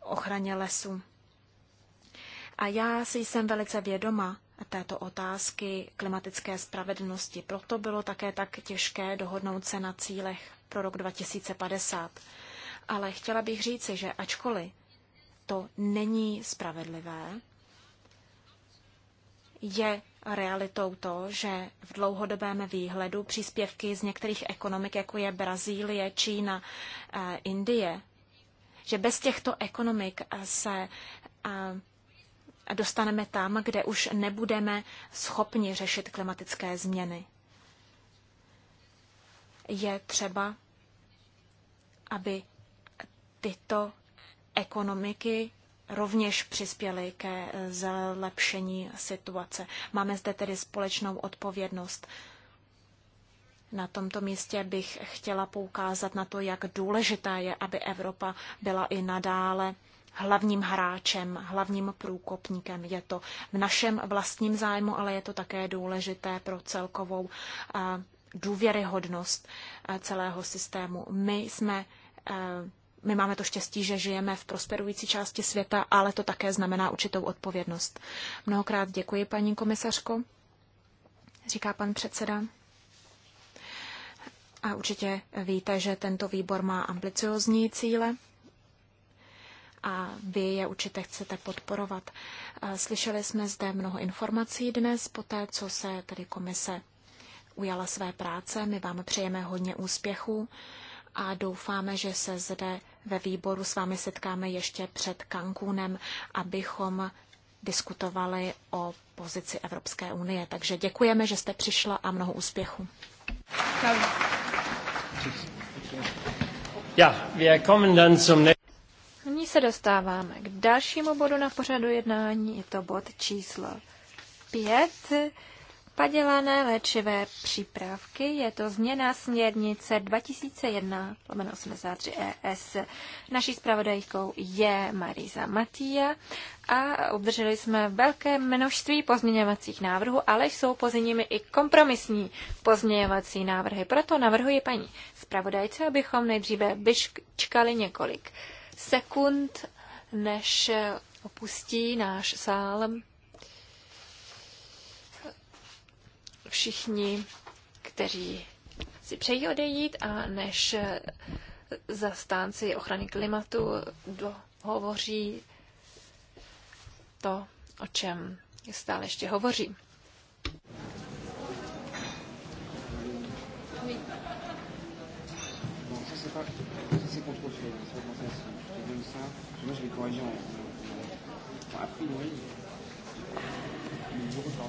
ochraně lesu. A já si jsem velice vědoma této otázky klimatické spravedlnosti. Proto bylo také tak těžké dohodnout se na cílech pro rok 2050. Ale chtěla bych říci, že ačkoliv to není spravedlivé, je realitou to, že v dlouhodobém výhledu příspěvky z některých ekonomik, jako je Brazílie, Čína, eh, Indie, že bez těchto ekonomik se eh, dostaneme tam, kde už nebudeme schopni řešit klimatické změny. Je třeba, aby tyto ekonomiky rovněž přispěly ke zlepšení situace. Máme zde tedy společnou odpovědnost. Na tomto místě bych chtěla poukázat na to, jak důležitá je, aby Evropa byla i nadále hlavním hráčem, hlavním průkopníkem. Je to v našem vlastním zájmu, ale je to také důležité pro celkovou eh, důvěryhodnost eh, celého systému. My jsme eh, my máme to štěstí, že žijeme v prosperující části světa, ale to také znamená určitou odpovědnost. Mnohokrát děkuji, paní komisařko, říká pan předseda. A určitě víte, že tento výbor má ambiciozní cíle a vy je určitě chcete podporovat. Eh, slyšeli jsme zde mnoho informací dnes, poté co se tedy komise ujala své práce. My vám přejeme hodně úspěchů a doufáme, že se zde ve výboru s vámi setkáme ještě před Cancúnem, abychom diskutovali o pozici Evropské unie. Takže děkujeme, že jste přišla a mnoho úspěchu. Ja, wir kommen dann zum nächsten. Nyní se dostáváme k dalšímu bodu na pořadu jednání, je to bod číslo 5. Padělané léčivé přípravky je to změna směrnice 2001-83 ES. Naší zpravodajkou je Marisa Matýja a obdrželi jsme velké množství pozměňovacích návrhů, ale jsou pozi nimi i kompromisní pozměňovací návrhy. Proto navrhuji paní zpravodajce, abychom nejdříve vyčkali několik sekund, než opustí náš sál všichni, kteří si přejí odejít a než zastánci ochrany klimatu hovoří to, o čem stále ještě hovoří. you. Je te donne ça. Moi, je l'ai corrigé en. Enfin, a priori, la pas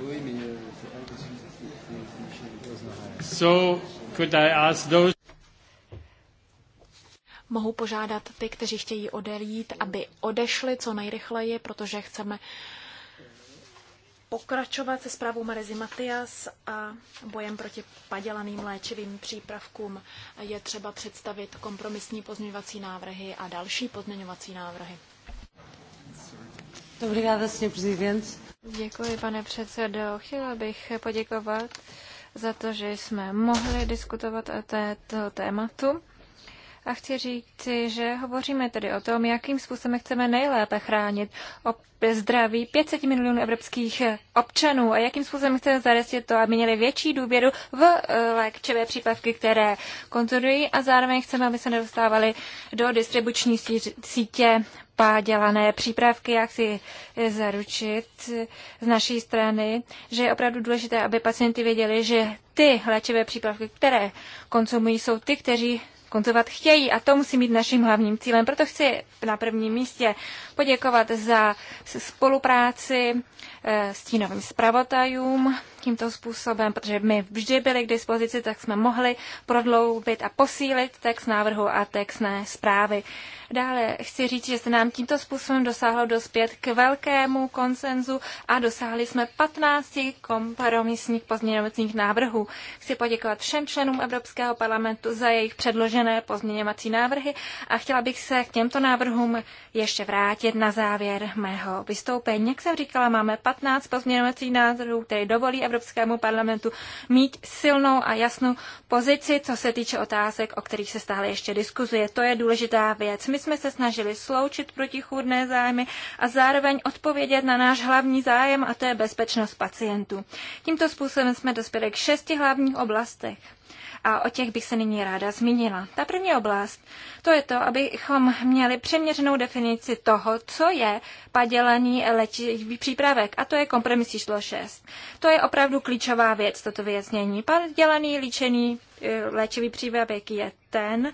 Oui, mais c'est pas possible. So, could I ask those mohu požádat ty, kteří chtějí odejít, aby odešli co nejrychleji, protože chceme pokračovat se zprávou Marezy Matias a bojem proti padělaným léčivým přípravkům. Je třeba představit kompromisní pozměňovací návrhy a další pozměňovací návrhy. Dobrý den, vlastně prezident. Děkuji, pane předsedo. Chtěla bych poděkovat za to, že jsme mohli diskutovat o této tématu. A chci říci, že hovoříme tedy o tom, jakým způsobem chceme nejlépe chránit zdraví 500 milionů evropských občanů a jakým způsobem chceme zajistit to, aby měli větší důvěru v eh, léčivé přípravky, které konzumují a zároveň chceme, aby se nedostávali do distribuční sítě padělané přípravky. jak chci zaručit z naší strany, že je opravdu důležité, aby pacienti věděli, že ty léčivé přípravky, které konzumují, jsou ty, kteří konzumovat chtějí. A to musí být naším hlavním cílem. Proto chci na prvním místě poděkovat za spolupráci eh, s tínovým zpravotajům tímto způsobem, protože my vždy byli k dispozici, tak jsme mohli prodloubit a posílit text návrhu a textné zprávy. Dále chci říct, že se nám tímto způsobem dosáhlo dospět k velkému konsenzu a dosáhli jsme 15 kompromisních pozměňovacích návrhů. Chci poděkovat všem členům Evropského parlamentu za jejich předložené pozměňovací návrhy a chtěla bych se k těmto návrhům ještě vrátit na závěr mého vystoupení. Jak jsem říkala, máme 15 pozměňovacích návrhů, které dovolí Evropské Evropskému parlamentu mít silnou a jasnou pozici, co se týče otázek, o kterých se stále ještě diskuzuje. To je důležitá věc. My jsme se snažili sloučit protichůdné zájmy a zároveň odpovědět na náš hlavní zájem, a to je bezpečnost pacientů. Tímto způsobem jsme dospěli k šesti hlavních oblastech a o těch bych se nyní ráda zmínila. Ta první oblast, to je to, abychom měli přeměřenou definici toho, co je padělaný léčivý přípravek, a to je kompromis číslo 6. To je opravdu klíčová věc, toto vyjasnění. Padělaný líčený e, léčivý přípravek je ten,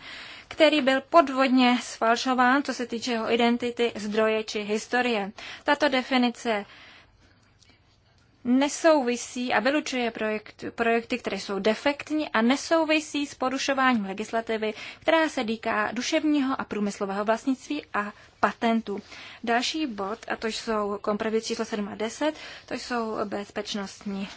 který byl podvodně sfalšován, co se týče jeho identity, zdroje či historie. Tato definice nesouvisí a vylučuje projekt, projekty, které jsou defektní a nesouvisí s porušováním legislativy, která se týká duševního a průmyslového vlastnictví a patentů. Další bod, a to jsou kompromisy číslo 7 a 10, to jsou bezpečnostní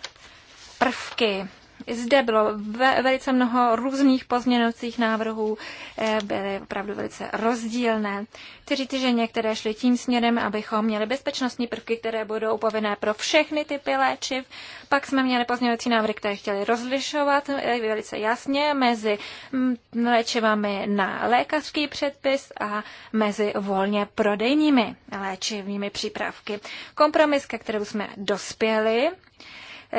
prvky zde bylo ve, velice mnoho různých pozměňovacích návrhů, eh, byly opravdu velice rozdílné. Chci říct, že některé šly tím směrem, abychom měli bezpečnostní prvky, které budou povinné pro všechny typy léčiv. Pak jsme měli pozměňovací návrhy, které chtěli rozlišovat eh, velice jasně mezi mm, léčivami na lékařský předpis a mezi volně prodejními léčivními přípravky. Kompromis, ke kterému jsme dospěli,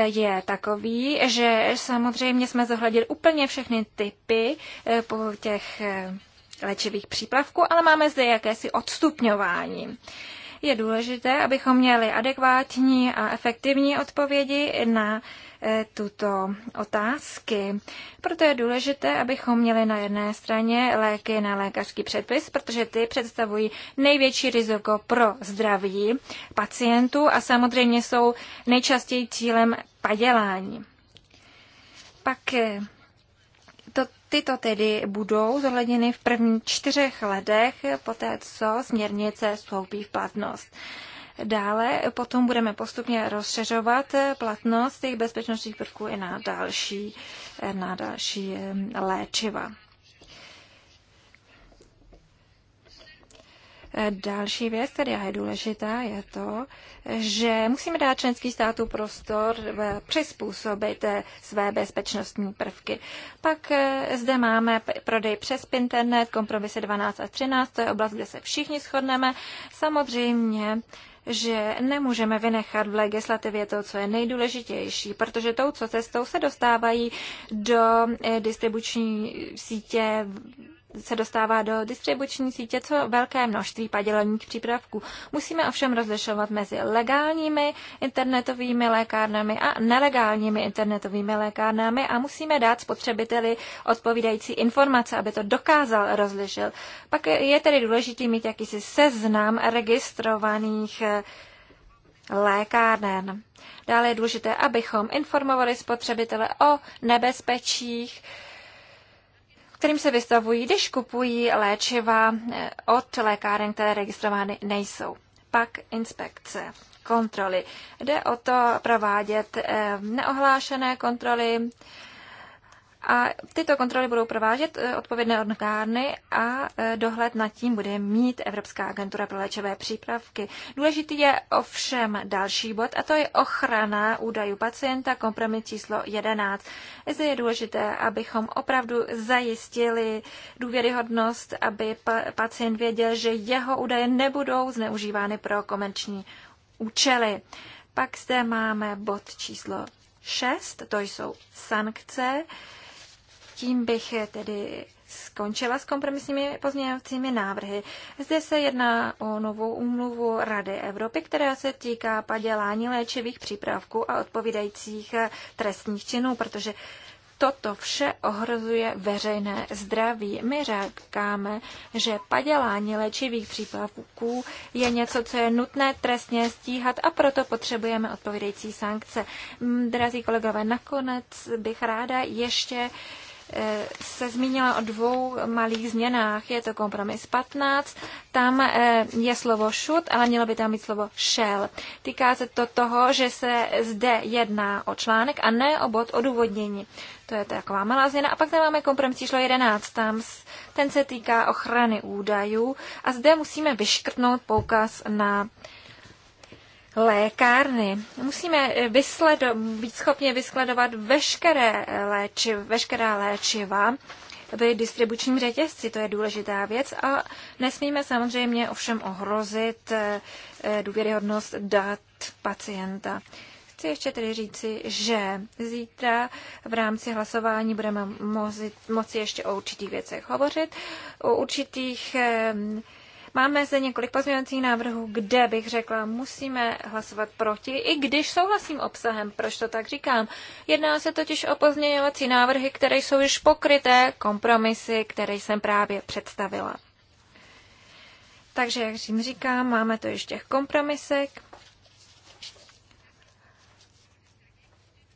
je takový, že samozřejmě jsme zohledili úplně všechny typy eh, po těch eh, léčivých přípravků, ale máme zde jakési odstupňování. Je důležité, abychom měli adekvátní a efektivní odpovědi na eh, tuto otázky. Proto je důležité, abychom měli na jedné straně léky na lékařský předpis, protože ty představují největší riziko pro zdraví pacientů a samozřejmě jsou nejčastěji cílem padělání. Pak eh, Tyto tedy budou zohledněny v prvních čtyřech letech, poté co směrnice vstoupí v platnost. Dále potom budeme postupně rozšiřovat platnost těch bezpečnostních prvků i na další, na další eh, léčiva. Další věc, která je důležitá, je to, že musíme dát členský státu prostor eh, přizpůsobit eh, své bezpečnostní prvky. Pak eh, zde máme prodej přes internet, kompromisy 12 a 13, to je oblast, kde se všichni shodneme. Samozřejmě že nemůžeme vynechat v legislativě to, co je nejdůležitější, protože touto cestou se dostávají do distribuční sítě se dostává do distribuční sítě co velké množství padělaných přípravků. Musíme ovšem rozlišovat mezi legálními internetovými lékárnami a nelegálními internetovými lékárnami a musíme dát spotřebiteli odpovídající informace, aby to dokázal rozlišil. Pak je tedy důležité mít jakýsi seznam registrovaných eh, lékárnen. Dále je důležité, abychom informovali spotřebitele o nebezpečích, kterým se vystavují, když kupují léčiva eh, od lékáren, které registrovány nejsou. Pak inspekce, kontroly. Jde o to provádět eh, neohlášené kontroly, a tyto kontroly budou provážet eh, odpovědné orgány a eh, dohled nad tím bude mít Evropská agentura pro léčivé přípravky. Důležitý je ovšem další bod a to je ochrana údajů pacienta, kompromis číslo 11. Zde je důležité, abychom opravdu zajistili důvěryhodnost, aby pacient věděl, že jeho údaje nebudou zneužívány pro komerční účely. Pak zde máme bod číslo 6, to jsou sankce. Tím bych tedy skončila s kompromisními pozměňovacími návrhy. Zde se jedná o novou úmluvu Rady Evropy, která se týká padělání léčivých přípravků a odpovídajících trestních činů, protože toto vše ohrozuje veřejné zdraví. My říkáme, že padělání léčivých přípravků je něco, co je nutné trestně stíhat a proto potřebujeme odpovědející sankce. Drazí kolegové, nakonec bych ráda ještě Eh, se zmínila o dvou malých změnách. Je to kompromis 15, tam eh, je slovo should, ale mělo by tam být slovo shall. Týká se to toho, že se zde jedná o článek a ne o bod odůvodnění. To je taková malá změna. A pak tam máme kompromis číslo 11, tam ten se týká ochrany údajů a zde musíme vyškrtnout poukaz na lékárny. Musíme eh, vysledo- být schopni vyskladovat veškeré léči- veškerá léčiva v distribučním řetězci, to je důležitá věc a nesmíme samozřejmě ovšem ohrozit eh, eh, důvěryhodnost dat pacienta. Chci ještě tedy říci, že zítra v rámci hlasování budeme moci, moci ještě o určitých věcech hovořit, o určitých Máme zde několik pozměňovacích návrhů, kde bych řekla, musíme hlasovat proti, i když souhlasím obsahem. Proč to tak říkám? Jedná se totiž o pozměňovací návrhy, které jsou již pokryté kompromisy, které jsem právě představila. Takže, jak jim říkám, máme to ještě těch kompromisek.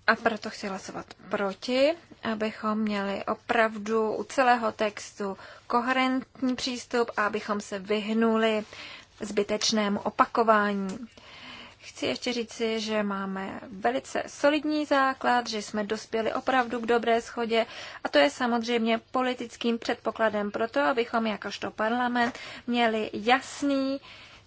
A proto chci hlasovat proti abychom měli opravdu u celého textu koherentní přístup a abychom se vyhnuli zbytečnému opakování. Chci ještě říci, že máme velice solidní základ, že jsme dospěli opravdu k dobré schodě a to je samozřejmě politickým předpokladem pro to, abychom jakožto parlament měli jasný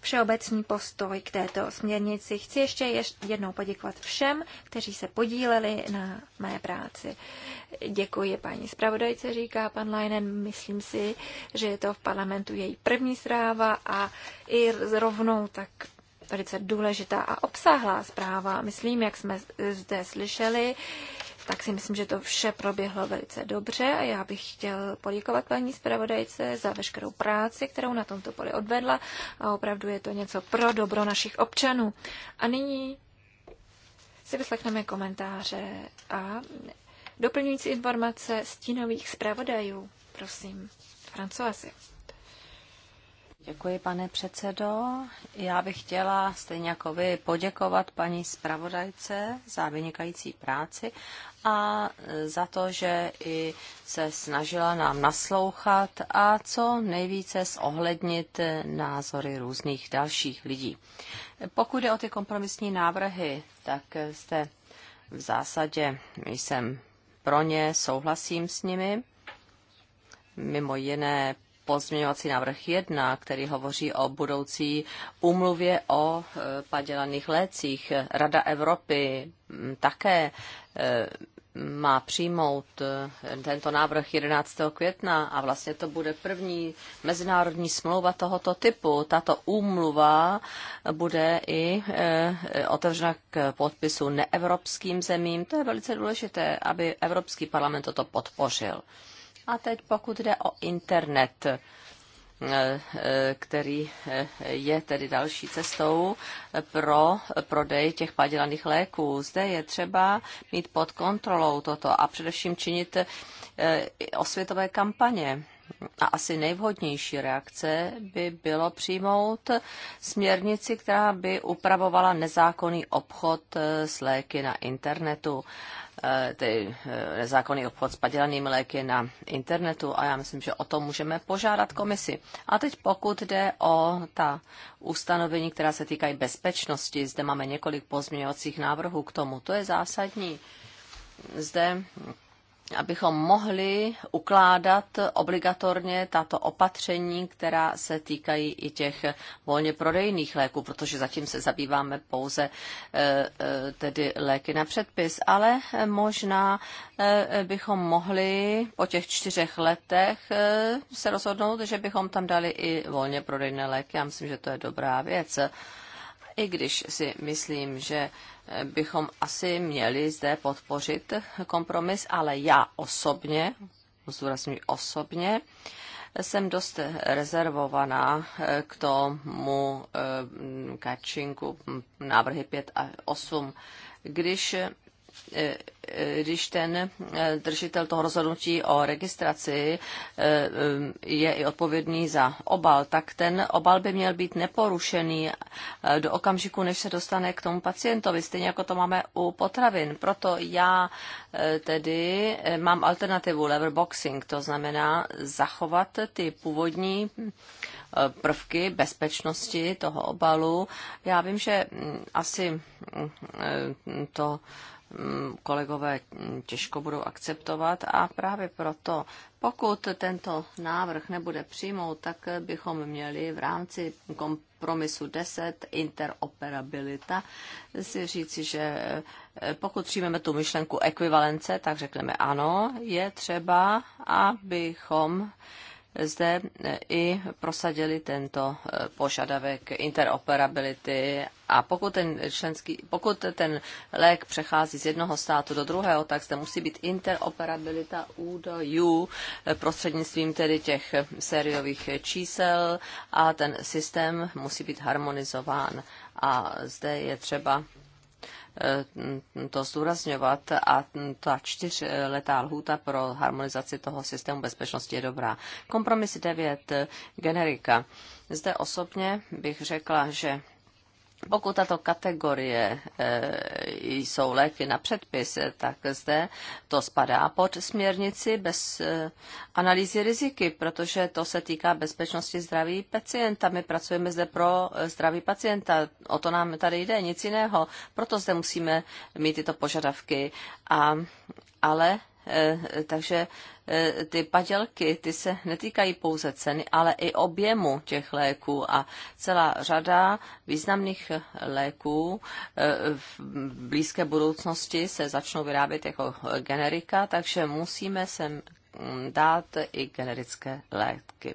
všeobecný postoj k této směrnici. Chci ještě jednou poděkovat všem, kteří se podíleli na mé práci. Děkuji paní zpravodajce, říká pan Leinen. Myslím si, že je to v parlamentu její první zpráva a i rovnou tak velice důležitá a obsáhlá zpráva. Myslím, jak jsme zde slyšeli, tak si myslím, že to vše proběhlo velice dobře a já bych chtěl poděkovat paní zpravodajce za veškerou práci, kterou na tomto poli odvedla a opravdu je to něco pro dobro našich občanů. A nyní si vyslechneme komentáře a doplňující informace stínových zpravodajů. Prosím, Francoisi. Děkuji, pane předsedo. Já bych chtěla stejně jako vy poděkovat paní zpravodajce za vynikající práci a za to, že i se snažila nám naslouchat a co nejvíce zohlednit názory různých dalších lidí. Pokud jde o ty kompromisní návrhy, tak jste v zásadě jsem pro ně, souhlasím s nimi mimo jiné pozměňovací návrh 1, který hovoří o budoucí úmluvě o e, padělaných lécích. Rada Evropy také e, má přijmout e, tento návrh 11. května a vlastně to bude první mezinárodní smlouva tohoto typu. Tato úmluva bude i otevřena k podpisu neevropským zemím. To je velice důležité, aby Evropský parlament toto podpořil. A teď pokud jde o internet, eh, eh, který eh, je tedy další cestou pro prodej těch padělaných léků. Zde je třeba mít pod kontrolou toto a především činit osvětové kampaně. A asi nejvhodnější reakce by bylo přijmout směrnici, která by upravovala nezákonný obchod s léky na internetu. Eh, ty eh, nezákonný obchod s padělanými léky na internetu a já myslím, že o tom můžeme požádat komisi. A teď pokud jde o ta ustanovení, která se týkají bezpečnosti, zde máme několik pozměňovacích návrhů k tomu. To je zásadní. Zde abychom mohli ukládat obligatorně tato opatření, která se týkají i těch volně prodejných léků, protože zatím se zabýváme pouze e, e, tedy léky na předpis, ale možná e, bychom mohli po těch čtyřech letech se rozhodnout, že bychom tam dali i volně prodejné léky. Já myslím, že to je dobrá věc. I když si myslím, že bychom asi měli zde podpořit kompromis, ale já osobně, zdůraznuju osobně, jsem dost rezervovaná eh, k tomu eh, kačinku hm, návrhy 5 a 8. Když Eh, když ten eh, držitel toho rozhodnutí o registraci eh, je i odpovědný za obal, tak ten obal by měl být neporušený do okamžiku, než se dostane k tomu pacientovi, stejně jako to máme u potravin. Proto já tedy mám alternativu lever boxing, to znamená zachovat ty původní prvky bezpečnosti toho obalu. Já vím, že mm, asi mm, to kolegové těžko budou akceptovat a právě proto, pokud tento návrh nebude přijmout, tak bychom měli v rámci kompromisu 10 interoperabilita si říci, že eh, pokud přijmeme tu myšlenku ekvivalence, tak řekneme ano, je třeba, abychom zde e, i prosadili tento e, požadavek interoperability a pokud ten, členský, pokud ten lék přechází z jednoho státu do druhého, tak zde musí být interoperabilita údajů e, prostřednictvím tedy těch sériových čísel a ten systém musí být harmonizován. A zde je třeba Eh, to zdůrazňovat a ta čtyřletá lhůta pro harmonizaci toho systému bezpečnosti je dobrá. Kompromis 9, eh, generika. Zde osobně bych řekla, že pokud tato kategorie eh, jsou léky na předpis, eh, tak zde to spadá pod směrnici bez eh, analýzy riziky, protože to se týká bezpečnosti zdraví pacienta. My pracujeme zde pro zdraví pacienta, o to nám tady jde, nic jiného. Proto zde musíme mít tyto požadavky. A, ale Eh, takže eh, ty padělky, ty se netýkají pouze ceny, ale i objemu těch léků a celá řada významných eh, léků v blízké budoucnosti se začnou vyrábět jako generika, takže musíme sem mm, dát i generické léky.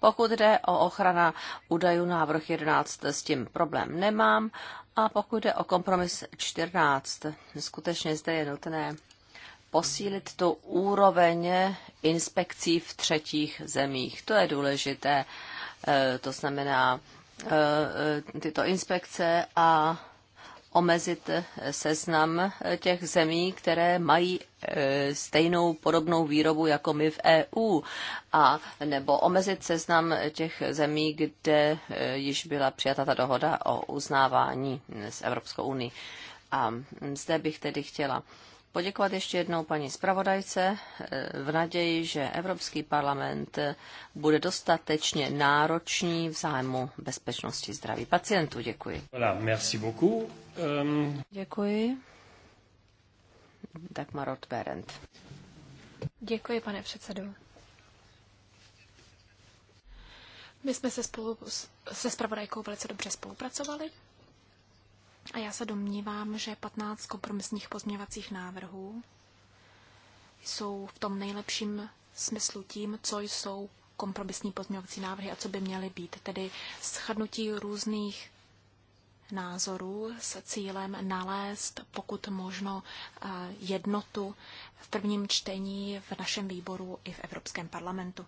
Pokud jde o ochrana údajů návrh 11, s tím problém nemám. A pokud jde o kompromis 14, skutečně zde je nutné posílit tu úroveň inspekcí v třetích zemích. To je důležité. E, to znamená e, e, tyto inspekce a omezit seznam těch zemí, které mají stejnou podobnou výrobu jako my v EU, a nebo omezit seznam těch zemí, kde již byla přijata ta dohoda o uznávání s Evropskou unii. A zde bych tedy chtěla poděkovat ještě jednou paní zpravodajce eh, v naději, že Evropský parlament eh, bude dostatečně náročný v zájmu bezpečnosti zdraví pacientů. Děkuji. Voilà, merci beaucoup. Um... Děkuji. Marot Berend. Děkuji, pane předsedo. My jsme se spolu se spravodajkou velice dobře spolupracovali a já se domnívám, že 15 kompromisních pozměňovacích návrhů jsou v tom nejlepším smyslu tím, co jsou kompromisní pozměňovací návrhy a co by měly být, tedy shrnutí různých názorů s cílem nalézt pokud možno eh, jednotu v prvním čtení v našem výboru i v Evropském parlamentu.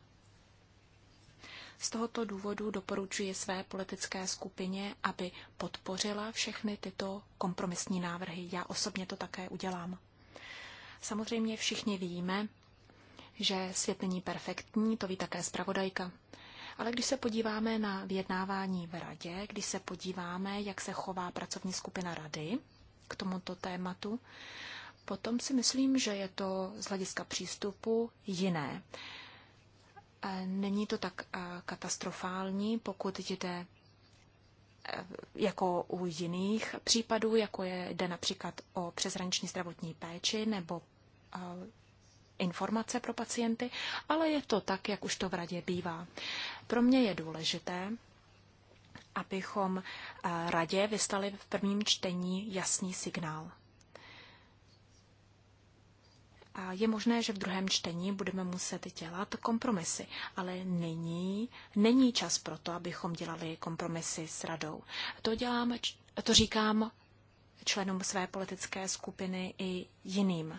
Z tohoto důvodu doporučuji své politické skupině, aby podpořila všechny tyto kompromisní návrhy. Já osobně to také udělám. Samozřejmě všichni víme, že svět není perfektní, to ví také zpravodajka. Ale když se podíváme na vyjednávání v radě, když se podíváme, jak se chová pracovní skupina rady k tomuto tématu, potom si myslím, že je to z hlediska přístupu jiné. Není to tak eh, katastrofální, pokud jde eh, jako u jiných případů, jako je, jde například o přeshraniční zdravotní péči nebo eh, informace pro pacienty, ale je to tak, jak už to v radě bývá. Pro mě je důležité, abychom radě vystali v prvním čtení jasný signál. Je možné, že v druhém čtení budeme muset dělat kompromisy, ale není, není čas pro to, abychom dělali kompromisy s radou. To, dělám, to říkám členům své politické skupiny i jiným.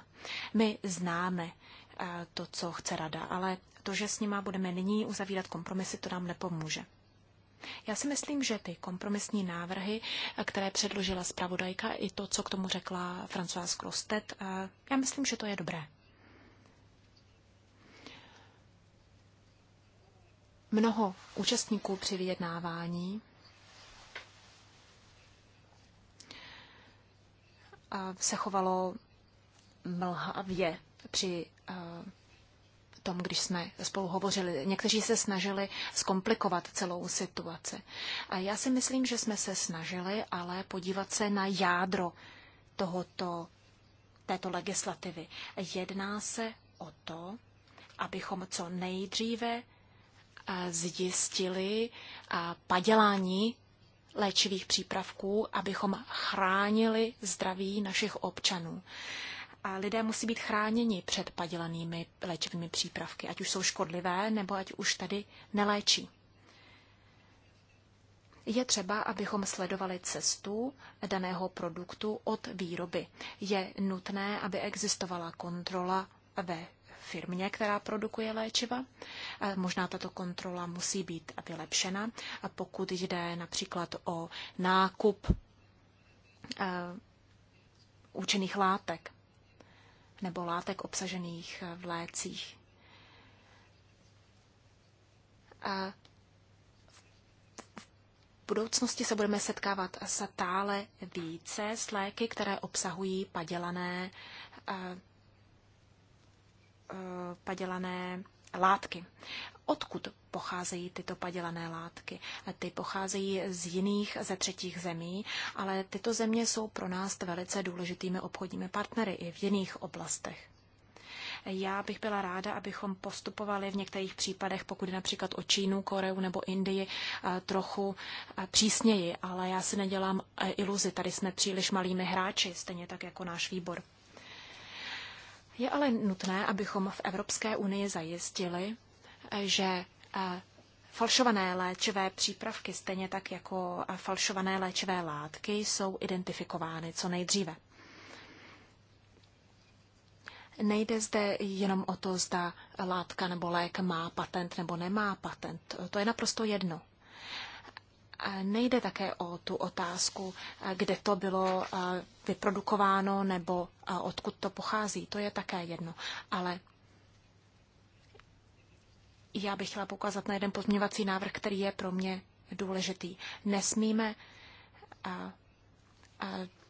My známe eh, to, co chce rada, ale to, že s nima budeme nyní uzavírat kompromisy, to nám nepomůže. Já si myslím, že ty kompromisní návrhy, které předložila zpravodajka, i to, co k tomu řekla Françoise Krostet, eh, já myslím, že to je dobré. Mnoho účastníků při vyjednávání eh, se chovalo mlhavě při eh, tom, když jsme spolu hovořili. Někteří se snažili zkomplikovat celou situaci. A já si myslím, že jsme se snažili ale podívat se na jádro tohoto, této legislativy. Jedná se o to, abychom co nejdříve eh, zjistili eh, padělání léčivých přípravků, abychom chránili zdraví našich občanů. A lidé musí být chráněni před padělanými léčivými přípravky, ať už jsou škodlivé, nebo ať už tady neléčí. Je třeba, abychom sledovali cestu daného produktu od výroby. Je nutné, aby existovala kontrola ve firmě, která produkuje léčiva. Možná tato kontrola musí být vylepšena, pokud jde například o nákup účinných látek nebo látek obsažených eh, v lécích. A v budoucnosti se budeme setkávat tále více s léky, které obsahují padělané, eh, eh, padělané látky odkud pocházejí tyto padělané látky. Ty pocházejí z jiných, ze třetích zemí, ale tyto země jsou pro nás velice důležitými obchodními partnery i v jiných oblastech. Já bych byla ráda, abychom postupovali v některých případech, pokud například o Čínu, Koreu nebo Indii, eh, trochu eh, přísněji, ale já si nedělám eh, iluzi, tady jsme příliš malými hráči, stejně tak jako náš výbor. Je ale nutné, abychom v Evropské unii zajistili, že eh, falšované léčivé přípravky, stejně tak jako eh, falšované léčivé látky, jsou identifikovány co nejdříve. Nejde zde jenom o to, zda látka nebo lék má patent nebo nemá patent. To je naprosto jedno. Nejde také o tu otázku, eh, kde to bylo vyprodukováno nebo odkud to pochází. To je také jedno. Ale já bych chtěla poukázat na jeden pozměňovací návrh, který je pro mě důležitý. Nesmíme a, a,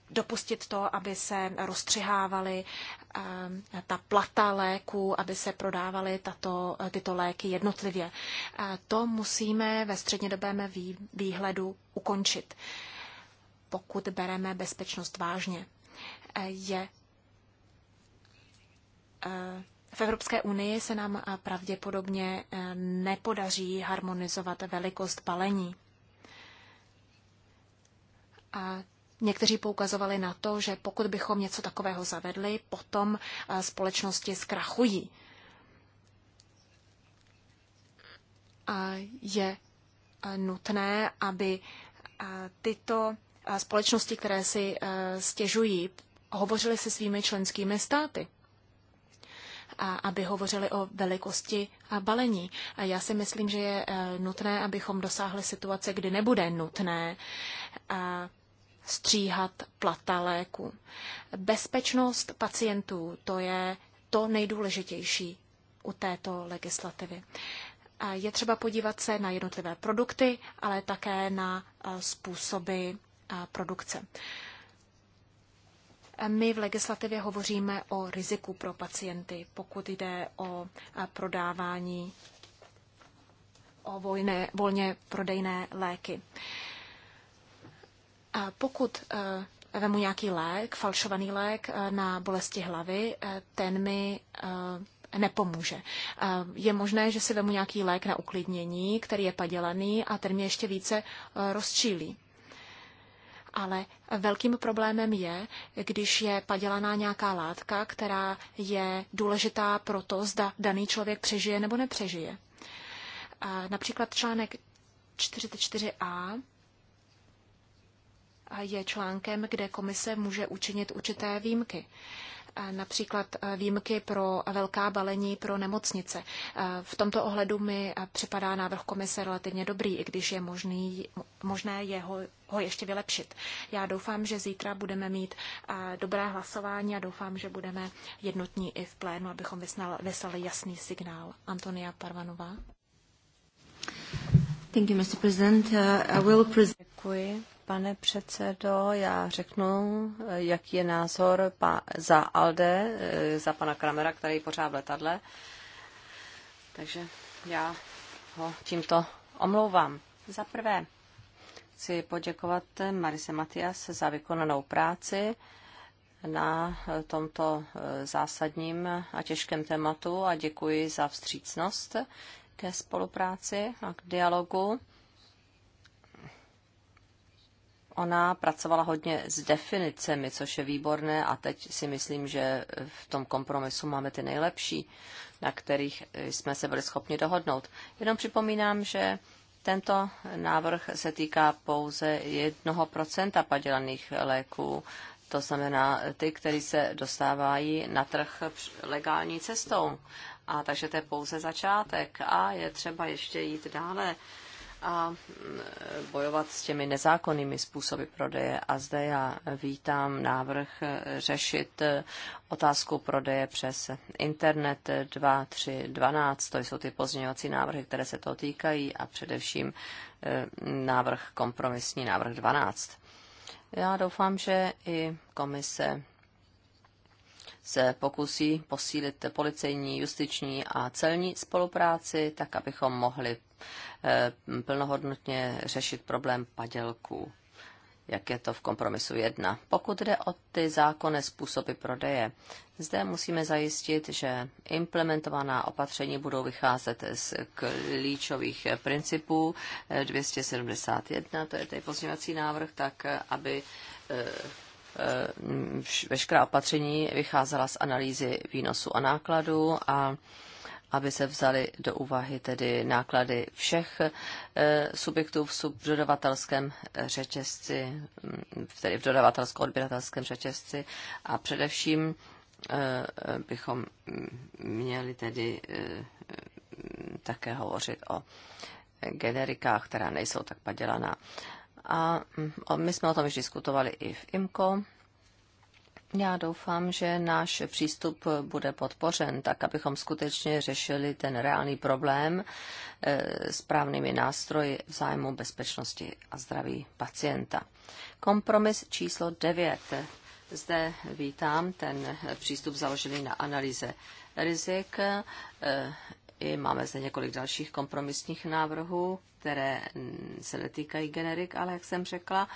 dopustit to, aby se rozstřihávaly ta plata léku, aby se prodávaly tato, tyto léky jednotlivě. To musíme ve střednědobém výhledu ukončit, pokud bereme bezpečnost vážně. Je v Evropské unii se nám pravděpodobně e, nepodaří harmonizovat velikost balení. A Někteří poukazovali na to, že pokud bychom něco takového zavedli, potom e, společnosti zkrachují. A je e, nutné, aby tyto společnosti, které si stěžují, hovořily se svými členskými státy. A aby hovořili o velikosti a balení. A já si myslím, že je eh, nutné, abychom dosáhli situace, kdy nebude nutné eh, stříhat plata léku. Bezpečnost pacientů, to je to nejdůležitější u této legislativy. Je třeba podívat se na jednotlivé produkty, ale také na eh, způsoby produkce. My v legislativě hovoříme o riziku pro pacienty, pokud jde o prodávání o volné, volně prodejné léky. A pokud e, vemu nějaký lék, falšovaný lék e, na bolesti hlavy, e, ten mi nepomůže. Je možné, že si vemu nějaký lék na uklidnění, který je padělaný a ten mě ještě více rozčílí. Ale velkým problémem je, když je padělaná nějaká látka, která je důležitá pro to, zda daný člověk přežije nebo nepřežije. Například článek 44a je článkem, kde komise může učinit určité výjimky například eh, výjimky pro velká balení pro nemocnice. Eh, v tomto ohledu mi eh, připadá návrh komise relativně dobrý, i když je možný, možné jeho ho ještě vylepšit. Já doufám, že zítra budeme mít dobré hlasování a doufám, že budeme jednotní i v plénu, abychom vyslali jasný signál. Antonia Parvanová. Thank you, Mr. President. Uh, I will present... Děkuji pane předsedo. Já řeknu, jaký je názor za Alde, eh, za pana Kramera, který je pořád v letadle. Takže já ho tímto omlouvám. Za prvé chci poděkovat Marise Matias za vykonanou práci na tomto eh, zásadním a těžkém tématu a děkuji za vstřícnost ke spolupráci a k dialogu ona pracovala hodně s definicemi, což je výborné a teď si myslím, že v tom kompromisu máme ty nejlepší, na kterých jsme se byli schopni dohodnout. Jenom připomínám, že tento návrh se týká pouze jednoho procenta padělaných léků, to znamená ty, které se dostávají na trh legální cestou. A takže to je pouze začátek a je třeba ještě jít dále a mm, bojovat s těmi nezákonnými způsoby prodeje. A zde já vítám návrh eh, řešit eh, otázku prodeje přes internet 2, 3, 12. To jsou ty pozměňovací návrhy, které se toho týkají a především eh, návrh kompromisní, návrh 12. Já doufám, že i komise se pokusí posílit policejní, justiční a celní spolupráci, tak abychom mohli eh, plnohodnotně řešit problém padělků jak je to v kompromisu 1. Pokud jde o ty zákonné způsoby prodeje, zde musíme zajistit, že implementovaná opatření budou vycházet z klíčových principů eh, 271, to je tady pozměňovací návrh, tak eh, aby Eh, veškerá opatření vycházela z analýzy výnosu a nákladu a aby se vzali do úvahy tedy náklady všech eh, subjektů v subdodavatelském řetězci, mm, tedy v dodavatelsko-odběratelském řetězci a především eh, bychom měli tedy také hovořit o generikách, která nejsou tak padělaná. A mm, my jsme o tom již diskutovali i v IMCO. Já doufám, že náš přístup bude podpořen, tak abychom skutečně řešili ten reálný problém e, správnými nástroji v zájmu bezpečnosti a zdraví pacienta. Kompromis číslo 9. Zde vítám ten přístup založený na analýze rizik. E, I máme zde několik dalších kompromisních návrhů, které se netýkají generik, ale jak jsem řekla.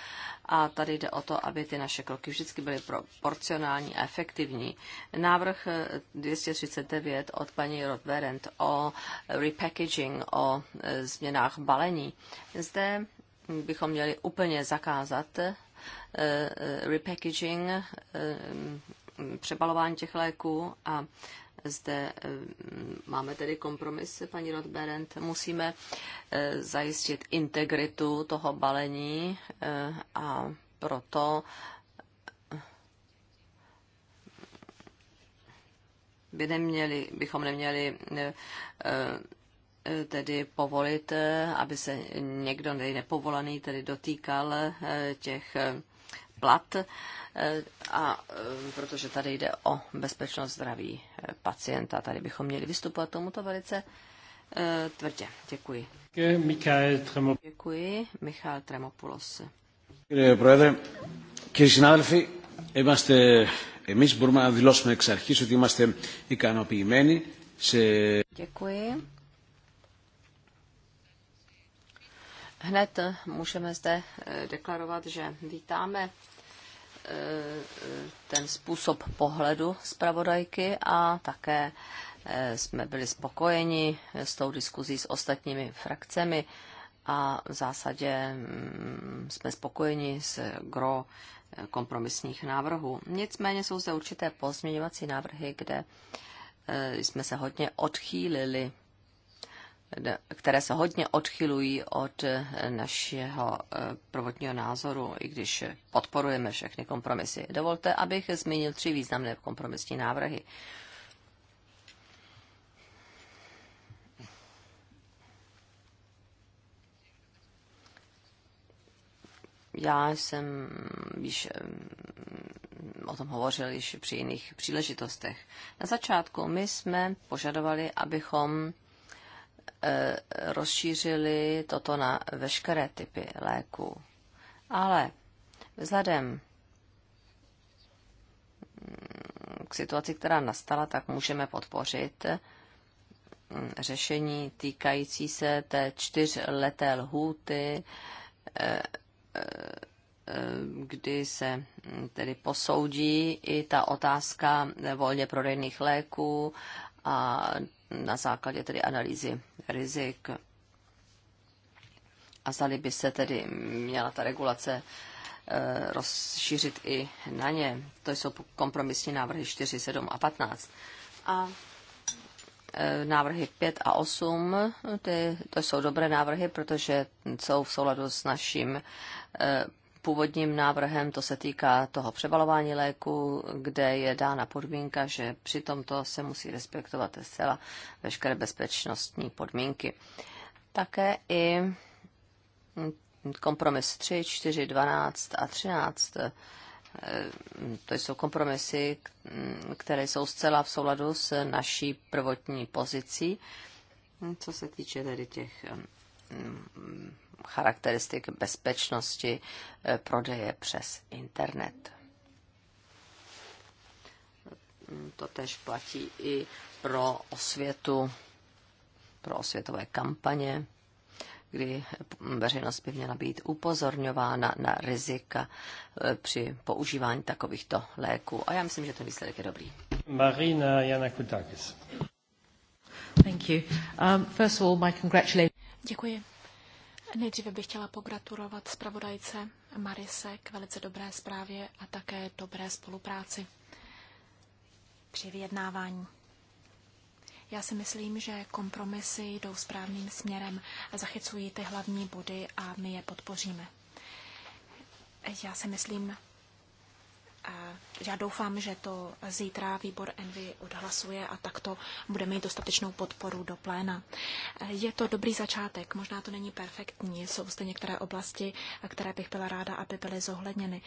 A tady jde o to, aby ty naše kroky vždycky byly proporcionální a efektivní. Návrh 239 od paní Rodverent o repackaging, o e, změnách balení. Zde bychom měli úplně zakázat e, e, repackaging, přebalování těch léků a zde eh, máme tedy kompromis, paní Rodberent, musíme eh, zajistit integritu toho balení eh, a proto by neměli, bychom neměli tedy povolit, aby se někdo nepovolaný tedy dotýkal těch plat, eh, a eh, protože tady jde o bezpečnost zdraví eh, pacienta. Tady bychom měli vystupovat tomuto velice tvrdě. Děkuji. Děkuji, Michal Tremopoulos. είμαστε, εμείς μπορούμε να δηλώσουμε εξ αρχής ότι είμαστε ικανοποιημένοι σε... Děkuji. Hned můžeme zde eh, deklarovat, že vítáme eh, eh, ten způsob pohledu zpravodajky a také jsme byli spokojeni s tou diskuzí s ostatními frakcemi a v zásadě mm, jsme spokojeni s gro kompromisních návrhů. Nicméně jsou zde určité pozměňovací návrhy, kde jsme se hodně odchýlili které se hodně odchylují od eh, našeho eh, prvotního názoru, i když podporujeme všechny kompromisy. Dovolte, abych zmínil tři významné kompromisní návrhy. Já jsem již mm, o tom hovořil již při jiných příležitostech. Na začátku my jsme požadovali, abychom Eh, rozšířili toto na veškeré typy léků. Ale vzhledem mm, k situaci, která nastala, tak můžeme podpořit mm, řešení týkající se té čtyřleté lhůty, eh, eh, kdy se mm, tedy posoudí i ta otázka volně prodejných léků a na základě tedy analýzy rizik. A zdali by se tedy měla ta regulace eh, rozšířit i na ně. To jsou kompromisní návrhy 4, 7 a 15. A eh, návrhy 5 a 8, ty, to jsou dobré návrhy, protože jsou v souladu s naším eh, původním návrhem, to se týká toho přebalování léku, kde je dána podmínka, že při tomto se musí respektovat zcela veškeré bezpečnostní podmínky. Také i kompromis 3, 4, 12 a 13 eh, to jsou kompromisy, které jsou zcela v souladu s naší prvotní pozicí, co se týče tedy těch eh, Mm, charakteristik bezpečnosti eh, prodeje přes internet. Mm, to tež platí i pro osvětu, pro osvětové kampaně, kdy veřejnost by měla být upozorňována na rizika eh, při používání takovýchto léků. A já myslím, že ten výsledek je dobrý. Marina Janakutakis. Thank you. Um, first of all, my congratulations. Děkuji. Nejdříve bych chtěla pogratulovat zpravodajce Marise k velice dobré zprávě a také dobré spolupráci při vyjednávání. Já si myslím, že kompromisy jdou správným směrem, zachycují ty hlavní body a my je podpoříme. Já si myslím, já doufám, že to zítra výbor Envy odhlasuje a takto bude mít dostatečnou podporu do pléna. Je to dobrý začátek, možná to není perfektní, jsou zde některé oblasti, které bych byla ráda, aby byly zohledněny.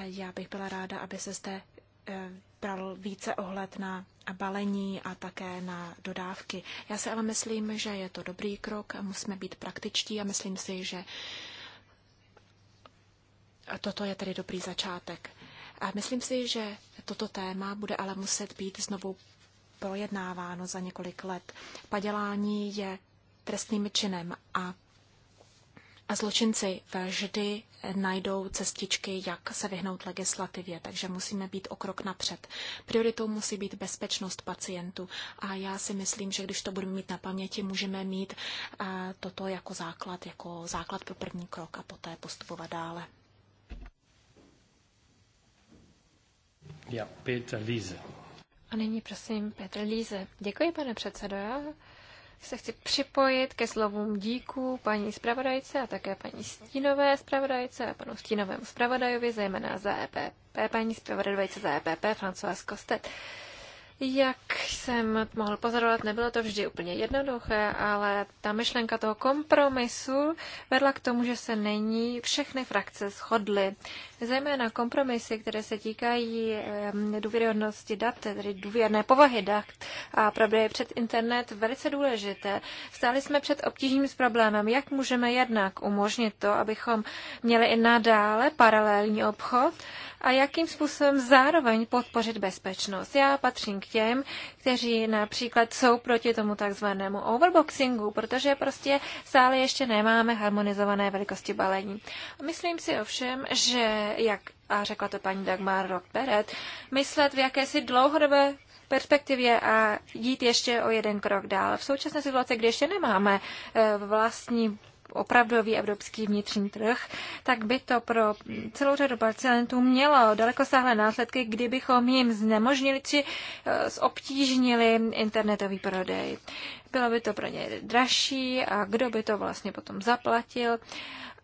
Já bych byla ráda, aby se zde eh, bral více ohled na balení a také na dodávky. Já si ale myslím, že je to dobrý krok, musíme být praktičtí a myslím si, že toto je tedy dobrý začátek. A myslím si, že toto téma bude ale muset být znovu projednáváno za několik let. Padělání je trestným činem a a zločinci vždy najdou cestičky, jak se vyhnout legislativě, takže musíme být o krok napřed. Prioritou musí být bezpečnost pacientů a já si myslím, že když to budeme mít na paměti, můžeme mít toto jako základ, jako základ pro první krok a poté postupovat dále. Ja, Petr Líze. A nyní prosím Petr Líze. Děkuji, pane předsedo. Já se chci připojit ke slovům díků paní zpravodajce a také paní Stínové zpravodajce a panu Stínovému zpravodajovi, zejména za EPP, paní zpravodajce za EPP, François Kostet. Jak jsem mohl pozorovat, nebylo to vždy úplně jednoduché, ale ta myšlenka toho kompromisu vedla k tomu, že se není všechny frakce shodly. Zejména kompromisy, které se týkají důvěryhodnosti dat, tedy důvěrné povahy dat a prodeje před internet, velice důležité. Stáli jsme před obtížným s problémem, jak můžeme jednak umožnit to, abychom měli i nadále paralelní obchod, a jakým způsobem zároveň podpořit bezpečnost. Já patřím k těm, kteří například jsou proti tomu takzvanému overboxingu, protože prostě stále ještě nemáme harmonizované velikosti balení. Myslím si ovšem, že, jak a řekla to paní Dagmar Rockberet, myslet v jakési dlouhodobé perspektivě a jít ještě o jeden krok dál. V současné situaci, kdy ještě nemáme eh, vlastní opravdový evropský vnitřní trh, tak by to pro celou řadu pacientů mělo dalekosáhlé následky, kdybychom jim znemožnili či eh, zobtížnili internetový prodej. Bylo by to pro ně dražší a kdo by to vlastně potom zaplatil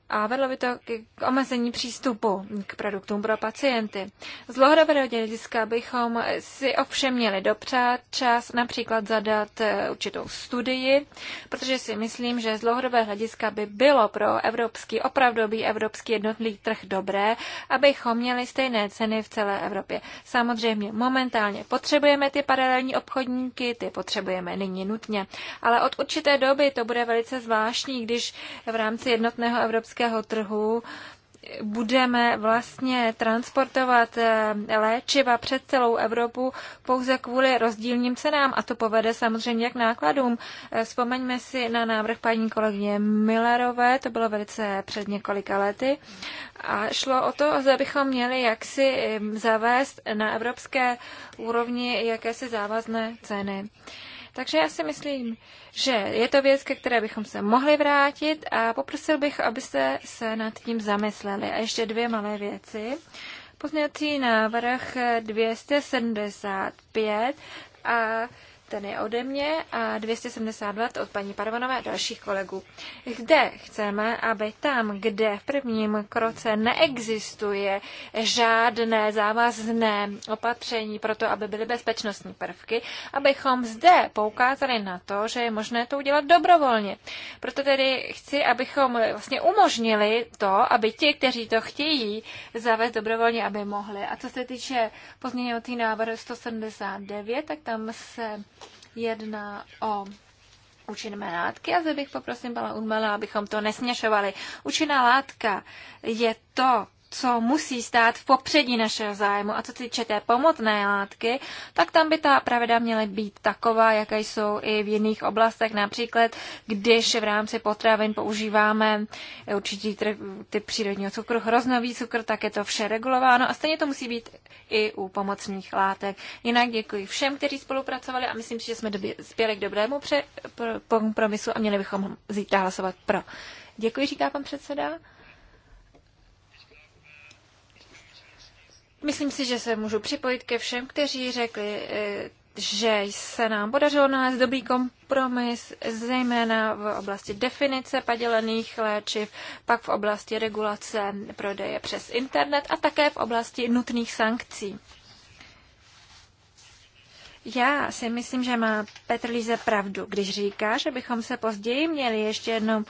a vedlo by to k omezení přístupu k produktům pro pacienty. Z dlouhodobého hlediska bychom si ovšem měli dopřát čas například zadat eh, určitou studii, protože si myslím, že z dlouhodobého hlediska by bylo pro evropský, opravdový evropský jednotný trh dobré, abychom měli stejné ceny v celé Evropě. Samozřejmě momentálně potřebujeme ty paralelní obchodníky, ty potřebujeme nyní nutně, ale od určité doby to bude velice zvláštní, když v rámci jednotného evropského evropského trhu budeme vlastně transportovat eh, léčiva před celou Evropu pouze kvůli rozdílným cenám a to povede samozřejmě k nákladům. Eh, vzpomeňme si na návrh paní kolegyně Millerové, to bylo velice před několika lety a šlo o to, zda bychom měli jaksi eh, zavést na evropské úrovni jakési závazné ceny. Takže já si myslím, že je to věc, ke které bychom se mohli vrátit a poprosil bych, abyste se nad tím zamysleli. A ještě dvě malé věci. Pozměňovací návrh 275 a ten je ode mě, a 272 od paní Parvanové a dalších kolegů. Kde chceme, aby tam, kde v prvním kroce neexistuje žádné závazné opatření pro to, aby byly bezpečnostní prvky, abychom zde poukázali na to, že je možné to udělat dobrovolně. Proto tedy chci, abychom vlastně umožnili to, aby ti, kteří to chtějí, zavést dobrovolně, aby mohli. A co se týče pozměňovací návrh 179, tak tam se jedná o účinné látky a zde bych poprosím pana Unmela, abychom to nesměšovali. Účinná látka je to, co musí stát v popředí našeho zájmu. A co týče té pomocné látky, tak tam by ta pravidla měla být taková, jaké jsou i v jiných oblastech. Například, když v rámci potravin používáme určitý typ přírodního cukru, hroznový cukr, tak je to vše regulováno a stejně to musí být i u pomocných látek. Jinak děkuji všem, kteří spolupracovali a myslím si, že jsme spěli k dobrému kompromisu a měli bychom zítra hlasovat pro. Děkuji, říká pan předseda. Myslím si, že se můžu připojit ke všem, kteří řekli, eh, že se nám podařilo nalézt dobrý kompromis, zejména v oblasti definice padělených léčiv, pak v oblasti regulace prodeje přes internet a také v oblasti nutných sankcí. Já si myslím, že má Petr Líze pravdu, když říká, že bychom se později měli ještě jednou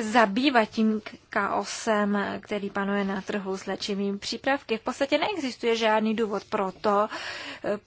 zabývat tím kaosem, který panuje na trhu s léčivými přípravky. V podstatě neexistuje žádný důvod pro to, eh,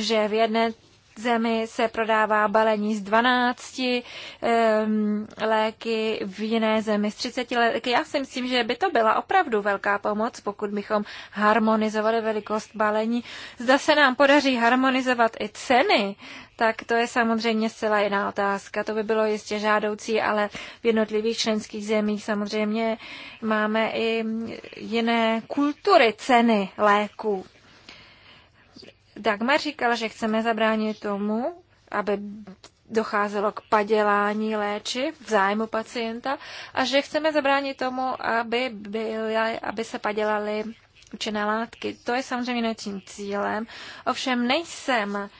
že v jedné zemi se prodává balení z 12 um, léky, v jiné zemi z 30 léky. Já si myslím, že by to byla opravdu velká pomoc, pokud bychom harmonizovali velikost balení. Zda se nám podaří harmonizovat i ceny, tak to je samozřejmě zcela jiná otázka. To by bylo jistě žádoucí, ale v jednotlivých členských zemích samozřejmě máme i jiné kultury ceny léků. Dagmar říkala, že chceme zabránit tomu, aby docházelo k padělání léčiv v zájmu pacienta a že chceme zabránit tomu, aby, byly, aby se padělaly učené látky. To je samozřejmě naším cílem, ovšem nejsem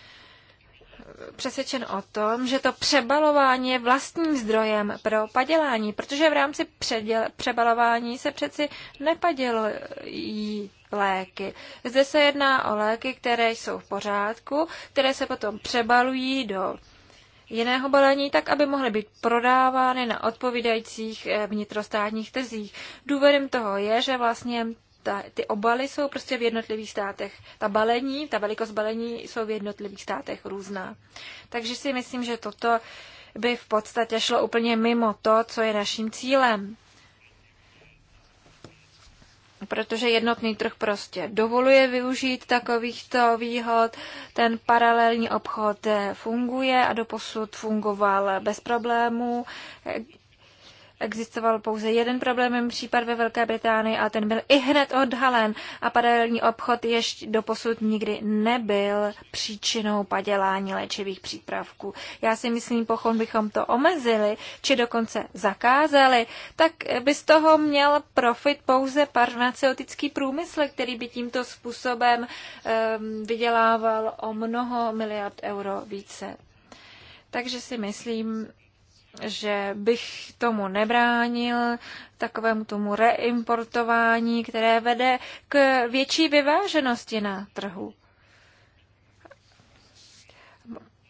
přesvědčen o tom, že to přebalování je vlastním zdrojem pro padělání, protože v rámci předěl, přebalování se přeci nepadělují léky. Zde se jedná o léky, které jsou v pořádku, které se potom přebalují do jiného balení, tak aby mohly být prodávány na odpovídajících eh, vnitrostátních trzích. Důvodem toho je, že vlastně ta, ty obaly jsou prostě v jednotlivých státech. Ta balení, ta velikost balení jsou v jednotlivých státech různá. Takže si myslím, že toto by v podstatě šlo úplně mimo to, co je naším cílem protože jednotný trh prostě dovoluje využít takovýchto výhod. Ten paralelní obchod eh, funguje a doposud fungoval bez problémů existoval pouze jeden problémový případ ve Velké Británii a ten byl i hned odhalen a paralelní obchod ještě doposud nikdy nebyl příčinou padělání léčivých přípravků. Já si myslím, pokud bychom to omezili, či dokonce zakázali, tak by z toho měl profit pouze farmaceutický průmysl, který by tímto způsobem um, vydělával o mnoho miliard euro více. Takže si myslím, že bych tomu nebránil, takovému tomu reimportování, které vede k větší vyváženosti na trhu.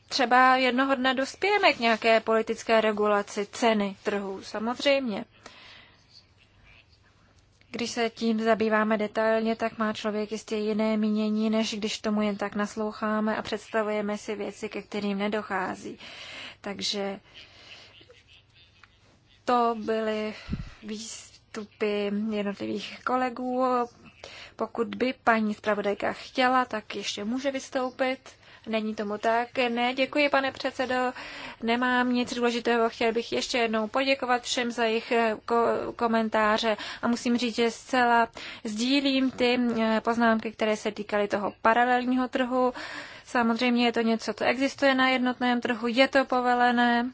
Třeba jednoho dne dospějeme k nějaké politické regulaci ceny trhu, samozřejmě. Když se tím zabýváme detailně, tak má člověk jistě jiné mínění, než když tomu jen tak nasloucháme a představujeme si věci, ke kterým nedochází. Takže uh, to byly výstupy jednotlivých kolegů. Pokud by paní zpravodajka chtěla, tak ještě může vystoupit. Není tomu tak. Ne, děkuji, pane předsedo. Nemám nic důležitého. Chtěl bych ještě jednou poděkovat všem za jejich eh, ko- komentáře a musím říct, že zcela sdílím ty eh, poznámky, které se týkaly toho paralelního trhu. Samozřejmě je to něco, co existuje na jednotném trhu, je to povelené.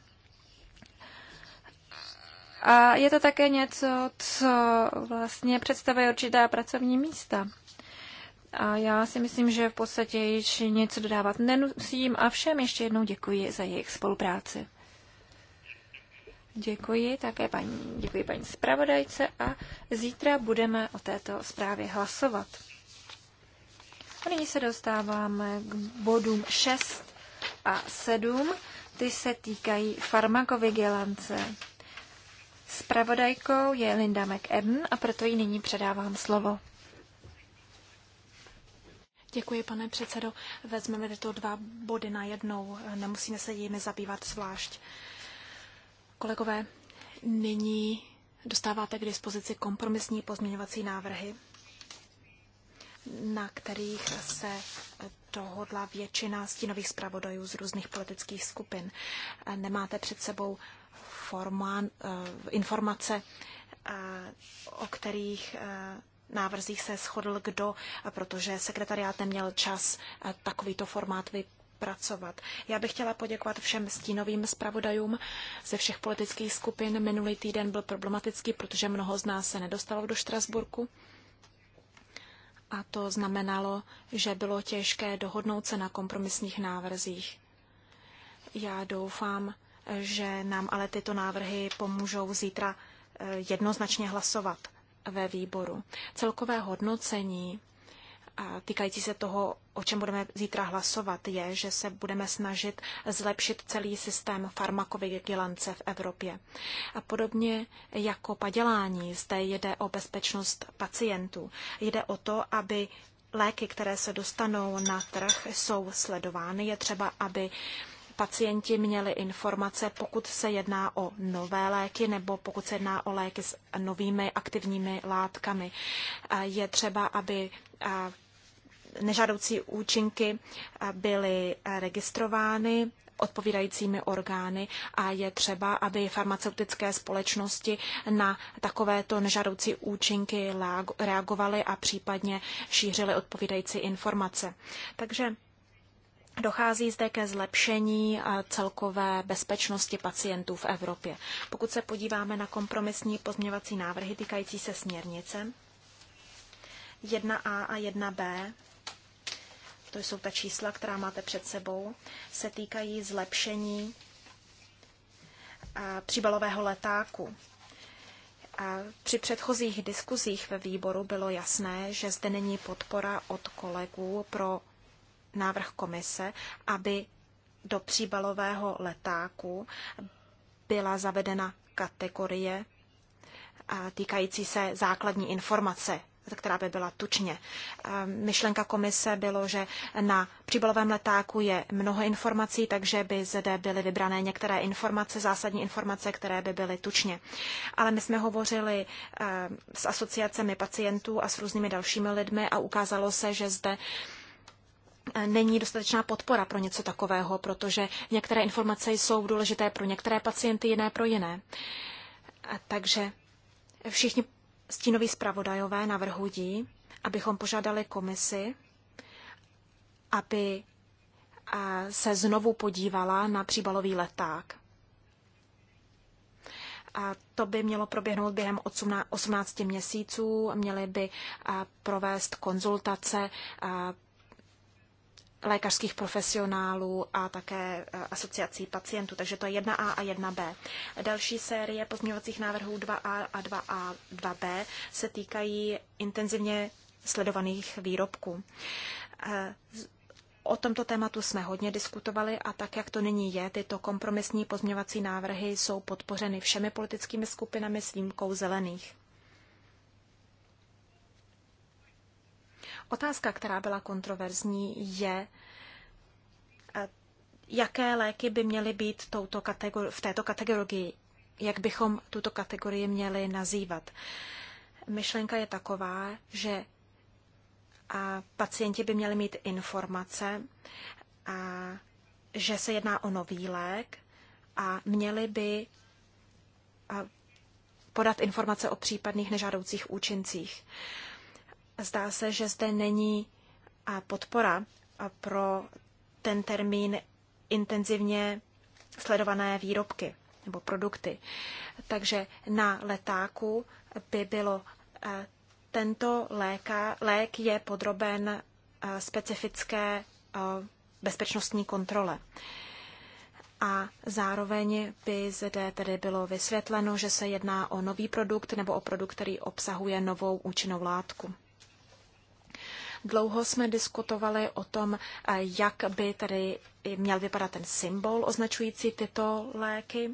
A je to také něco, co vlastně představuje určitá pracovní místa. A já si myslím, že v podstatě již něco dodávat nemusím a všem ještě jednou děkuji za jejich spolupráci. Děkuji také paní, děkuji paní zpravodajce a zítra budeme o této zprávě hlasovat. A nyní se dostáváme k bodům 6 a 7. Ty se týkají farmakovigilance. Spravodajkou je Linda McEden a proto jí nyní předávám slovo. Děkuji, pane předsedo. Vezmeme tyto dva body na jednou. Nemusíme se jimi zabývat zvlášť. Kolegové, nyní dostáváte k dispozici kompromisní pozměňovací návrhy, na kterých se dohodla většina stínových zpravodajů z různých politických skupin. Nemáte před sebou informán, eh, informace, eh, o kterých eh, návrzích se shodl kdo, protože sekretariát neměl čas takovýto formát vypracovat. Já bych chtěla poděkovat všem stínovým zpravodajům ze všech politických skupin. Minulý týden byl problematický, protože mnoho z nás se nedostalo do Štrasburku. A to znamenalo, že bylo těžké dohodnout se na kompromisních návrzích. Já doufám, že nám ale tyto návrhy pomůžou zítra eh, jednoznačně hlasovat ve výboru. Celkové hodnocení eh, týkající se toho, o čem budeme zítra hlasovat, je, že se budeme snažit zlepšit celý systém farmakovigilance v Evropě. A podobně jako padělání, zde jde o bezpečnost pacientů. Jde o to, aby léky, které se dostanou na trh, jsou sledovány. Je třeba, aby pacienti měli informace, pokud se jedná o nové léky nebo pokud se jedná o léky s novými aktivními látkami. Je třeba, aby nežádoucí účinky byly registrovány odpovídajícími orgány a je třeba, aby farmaceutické společnosti na takovéto nežadoucí účinky reagovaly a případně šířily odpovídající informace. Takže Dochází zde ke zlepšení eh, celkové bezpečnosti pacientů v Evropě. Pokud se podíváme na kompromisní pozměňovací návrhy týkající se směrnice 1a a 1b, to jsou ta čísla, která máte před sebou, se týkají zlepšení eh, příbalového letáku. A při předchozích diskuzích ve výboru bylo jasné, že zde není podpora od kolegů pro návrh komise, aby do příbalového letáku byla zavedena kategorie týkající se základní informace, která by byla tučně. Myšlenka komise bylo, že na příbalovém letáku je mnoho informací, takže by zde byly vybrané některé informace, zásadní informace, které by byly tučně. Ale my jsme hovořili s asociacemi pacientů a s různými dalšími lidmi a ukázalo se, že zde není dostatečná podpora pro něco takového, protože některé informace jsou důležité pro některé pacienty, jiné pro jiné. A takže všichni stínoví zpravodajové navrhují, abychom požádali komisi, aby se znovu podívala na příbalový leták. A to by mělo proběhnout během 18 měsíců. měli by provést konzultace lékařských profesionálů a také eh, asociací pacientů. Takže to je 1A a 1B. Další série pozměňovacích návrhů 2A a 2A 2B se týkají intenzivně sledovaných výrobků. Eh, o tomto tématu jsme hodně diskutovali a tak, jak to nyní je, tyto kompromisní pozměňovací návrhy jsou podpořeny všemi politickými skupinami s výjimkou zelených. Otázka, která byla kontroverzní, je, eh, jaké léky by měly být touto kategori- v této kategorii, jak bychom tuto kategorii měli nazývat. Myšlenka je taková, že a pacienti by měli mít informace, a že se jedná o nový lék a měli by a podat informace o případných nežádoucích účincích. Zdá se, že zde není podpora pro ten termín intenzivně sledované výrobky nebo produkty. Takže na letáku by bylo tento léka, lék je podroben specifické bezpečnostní kontrole. A zároveň by zde tedy bylo vysvětleno, že se jedná o nový produkt nebo o produkt, který obsahuje novou účinnou látku. Dlouho jsme diskutovali o tom, eh, jak by tedy měl vypadat ten symbol označující tyto léky.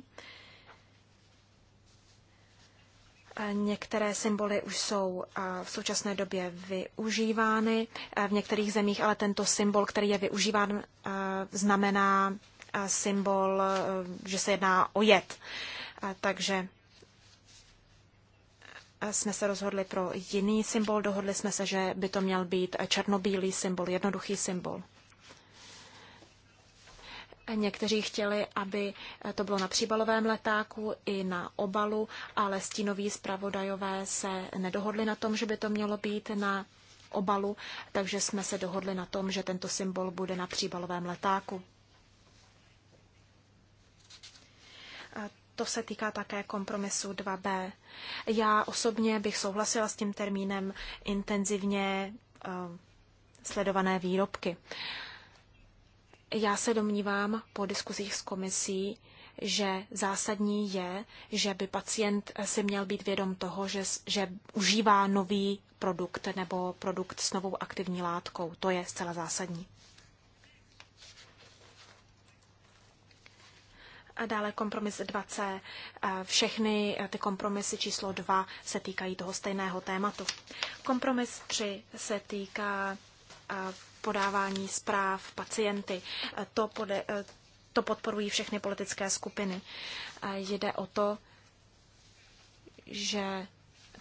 Eh, některé symboly už jsou eh, v současné době využívány. V některých zemích ale tento symbol, který je využíván, znamená symbol, že se jedná o jed. Takže jsme se rozhodli pro jiný symbol. Dohodli jsme se, že by to měl být černobílý symbol, jednoduchý symbol. Někteří chtěli, aby to bylo na příbalovém letáku i na obalu, ale stínoví zpravodajové se nedohodli na tom, že by to mělo být na obalu, takže jsme se dohodli na tom, že tento symbol bude na příbalovém letáku. to se týká také kompromisu 2b. Já osobně bych souhlasila s tím termínem intenzivně eh, sledované výrobky. Já se domnívám po diskuzích s komisí, že zásadní je, že by pacient si měl být vědom toho, že, že užívá nový produkt nebo produkt s novou aktivní látkou. To je zcela zásadní. A dále kompromis 2C. Všechny eh, ty kompromisy číslo 2 se týkají toho stejného tématu. Kompromis 3 se týká eh, podávání zpráv pacienty. Eh, to, pode, to podporují všechny politické skupiny. Jde o to, že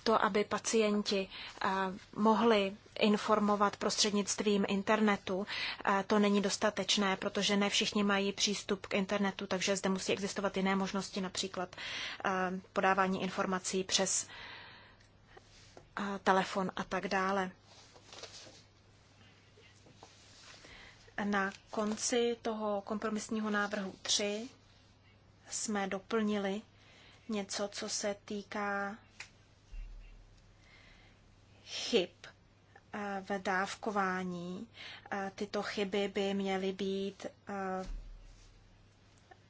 to, aby pacienti eh, mohli informovat prostřednictvím internetu. Eh, to není dostatečné, protože ne všichni mají přístup k internetu, takže zde musí existovat jiné možnosti, například eh, podávání informací přes telefon a tak dále. Na konci toho kompromisního návrhu 3 jsme doplnili něco, co se týká chyb eh, v dávkování. Eh, tyto chyby by měly být eh,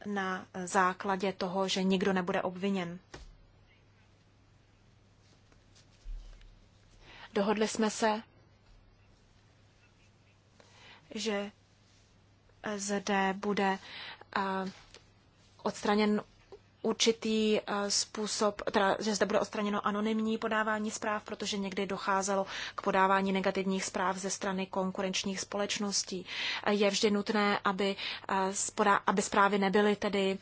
na základě toho, že nikdo nebude obviněn. Dohodli jsme se, že zde bude odstraněn určitý eh, způsob, teda, že zde bude odstraněno anonymní podávání zpráv, protože někdy docházelo k podávání negativních zpráv ze strany konkurenčních společností. Eh, je vždy nutné, aby, eh, aby zprávy nebyly tedy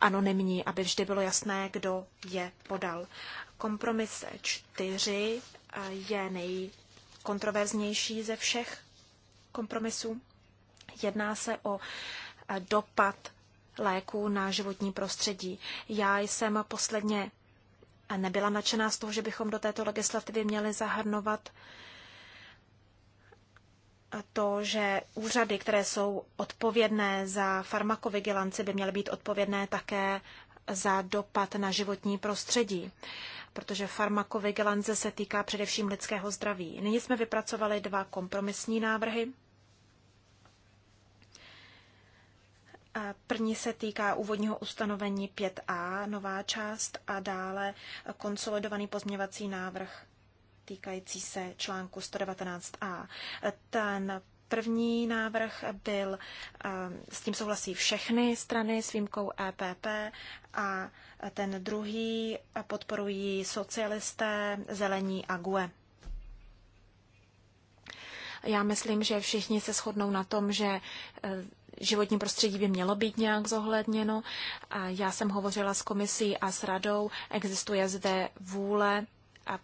anonymní, aby vždy bylo jasné, kdo je podal. Kompromis 4 je nejkontroverznější ze všech kompromisů. Jedná se o dopad léků na životní prostředí. Já jsem posledně nebyla nadšená z toho, že bychom do této legislativy měli zahrnovat to, že úřady, které jsou odpovědné za farmakovigilanci, by měly být odpovědné také za dopad na životní prostředí, protože farmakovigilance se týká především lidského zdraví. Nyní jsme vypracovali dva kompromisní návrhy. První se týká úvodního ustanovení 5a, nová část, a dále konsolidovaný pozměvací návrh týkající se článku 119a. Ten první návrh byl, s tím souhlasí všechny strany s výjimkou EPP a ten druhý podporují socialisté, zelení a GUE. Já myslím, že všichni se shodnou na tom, že e, životní prostředí by mělo být nějak zohledněno. Já jsem hovořila s komisí a s radou. Existuje zde vůle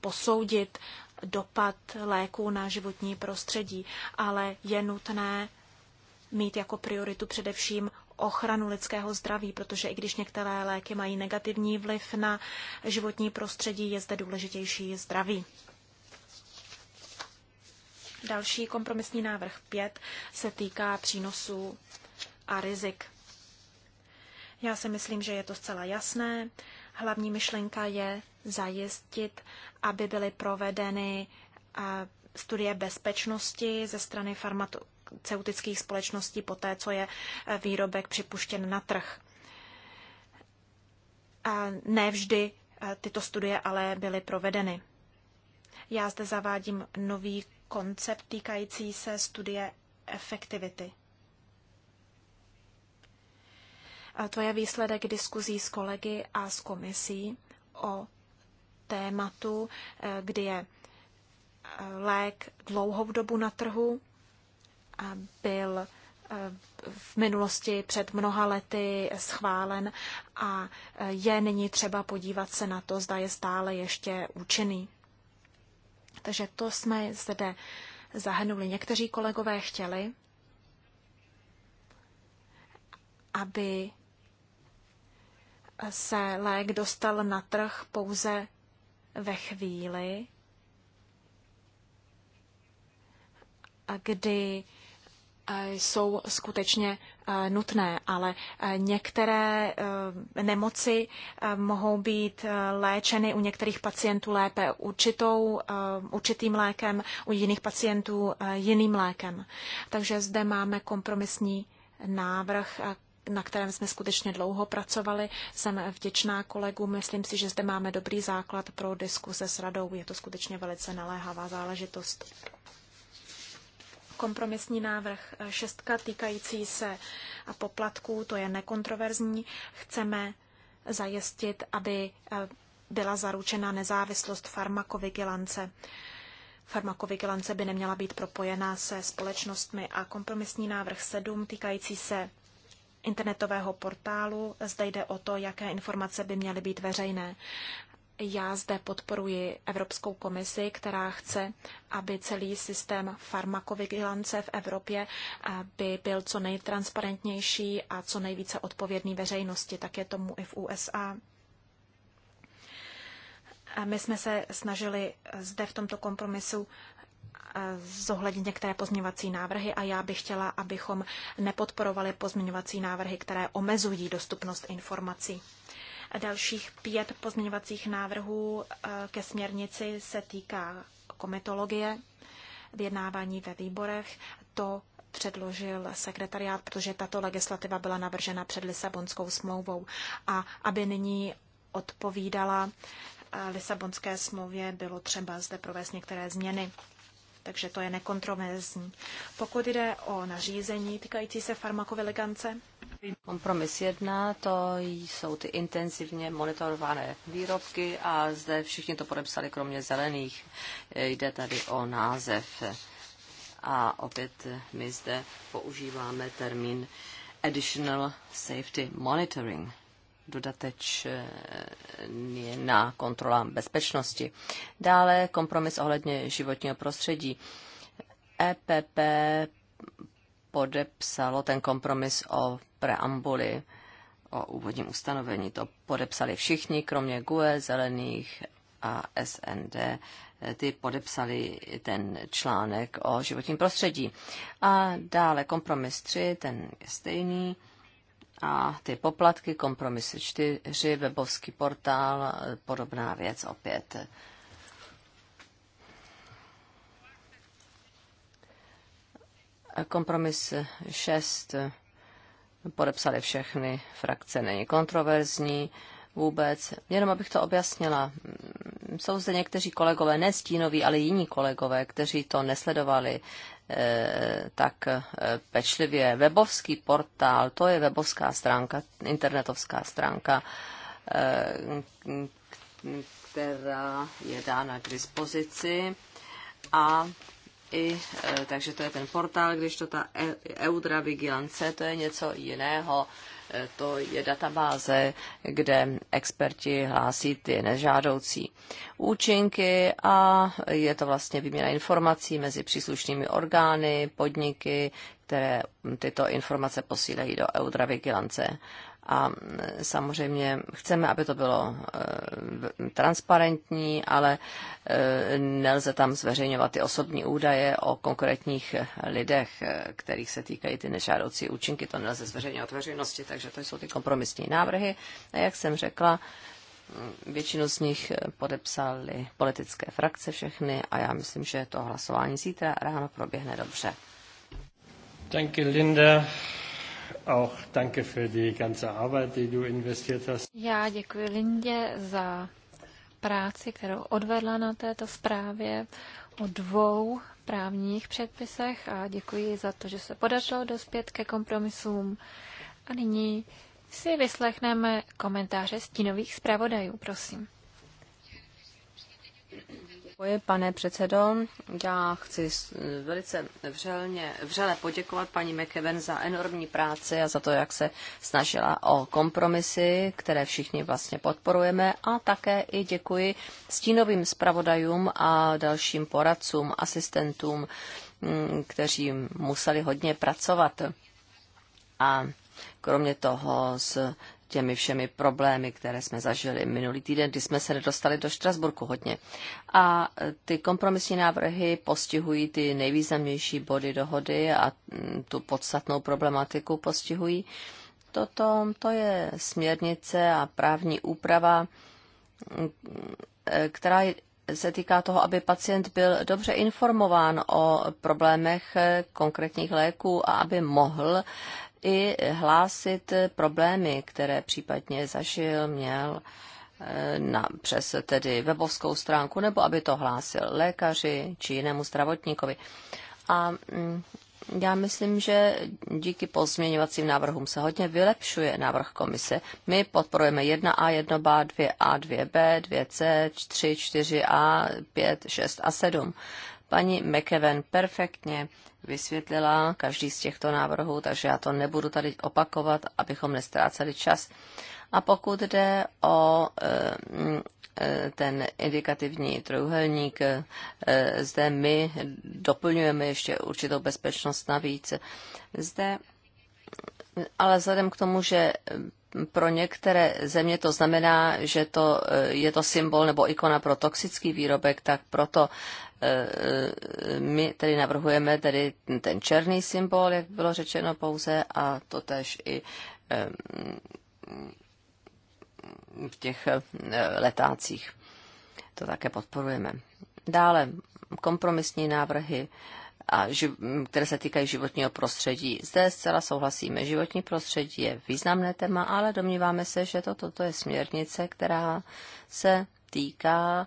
posoudit dopad léků na životní prostředí, ale je nutné mít jako prioritu především ochranu lidského zdraví, protože i když některé léky mají negativní vliv na životní prostředí, je zde důležitější zdraví. Další kompromisní návrh 5 se týká přínosu a rizik. Já si myslím, že je to zcela jasné. Hlavní myšlenka je zajistit, aby byly provedeny studie bezpečnosti ze strany farmaceutických společností po té, co je e, výrobek připuštěn na trh. Nevždy e, tyto studie ale byly provedeny. Já zde zavádím nový koncept týkající se studie efektivity. To je výsledek diskuzí s kolegy a s komisí o tématu, eh, kdy je eh, lék dlouhou dobu na trhu a byl eh, v minulosti před mnoha lety schválen a je nyní třeba podívat se na to, zda je stále ještě účinný. Takže to jsme zde zahrnuli. Někteří kolegové chtěli, aby se lék dostal na trh pouze ve chvíli, kdy eh, jsou skutečně eh, nutné, ale eh, některé nemoci mohou být léčeny u některých pacientů lépe určitou, určitým lékem, u jiných pacientů jiným lékem. Takže zde máme kompromisní návrh, na kterém jsme skutečně dlouho pracovali. Jsem vděčná kolegu. myslím si, že zde máme dobrý základ pro diskuse s radou. Je to skutečně velice naléhavá záležitost. Kompromisní návrh eh, šestka týkající se eh, poplatků, to je nekontroverzní. Chceme zajistit, aby eh, byla zaručena nezávislost farmakovigilance. Farmakovigilance by neměla být propojená se společnostmi a kompromisní návrh 7 týkající se internetového portálu. Zde jde o to, jaké informace by měly být veřejné. Já zde podporuji Evropskou komisi, která chce, aby celý systém farmakovigilance v Evropě by byl co nejtransparentnější a co nejvíce odpovědný veřejnosti. Tak je tomu i v USA. my jsme se snažili zde v tomto kompromisu zohlednit některé pozměňovací návrhy a já bych chtěla, abychom nepodporovali pozměňovací návrhy, které omezují dostupnost informací. Dalších pět pozměňovacích návrhů eh, ke směrnici se týká komitologie, vyjednávání ve výborech. To předložil sekretariát, protože tato legislativa byla navržena před Lisabonskou smlouvou. A aby nyní odpovídala eh, Lisabonské smlouvě, bylo třeba zde provést některé změny takže to je nekontroverzní. Pokud jde o nařízení týkající se farmakoviligance, Kompromis jedna, to jsou ty intenzivně monitorované výrobky a zde všichni to podepsali, kromě zelených. Jde tady o název a opět my zde používáme termín Additional Safety Monitoring dodatečně na kontrolám bezpečnosti. Dále kompromis ohledně životního prostředí. EPP podepsalo ten kompromis o preambuli, o úvodním ustanovení. To podepsali všichni, kromě GUE, Zelených a SND. Ty podepsali ten článek o životním prostředí. A dále kompromis 3, ten je stejný a ty poplatky, kompromisy 4, webovský portál, podobná věc opět. Kompromis 6 podepsali všechny frakce, není kontroverzní vůbec. Jenom abych to objasnila, jsou zde někteří kolegové, ne stínoví, ale jiní kolegové, kteří to nesledovali. Eh, tak eh, pečlivě. Webovský portál, to je webovská stránka, internetovská stránka, eh, která je dána k dispozici. A i, takže to je ten portál, když to ta e- Eudra Vigilance, to je něco jiného, to je databáze, kde experti hlásí ty nežádoucí účinky a je to vlastně výměna informací mezi příslušnými orgány, podniky, které tyto informace posílejí do Eudra Vigilance a samozřejmě chceme, aby to bylo eh, transparentní, ale eh, nelze tam zveřejňovat ty osobní údaje o konkrétních lidech, eh, kterých se týkají ty nežádoucí účinky. To nelze zveřejňovat veřejnosti, takže to jsou ty kompromisní návrhy. A jak jsem řekla, mm, Většinu z nich podepsali politické frakce všechny a já myslím, že to hlasování zítra ráno proběhne dobře. Děkuji, Linda. Auch danke für die ganze Arbeit, die du investiert hast. Já děkuji Lindě za práci, kterou odvedla na této zprávě o dvou právních předpisech a děkuji za to, že se podařilo dospět ke kompromisům. A nyní si vyslechneme komentáře stínových zpravodajů, prosím. Děkuji, pane předsedo. Já chci velice vřelně, vřele poděkovat paní McEwen za enormní práci a za to, jak se snažila o kompromisy, které všichni vlastně podporujeme. A také i děkuji stínovým zpravodajům a dalším poradcům, asistentům, mm, kteří museli hodně pracovat. A kromě toho s těmi všemi problémy, které jsme zažili minulý týden, kdy jsme se nedostali do Štrasburku hodně. A ty kompromisní návrhy postihují ty nejvýznamnější body dohody a tu podstatnou problematiku postihují. Toto to je směrnice a právní úprava, která se týká toho, aby pacient byl dobře informován o problémech konkrétních léků a aby mohl i hlásit problémy, které případně zažil, měl eh, na, přes tedy webovskou stránku, nebo aby to hlásil lékaři či jinému zdravotníkovi. A mm, já myslím, že díky pozměňovacím návrhům se hodně vylepšuje návrh komise. My podporujeme 1A, 1B, 2A, 2B, 2C, 3, 4A, 5, 6 a 7. Paní McEwen perfektně vysvětlila každý z těchto návrhů, takže já to nebudu tady opakovat, abychom nestráceli čas. A pokud jde o eh, eh, ten indikativní trojuhelník, eh, zde my doplňujeme ještě určitou bezpečnost navíc. Zde, ale vzhledem k tomu, že pro některé země to znamená, že to, je to symbol nebo ikona pro toxický výrobek, tak proto my tedy navrhujeme tedy ten černý symbol, jak bylo řečeno pouze, a to tež i v těch letácích. To také podporujeme. Dále kompromisní návrhy, a ži- které se týkají životního prostředí. Zde zcela souhlasíme. Životní prostředí je významné téma, ale domníváme se, že toto to, to je směrnice, která se týká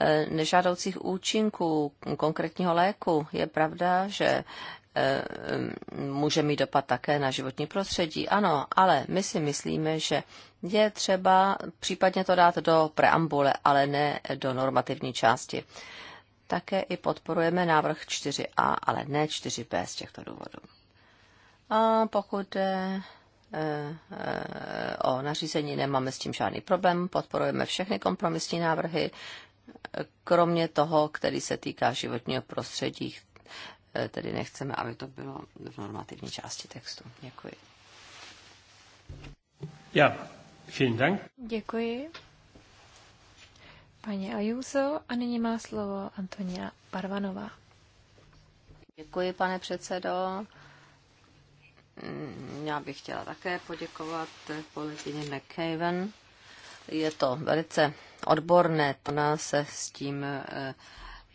eh, nežádoucích účinků konkrétního léku. Je pravda, že eh, může mít dopad také na životní prostředí. Ano, ale my si myslíme, že je třeba případně to dát do preambule, ale ne do normativní části. Také i podporujeme návrh 4a, ale ne 4b z těchto důvodů. A pokud o nařízení nemáme s tím žádný problém, podporujeme všechny kompromisní návrhy, kromě toho, který se týká životního prostředí, tedy nechceme, aby to bylo v normativní části textu. Děkuji. Ja, vielen Dank. Děkuji. Paní Ajuso a nyní má slovo Antonia Parvanová. Děkuji, pane předsedo. Mm, já bych chtěla také poděkovat kolegyně McCaven. Je to velice odborné, ona se s tím eh,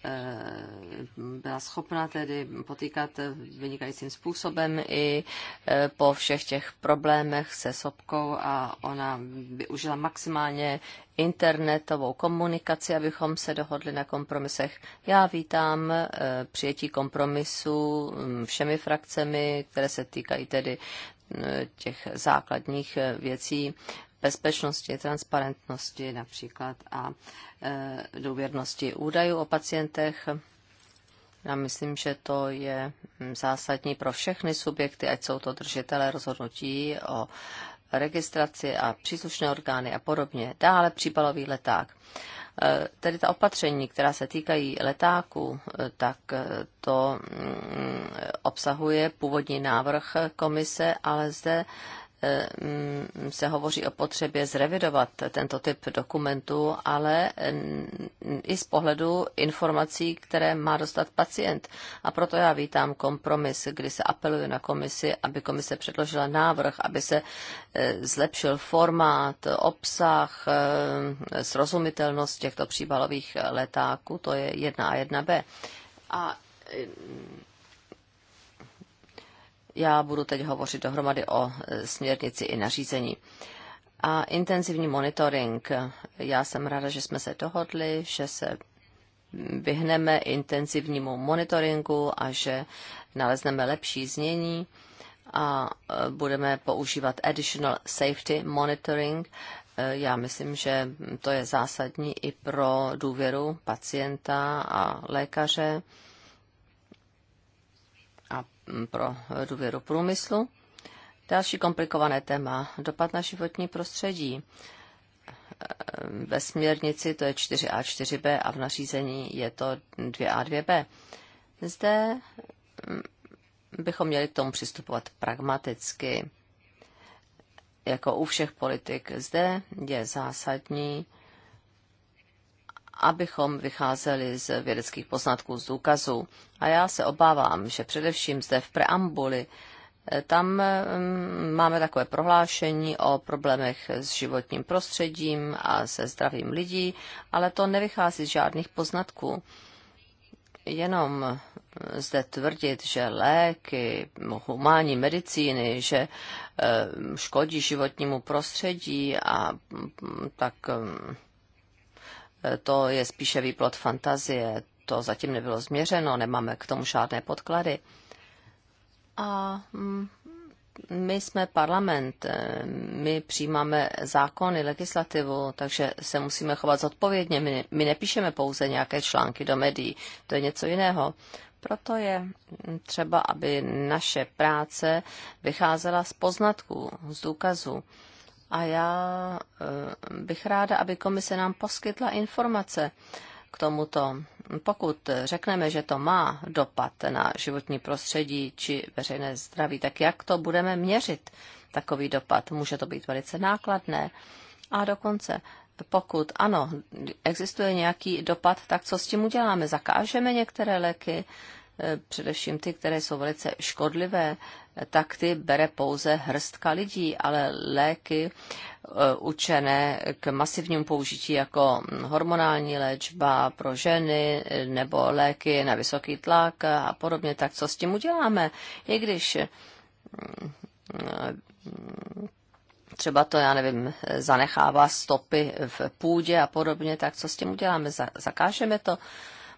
Eh, byla schopna tedy potýkat vynikajícím způsobem i eh, po všech těch problémech se Sobkou a ona využila maximálně internetovou komunikaci, abychom se dohodli na kompromisech. Já vítám eh, přijetí kompromisu mm, všemi frakcemi, které se týkají tedy mm, těch základních věcí bezpečnosti, transparentnosti například a e, důvěrnosti údajů o pacientech. Já myslím, že to je mm, zásadní pro všechny subjekty, ať jsou to držitelé rozhodnutí o registraci a příslušné orgány a podobně. Dále příbalový leták. E, tedy ta opatření, která se týkají letáků, e, tak to mm, obsahuje původní návrh komise, ale zde Eh, mm, se hovoří o potřebě zrevidovat tento typ dokumentu, ale mm, i z pohledu informací, které má dostat pacient. A proto já vítám kompromis, kdy se apeluje na komisi, aby komise předložila návrh, aby se eh, zlepšil formát, obsah, eh, srozumitelnost těchto příbalových letáků, to je 1 a 1b. A já budu teď hovořit dohromady o e, směrnici i nařízení. A intenzivní monitoring. Já jsem ráda, že jsme se dohodli, že se vyhneme intenzivnímu monitoringu a že nalezneme lepší znění a e, budeme používat additional safety monitoring. E, já myslím, že to je zásadní i pro důvěru pacienta a lékaře Mm, pro důvěru průmyslu. Další komplikované téma, dopad na životní prostředí. Ve směrnici to je 4a, 4b a v nařízení je to 2a, 2b. Zde mm, bychom měli k tomu přistupovat pragmaticky, jako u všech politik. Zde je zásadní abychom vycházeli z vědeckých poznatků, z důkazů. A já se obávám, že především zde v preambuli eh, tam mm, máme takové prohlášení o problémech s životním prostředím a se zdravím lidí, ale to nevychází z žádných poznatků. Jenom eh, zde tvrdit, že léky, humánní medicíny, že eh, škodí životnímu prostředí a mm, tak mm, Eh, to je spíše výplod fantazie, to zatím nebylo změřeno, nemáme k tomu žádné podklady. A mm, my jsme parlament, eh, my přijímáme zákony, legislativu, takže se musíme chovat zodpovědně. My, my nepíšeme pouze nějaké články do médií, to je něco jiného. Proto je mm, třeba, aby naše práce vycházela z poznatků, z důkazů. A já eh, bych ráda, aby komise nám poskytla informace k tomuto. Pokud řekneme, že to má dopad na životní prostředí či veřejné zdraví, tak jak to budeme měřit, takový dopad? Může to být velice nákladné. A dokonce, pokud ano, existuje nějaký dopad, tak co s tím uděláme? Zakážeme některé léky? především ty, které jsou velice škodlivé, tak ty bere pouze hrstka lidí, ale léky e, učené k masivnímu použití jako hormonální léčba pro ženy nebo léky na vysoký tlak a podobně, tak co s tím uděláme? I když e, třeba to, já nevím, zanechává stopy v půdě a podobně, tak co s tím uděláme? Zakážeme to?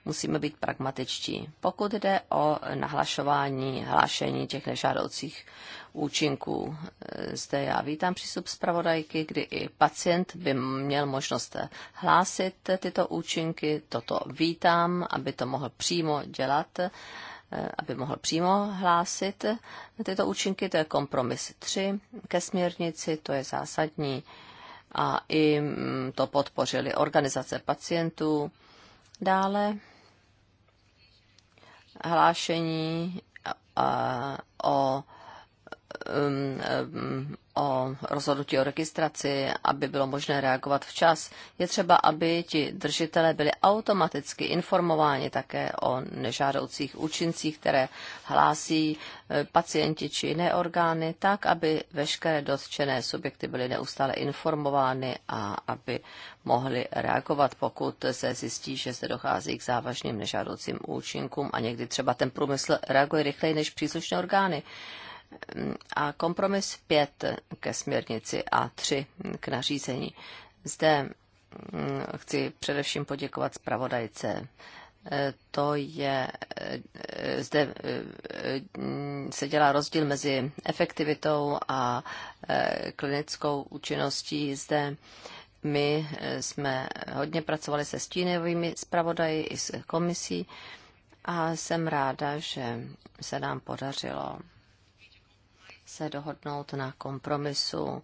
musíme být pragmatičtí. Pokud jde o nahlašování, hlášení těch nežádoucích účinků, eh, zde já vítám přístup zpravodajky, kdy i pacient by měl možnost hlásit tyto účinky. Toto vítám, aby to mohl přímo dělat eh, aby mohl přímo hlásit tyto účinky, to je kompromis 3 ke směrnici, to je zásadní a i mm, to podpořili organizace pacientů, Dále hlášení o um, um, o rozhodnutí o registraci, aby bylo možné reagovat včas, je třeba, aby ti držitelé byli automaticky informováni také o nežádoucích účincích, které hlásí e, pacienti či jiné orgány, tak, aby veškeré dotčené subjekty byly neustále informovány a aby mohli reagovat, pokud se zjistí, že se dochází k závažným nežádoucím účinkům a někdy třeba ten průmysl reaguje rychleji než příslušné orgány a kompromis 5 ke směrnici a 3 k nařízení. Zde mm, chci především poděkovat zpravodajce. E, to je, e, zde e, mm, se dělá rozdíl mezi efektivitou a klinickou účinností. Zde my jsme hodně pracovali se stínovými zpravodaji i s komisí a jsem ráda, že se nám podařilo se dohodnout na kompromisu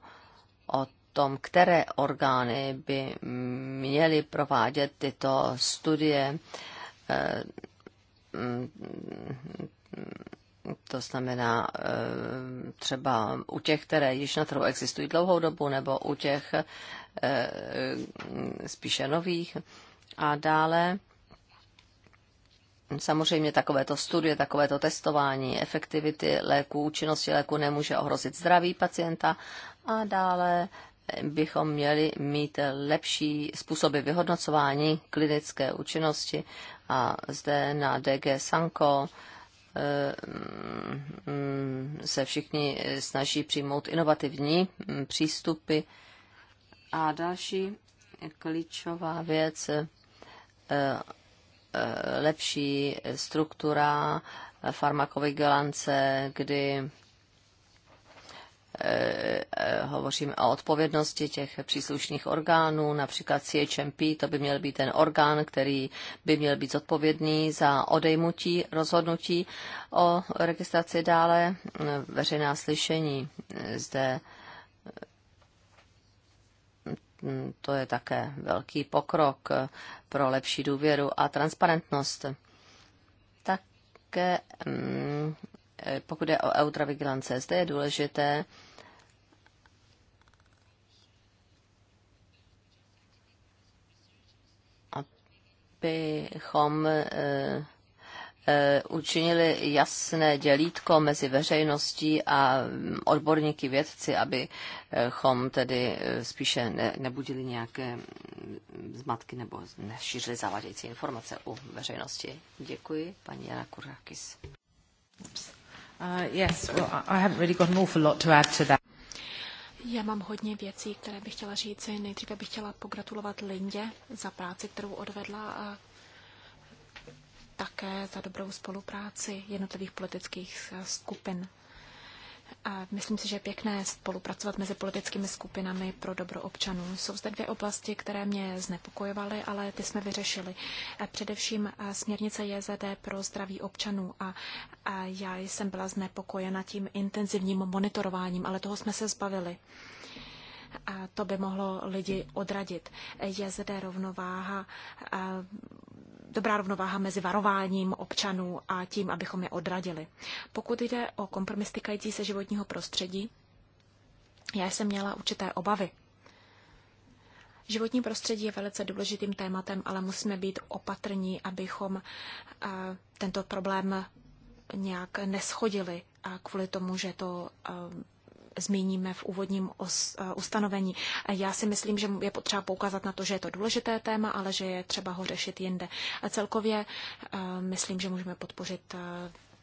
o tom, které orgány by měly provádět tyto studie. To znamená třeba u těch, které již na trhu existují dlouhou dobu, nebo u těch eh, spíše nových. A dále Samozřejmě takovéto studie, takovéto testování efektivity léku, účinnosti léku nemůže ohrozit zdraví pacienta a dále bychom měli mít lepší způsoby vyhodnocování klinické účinnosti a zde na DG Sanko eh, se všichni snaží přijmout inovativní hm, přístupy. A další klíčová věc eh, Eh, lepší struktura farmakovigilance, kdy eh, hovoříme o odpovědnosti těch příslušných orgánů, například CHMP, to by měl být ten orgán, který by měl být zodpovědný za odejmutí rozhodnutí o registraci dále, eh, veřejná slyšení zde Mm, to je také velký pokrok pro lepší důvěru a transparentnost. Také mm, eh, pokud je o eutravigilance, zde je důležité, abychom eh, Eh, učinili jasné dělítko mezi veřejností a mm, odborníky vědci, abychom eh, tedy eh, spíše ne, nebudili nějaké mm, zmatky nebo nešířili zavadějící informace u veřejnosti. Děkuji, paní Jana Kurakis. Uh, yes, I haven't really got an awful lot to add to that. Já mám hodně věcí, které bych chtěla říct. Nejdříve bych chtěla pogratulovat Lindě za práci, kterou odvedla a také za dobrou spolupráci jednotlivých politických skupin. A myslím si, že je pěkné spolupracovat mezi politickými skupinami pro dobro občanů. Jsou zde dvě oblasti, které mě znepokojovaly, ale ty jsme vyřešili. Především směrnice JZD pro zdraví občanů a já jsem byla znepokojena tím intenzivním monitorováním, ale toho jsme se zbavili. A to by mohlo lidi odradit. Je zde rovnováha dobrá rovnováha mezi varováním občanů a tím, abychom je odradili. Pokud jde o kompromis týkající se životního prostředí, já jsem měla určité obavy. Životní prostředí je velice důležitým tématem, ale musíme být opatrní, abychom eh, tento problém nějak neschodili kvůli tomu, že to eh, zmíníme v úvodním os, eh, ustanovení. Já si myslím, že je potřeba poukázat na to, že je to důležité téma, ale že je třeba ho řešit jinde. A celkově eh, myslím, že můžeme podpořit eh,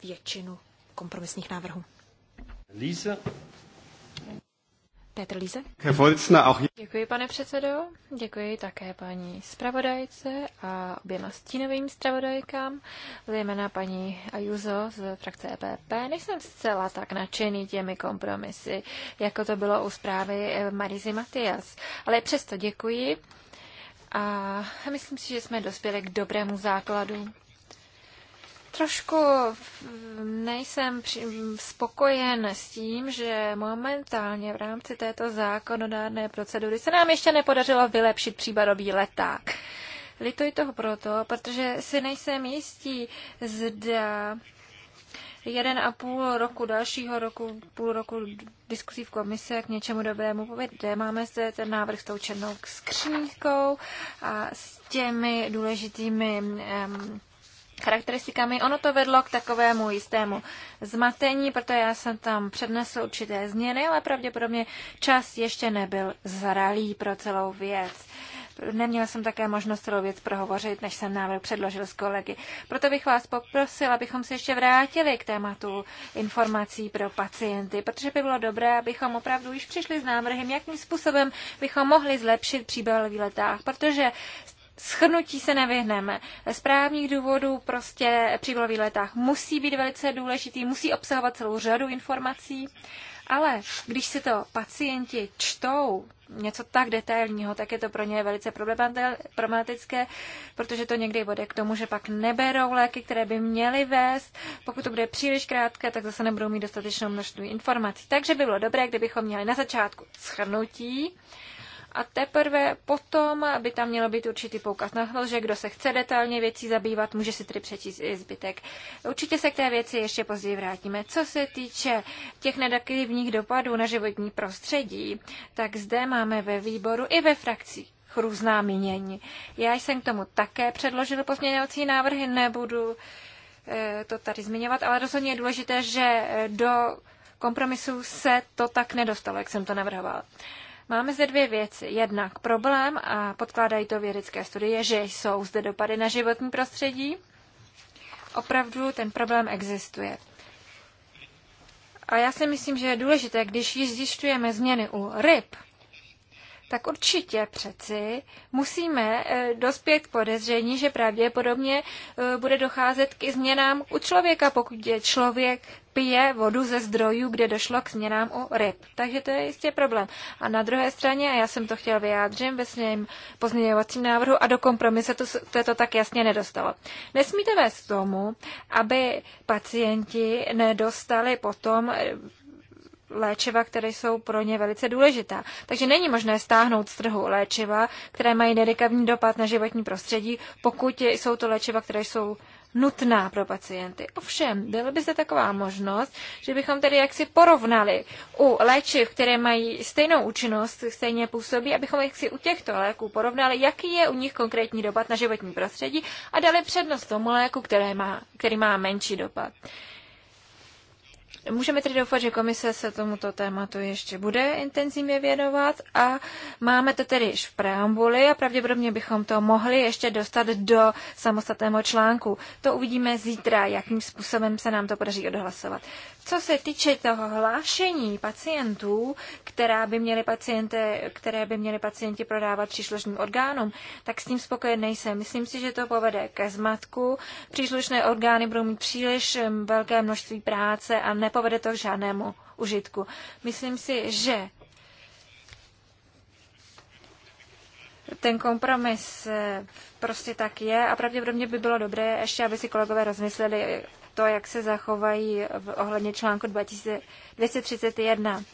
většinu kompromisních návrhů. Lisa. Petr Líze. Děkuji, pane předsedo. Děkuji také paní zpravodajce a oběma stínovým zpravodajkám, zejména paní Ajuzo z frakce EPP. Nejsem zcela tak nadšený těmi kompromisy, jako to bylo u zprávy Marizy Matias, ale přesto děkuji a myslím si, že jsme dospěli k dobrému základu. Trošku nejsem spokojen s tím, že momentálně v rámci této zákonodárné procedury se nám ještě nepodařilo vylepšit příbarový leták. Lituji toho proto, protože si nejsem jistý, zda jeden a půl roku dalšího roku, půl roku diskusí v komise, k něčemu dobrému povede. Máme zde ten návrh s tou černou skřínkou a s těmi důležitými um, charakteristikami. Ono to vedlo k takovému jistému zmatení, protože já jsem tam přednesl určité změny, ale pravděpodobně čas ještě nebyl zralý pro celou věc. Neměla jsem také možnost celou věc prohovořit, než jsem návrh předložil s kolegy. Proto bych vás poprosil, abychom se ještě vrátili k tématu informací pro pacienty, protože by bylo dobré, abychom opravdu již přišli s návrhem, jakým způsobem bychom mohli zlepšit příběh letách, protože Schrnutí se nevyhneme. Z správních důvodů prostě při letách musí být velice důležitý, musí obsahovat celou řadu informací, ale když si to pacienti čtou, něco tak detailního, tak je to pro ně velice problematické, protože to někdy vede k tomu, že pak neberou léky, které by měly vést. Pokud to bude příliš krátké, tak zase nebudou mít dostatečnou množství informací. Takže by bylo dobré, kdybychom měli na začátku schrnutí, a teprve potom by tam mělo být určitý poukaz na to, že kdo se chce detailně věcí zabývat, může si tedy přečíst i zbytek. Určitě se k té věci ještě později vrátíme. Co se týče těch negativních dopadů na životní prostředí, tak zde máme ve výboru i ve frakcích různá mínění. Já jsem k tomu také předložil pozměňovací návrhy, nebudu eh, to tady zmiňovat, ale rozhodně je důležité, že do kompromisu se to tak nedostalo, jak jsem to navrhoval. Máme zde dvě věci. Jednak problém, a podkládají to vědecké studie, že jsou zde dopady na životní prostředí. Opravdu ten problém existuje. A já si myslím, že je důležité, když zjišťujeme změny u ryb, tak určitě přeci musíme eh, dospět k podezření, že pravděpodobně eh, bude docházet k změnám u člověka, pokud je člověk pije vodu ze zdrojů, kde došlo k změnám u ryb. Takže to je jistě problém. A na druhé straně, a já jsem to chtěl vyjádřit ve svém pozměňovacím návrhu a do kompromise to, to, to tak jasně nedostalo. Nesmíte vést tomu, aby pacienti nedostali potom eh, léčiva, které jsou pro ně velice důležitá. Takže není možné stáhnout z trhu léčiva, které mají nedekavní dopad na životní prostředí, pokud jsou to léčiva, které jsou nutná pro pacienty. Ovšem, byla by se taková možnost, že bychom tedy jaksi porovnali u léčiv, které mají stejnou účinnost, stejně působí, abychom jaksi u těchto léků porovnali, jaký je u nich konkrétní dopad na životní prostředí a dali přednost tomu léku, které má, který má menší dopad. Můžeme tedy doufat, že komise se tomuto tématu ještě bude intenzivně věnovat a máme to tedy již v preambuli a pravděpodobně bychom to mohli ještě dostat do samostatného článku. To uvidíme zítra, jakým způsobem se nám to podaří odhlasovat. Co se týče toho hlášení pacientů, která by měli paciente, které by měli pacienti prodávat příslušným orgánům, tak s tím spokojen nejsem. Myslím si, že to povede ke zmatku. Příslušné orgány budou mít příliš velké množství práce a ne nepovede to k žádnému užitku. Myslím si, že ten kompromis eh, prostě tak je a pravděpodobně by bylo dobré ještě, aby si kolegové rozmysleli to, jak se zachovají v ohledně článku 2231.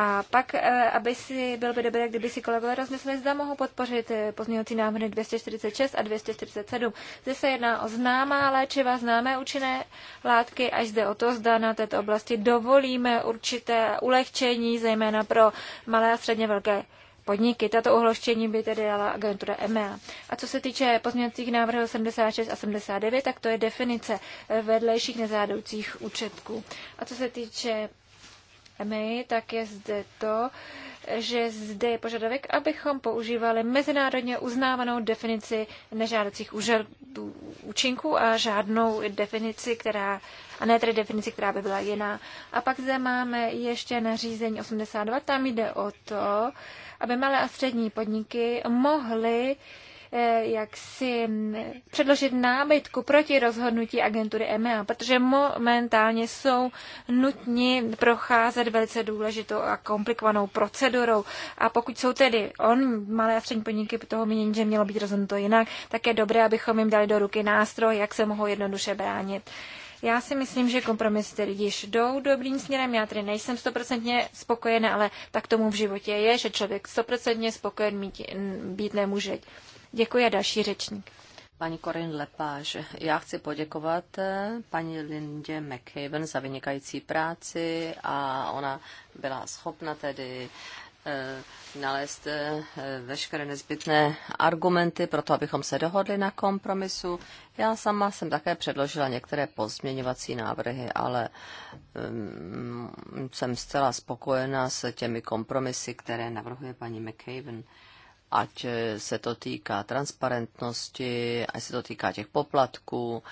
A pak, eh, aby si, bylo by dobré, kdyby si kolegové rozmysleli, zda mohou podpořit eh, pozměňovací návrhy 246 a 247. Zde se jedná o známá léčiva, známé účinné látky, až zde o to, zda na této oblasti dovolíme určité ulehčení, zejména pro malé a středně velké podniky. Tato ohloštění by tedy dala agentura EMEA. A co se týče pozměňovacích návrhů 76 a 79, tak to je definice vedlejších nezádoucích účetků. A co se týče my, tak je zde to, že zde je požadavek, abychom používali mezinárodně uznávanou definici nežádoucích účinků a žádnou definici, která, a ne tedy definici, která by byla jiná. A pak zde máme ještě nařízení 82, tam jde o to, aby malé a střední podniky mohly uh, Eh, jak si mm, předložit námitku proti rozhodnutí agentury EMEA, protože momentálně jsou nutni procházet velice důležitou a komplikovanou procedurou. A pokud jsou tedy on, malé a střední podniky toho mění, že mělo být rozhodnuto jinak, tak je dobré, abychom jim dali do ruky nástroj, jak se mohou jednoduše bránit. Já si myslím, že kompromisy tedy již jdou dobrým směrem. Já tedy nejsem stoprocentně spokojená, ale tak tomu v životě je, že člověk stoprocentně spokojen mít, být nemůže. Děkuji a další řečník. Paní Korin Lepáž, já chci poděkovat eh, paní Lindě McHaven za vynikající práci a ona byla schopna tedy eh, nalézt eh, veškeré nezbytné argumenty pro to, abychom se dohodli na kompromisu. Já sama jsem také předložila některé pozměňovací návrhy, ale um, jsem zcela spokojená s těmi kompromisy, které navrhuje paní McHaven ať eh, se to týká transparentnosti, ať se to týká těch poplatků.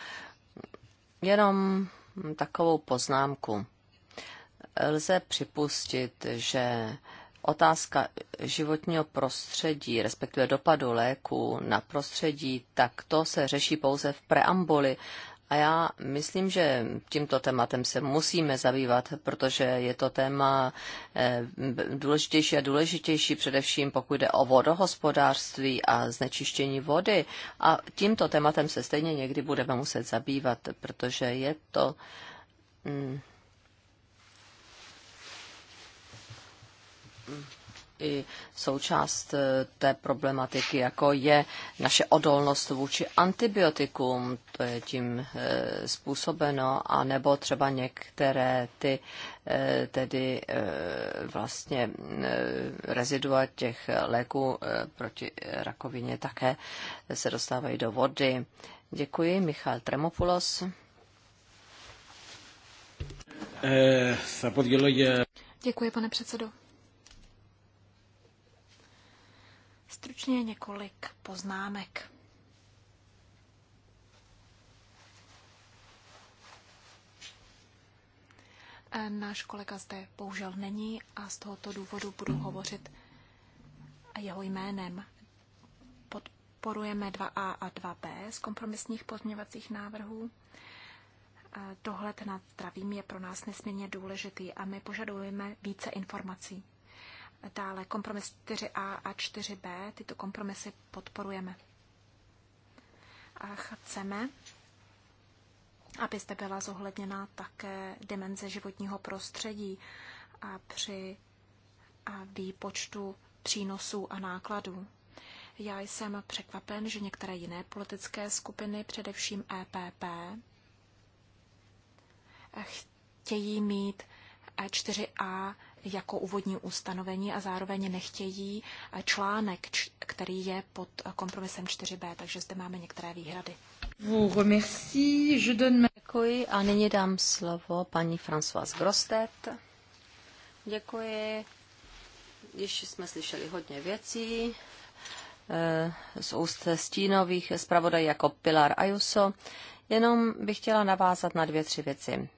Jenom takovou poznámku. Lze připustit, že otázka životního prostředí, respektive dopadu léku na prostředí, tak to se řeší pouze v preamboli. A já myslím, že tímto tématem se musíme zabývat, protože je to téma eh, důležitější a důležitější, především pokud jde o vodohospodářství a znečištění vody. A tímto tématem se stejně někdy budeme muset zabývat, protože je to. Mm, i součást eh, té problematiky, jako je naše odolnost vůči antibiotikům, to je tím eh, způsobeno, a nebo třeba některé ty eh, tedy vlastně rezidua těch léků proti rakovině také se dostávají do vody. Děkuji, Michal Tremopulos. Děkuji, pane předsedo. Stručně několik poznámek. Náš kolega zde bohužel není a z tohoto důvodu budu hovořit jeho jménem. Podporujeme 2a a 2b z kompromisních pozměňovacích návrhů. Dohled nad zdravím je pro nás nesmírně důležitý a my požadujeme více informací. Dále kompromis 4a a 4b, tyto kompromisy podporujeme. A chceme, aby zde byla zohledněna také dimenze životního prostředí a při a výpočtu přínosů a nákladů. Já jsem překvapen, že některé jiné politické skupiny, především EPP, chtějí mít 4A e jako úvodní ustanovení a zároveň nechtějí eh, článek, který je pod eh, kompromisem 4b, takže zde máme některé výhrady. Děkuji a nyní dám slovo paní Françoise Grostet. Děkuji. Již jsme slyšeli hodně věcí eh, z úst stínových zpravodaj jako Pilar Ayuso. Jenom bych chtěla navázat na dvě, tři věci.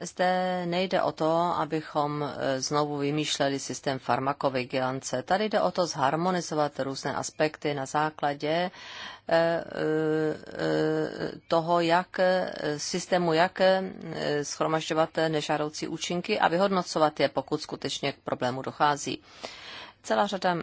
Zde nejde o to, abychom e, znovu vymýšleli systém farmakovigilance. Tady jde o to zharmonizovat různé aspekty na základě e, e, toho, jak systému, jak schromažďovat nežádoucí účinky a vyhodnocovat je, pokud skutečně k problému dochází. Celá řada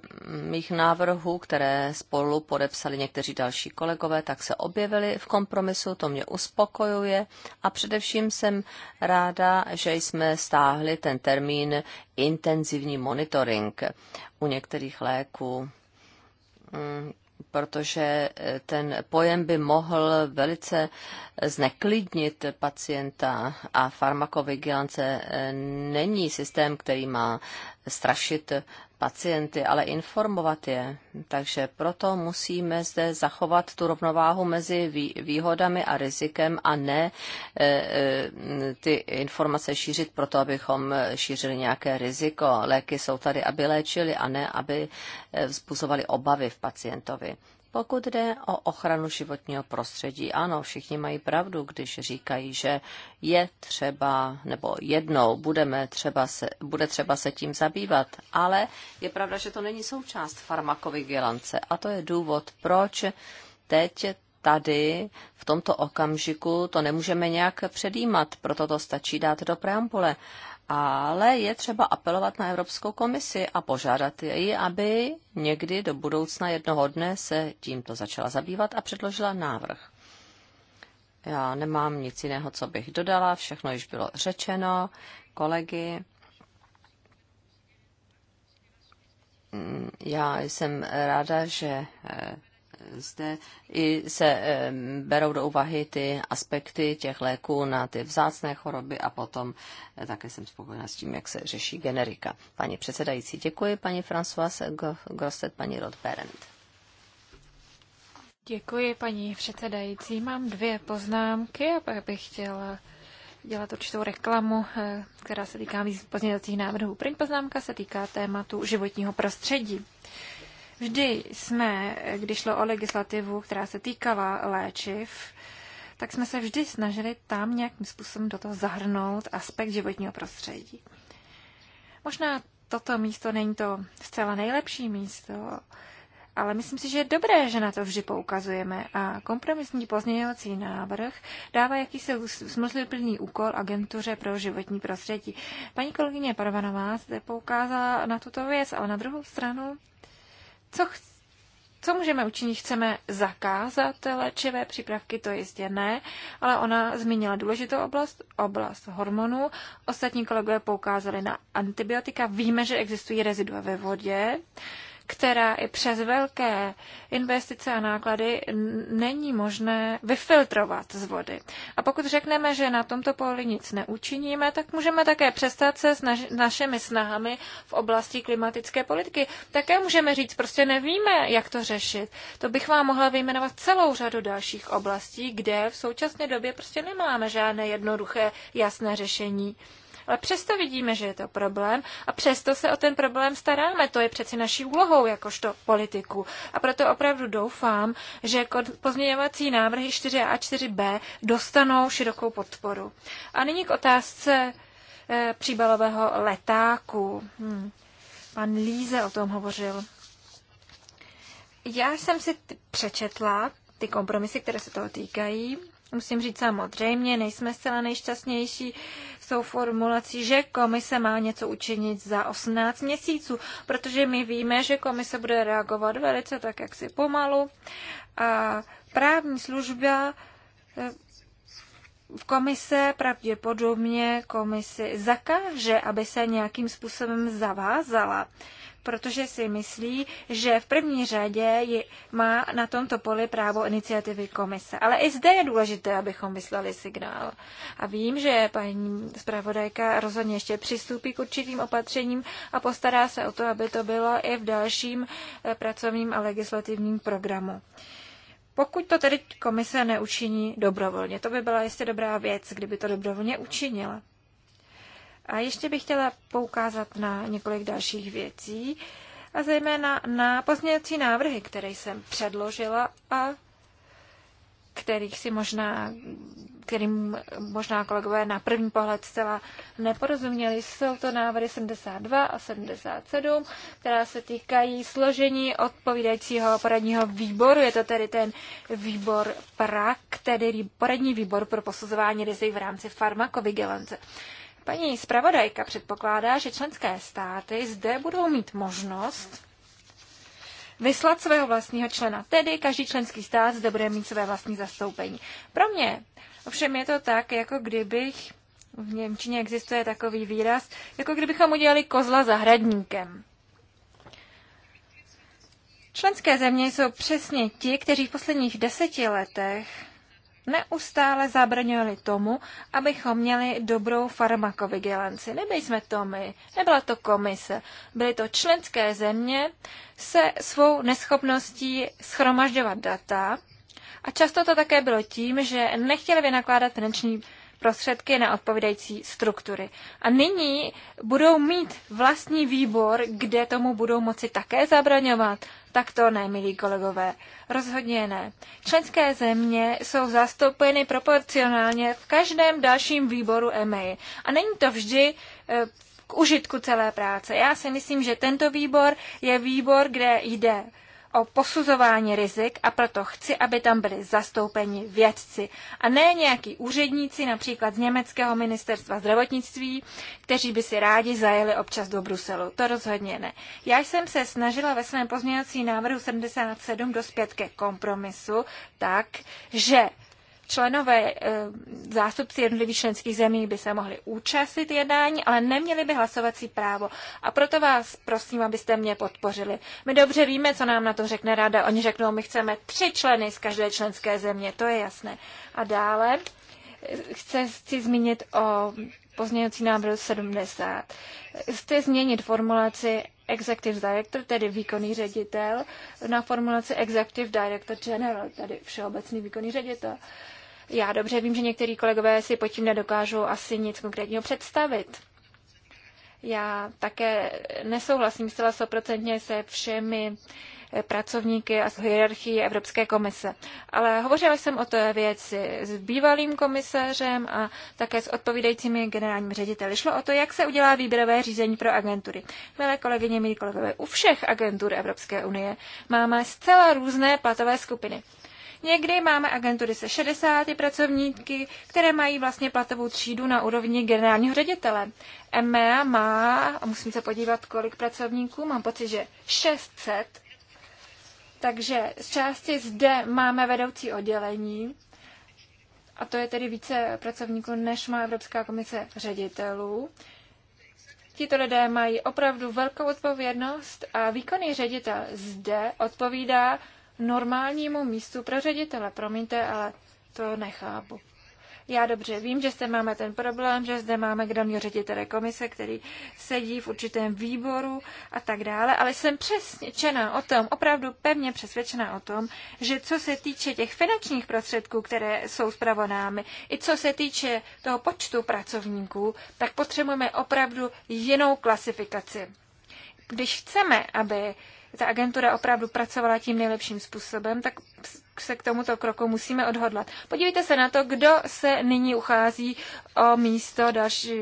mých návrhů, které spolu podepsali někteří další kolegové, tak se objevily v kompromisu, to mě uspokojuje a především jsem ráda, že jsme stáhli ten termín intenzivní monitoring u některých léků mm, protože eh, ten pojem by mohl velice eh, zneklidnit pacienta a farmakovigilance eh, není systém, který má strašit pacienty, ale informovat je. Takže proto musíme zde zachovat tu rovnováhu mezi výhodami a rizikem a ne e, e, ty informace šířit proto, abychom šířili nějaké riziko. Léky jsou tady, aby léčili a ne, aby e, způsobovali obavy v pacientovi. Pokud jde o ochranu životního prostředí, ano, všichni mají pravdu, když říkají, že je třeba, nebo jednou budeme třeba se, bude třeba se tím zabývat, ale je pravda, že to není součást farmakovigilance a to je důvod, proč teď tady v tomto okamžiku to nemůžeme nějak předjímat, proto to stačí dát do preambule ale je třeba apelovat na Evropskou komisi a požádat ji, aby někdy do budoucna jednoho dne se tímto začala zabývat a předložila návrh. Já nemám nic jiného, co bych dodala, všechno již bylo řečeno kolegy. Mm, já jsem ráda, že eh, zde i se berou do úvahy ty aspekty těch léků na ty vzácné choroby a potom eh, také jsem spokojená s tím, jak se řeší generika. Paní předsedající, děkuji, paní François Grosset, paní Rodberend. Děkuji, paní předsedající. Mám dvě poznámky a pak bych chtěla dělat určitou reklamu, eh, která se týká pozměňovacích návrhů. První poznámka se týká tématu životního prostředí. Vždy jsme, když šlo o legislativu, která se týkala léčiv, tak jsme se vždy snažili tam nějakým způsobem do toho zahrnout aspekt životního prostředí. Možná toto místo není to zcela nejlepší místo, ale myslím si, že je dobré, že na to vždy poukazujeme a kompromisní pozměňovací návrh dává jakýsi smysluplný úkol agentuře pro životní prostředí. Paní kolegyně Parvanová zde poukázala na tuto věc, ale na druhou stranu co, ch- co můžeme učinit? Chceme zakázat léčivé přípravky, to jistě ne, ale ona zmínila důležitou oblast, oblast hormonů. Ostatní kolegové poukázali na antibiotika. Víme, že existují rezidua ve vodě. Uh, která i přes velké investice a náklady není možné vyfiltrovat z vody. A pokud řekneme, že na tomto poli nic neučiníme, tak můžeme také přestat se s našimi snahami v oblasti klimatické politiky. Také můžeme říct, prostě nevíme, jak to řešit. To bych vám mohla vyjmenovat celou řadu dalších oblastí, kde v současné době prostě nemáme žádné jednoduché, jasné řešení. Ale přesto vidíme, že je to problém a přesto se o ten problém staráme. To je přeci naší úlohou jakožto politiku. A proto opravdu doufám, že pozměňovací návrhy 4a a 4b dostanou širokou podporu. A nyní k otázce e, příbalového letáku. Hm. Pan Líze o tom hovořil. Já jsem si přečetla ty kompromisy, které se toho týkají. Musím říct samozřejmě, nejsme zcela nejšťastnější jsou formulací, že komise má něco učinit za 18 měsíců, protože my víme, že komise bude reagovat velice tak, jak si pomalu. A právní služba eh, v komise pravděpodobně komisi zakáže, aby se nějakým způsobem zavázala protože si myslí, že v první řadě má na tomto poli právo iniciativy komise. Ale i zde je důležité, abychom vyslali signál. A vím, že paní zpravodajka rozhodně ještě přistoupí k určitým opatřením a postará se o to, aby to bylo i v dalším eh, pracovním a legislativním programu. Pokud to tedy komise neučiní dobrovolně, to by byla jistě dobrá věc, kdyby to dobrovolně učinila. A ještě bych chtěla poukázat na několik dalších věcí a zejména na pozměňovací návrhy, které jsem předložila a kterých si možná, kterým možná kolegové na první pohled zcela neporozuměli. Jsou to návrhy 72 a 77, která se týkají složení odpovídajícího poradního výboru. Je to tedy ten výbor PRAK, tedy poradní výbor pro posuzování rizik v rámci farmakovigilance. Paní zpravodajka předpokládá, že členské státy zde budou mít možnost vyslat svého vlastního člena. Tedy každý členský stát zde bude mít své vlastní zastoupení. Pro mě ovšem je to tak, jako kdybych v Němčině existuje takový výraz, jako kdybychom udělali kozla zahradníkem. Členské země jsou přesně ti, kteří v posledních deseti letech neustále zabraňovali tomu, abychom měli dobrou farmakovigilanci. Nebyli jsme to my, nebyla to komise, byly to členské země se svou neschopností schromažďovat data a často to také bylo tím, že nechtěli vynakládat finanční prostředky na odpovídající struktury. A nyní budou mít vlastní výbor, kde tomu budou moci také zabraňovat. Tak to ne, milí kolegové. Rozhodně ne. Členské země jsou zastoupeny proporcionálně v každém dalším výboru EMA. A není to vždy eh, k užitku celé práce. Já si myslím, že tento výbor je výbor, kde jde o posuzování rizik a proto chci, aby tam byli zastoupeni vědci a ne nějaký úředníci, například z německého ministerstva zdravotnictví, kteří by si rádi zajeli občas do Bruselu. To rozhodně ne. Já jsem se snažila ve svém pozměňovacím návrhu 77 dospět ke kompromisu tak, že členové, eh, zástupci jednotlivých členských zemí by se mohli účastnit jednání, ale neměli by hlasovací právo. A proto vás prosím, abyste mě podpořili. My dobře víme, co nám na to řekne rada. Oni řeknou, my chceme tři členy z každé členské země, to je jasné. A dále eh, chce, chci zmínit o pozměňovací návrhu 70. Chci změnit formulaci executive director, tedy výkonný ředitel, na formulaci executive director general, tedy všeobecný výkonný ředitel. Já dobře vím, že některý kolegové si pod tím nedokážou asi nic konkrétního představit. Já také nesouhlasím zcela stoprocentně se všemi eh, pracovníky a s hierarchií Evropské komise. Ale hovořila jsem o té věci s bývalým komisařem a také s odpovídajícími generálními řediteli. Šlo o to, jak se udělá výběrové řízení pro agentury. Milé kolegyně, milí kolegové, u všech agentur Evropské unie máme zcela různé platové skupiny. Někdy máme agentury se 60 pracovníky, které mají vlastně platovou třídu na úrovni generálního ředitele. EMEA má, a musím se podívat, kolik pracovníků, mám pocit, že 600. Takže z části zde máme vedoucí oddělení, a to je tedy více pracovníků, než má Evropská komise ředitelů. Tito lidé mají opravdu velkou odpovědnost a výkonný ředitel zde odpovídá normálnímu místu pro ředitele. Promiňte, ale to nechápu. Já dobře vím, že zde máme ten problém, že zde máme kdomního ředitele komise, který sedí v určitém výboru a tak dále, ale jsem přesvědčená o tom, opravdu pevně přesvědčená o tom, že co se týče těch finančních prostředků, které jsou zpravonámi, i co se týče toho počtu pracovníků, tak potřebujeme opravdu jinou klasifikaci. Když chceme, aby ta agentura opravdu pracovala tím nejlepším způsobem, tak se k tomuto kroku musíme odhodlat. Podívejte se na to, kdo se nyní uchází o místo, další,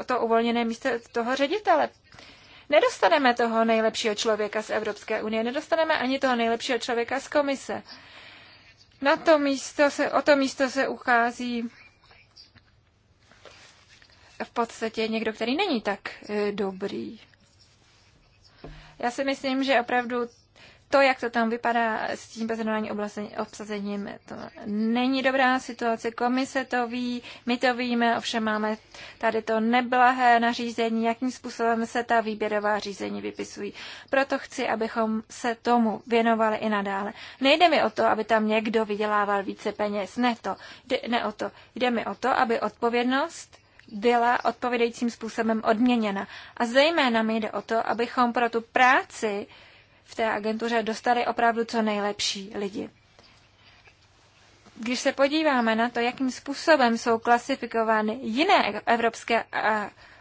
o to uvolněné místo toho ředitele. Nedostaneme toho nejlepšího člověka z Evropské unie, nedostaneme ani toho nejlepšího člověka z komise. Na to místo se, o to místo se uchází v podstatě někdo, který není tak eh, dobrý. Já si myslím, že opravdu to, jak to tam vypadá s tím personálním obsazením, to není dobrá situace. Komise to ví, my to víme, ovšem máme tady to neblahé nařízení, jakým způsobem se ta výběrová řízení vypisují. Proto chci, abychom se tomu věnovali i nadále. Nejde mi o to, aby tam někdo vydělával více peněz, ne, to, ne o to. Jde mi o to, aby odpovědnost byla odpovědajícím způsobem odměněna. A zejména mi jde o to, abychom pro tu práci v té agentuře dostali opravdu co nejlepší lidi. Když se podíváme na to, jakým způsobem jsou klasifikovány jiné evropské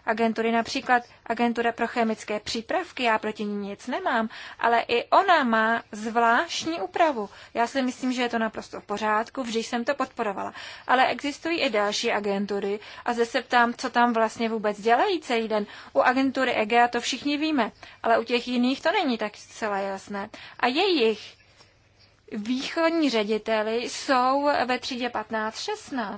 agentury, například agentura pro chemické přípravky, já proti ní nic nemám, ale i ona má zvláštní úpravu. Já si myslím, že je to naprosto v pořádku, vždy jsem to podporovala. Ale existují i další agentury a zde se ptám, co tam vlastně vůbec dělají celý den. U agentury EGA to všichni víme, ale u těch jiných to není tak zcela jasné. A jejich východní řediteli jsou ve třídě 15-16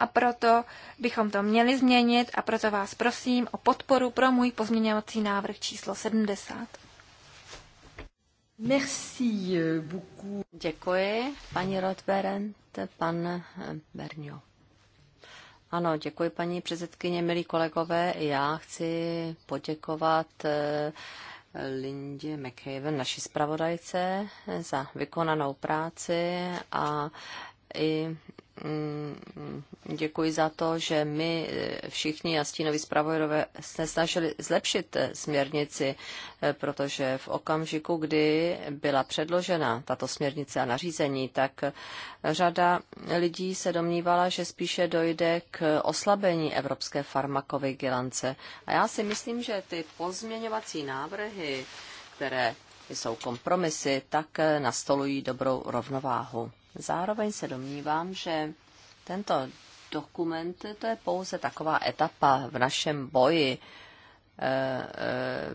a proto bychom to měli změnit a proto vás prosím o podporu pro můj pozměňovací návrh číslo 70. Merci eh, beaucoup. Děkuji, paní Rotberent, pan eh, Bernio. Ano, děkuji paní předsedkyně, milí kolegové. Já chci poděkovat eh, Lindě McHaven, naší zpravodajce, za vykonanou práci a i Mm, děkuji za to, že my eh, všichni stínoví zpravodajové se snažili zlepšit eh, směrnici, eh, protože v okamžiku, kdy byla předložena tato směrnice a nařízení, tak řada lidí se domnívala, že spíše dojde k oslabení evropské farmakovigilance. A já si myslím, že ty pozměňovací návrhy, které jsou kompromisy, tak nastolují dobrou rovnováhu. Zároveň se domnívám, že tento dokument to je pouze taková etapa v našem boji eh, eh,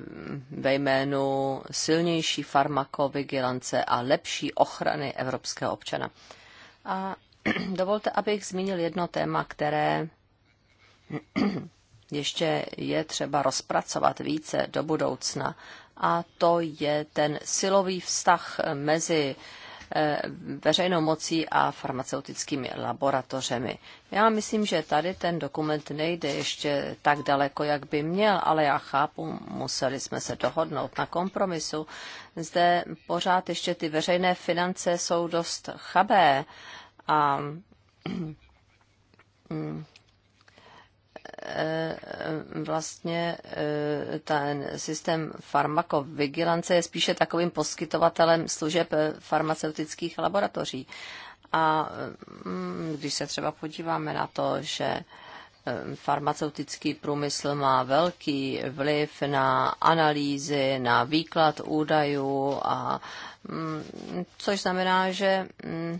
ve jménu silnější farmakovigilance a lepší ochrany evropského občana. A *clears throat* dovolte, abych zmínil jedno téma, které *clears throat* ještě je třeba rozpracovat více do budoucna. A to je ten silový vztah mezi Eh, veřejnou mocí a farmaceutickými laboratořemi. Já myslím, že tady ten dokument nejde ještě tak daleko, jak by měl, ale já chápu, museli jsme se dohodnout na kompromisu. Zde pořád ještě ty veřejné finance jsou dost chabé a *clears throat* mm, Eh, vlastně eh, ten systém farmakovigilance je spíše takovým poskytovatelem služeb eh, farmaceutických laboratoří. A mm, když se třeba podíváme na to, že farmaceutický průmysl má velký vliv na analýzy, na výklad údajů, a, mm, což znamená, že mm,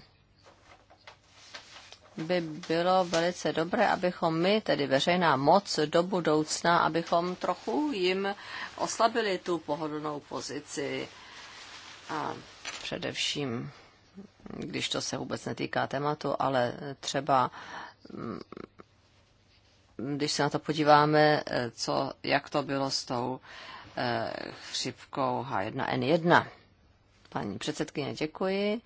by bylo velice dobré, abychom my, tedy veřejná moc do budoucna, abychom trochu jim oslabili tu pohodlnou pozici a především, když to se vůbec netýká tématu, ale třeba mm, když se na to podíváme, co, jak to bylo s tou eh, chřipkou H1N1. Paní předsedkyně, děkuji.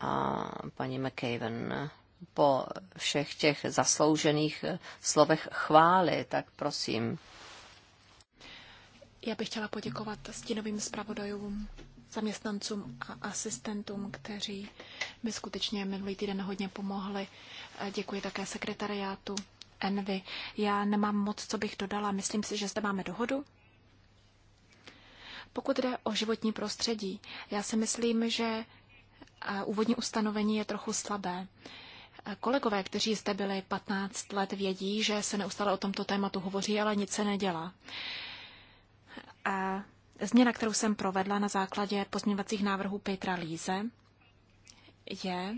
A paní McCaven po všech těch zasloužených slovech chvály, tak prosím. Já bych chtěla poděkovat stínovým zpravodajům, zaměstnancům a asistentům, kteří mi skutečně minulý týden hodně pomohli. Děkuji také sekretariátu Envy. Já nemám moc, co bych dodala. Myslím si, že zde máme dohodu. Pokud jde o životní prostředí, já si myslím, že eh, úvodní ustanovení je trochu slabé. Kolegové, kteří zde byli 15 let, vědí, že se neustále o tomto tématu hovoří, ale nic se nedělá. A změna, kterou jsem provedla na základě pozměňovacích návrhů Petra Líze, je,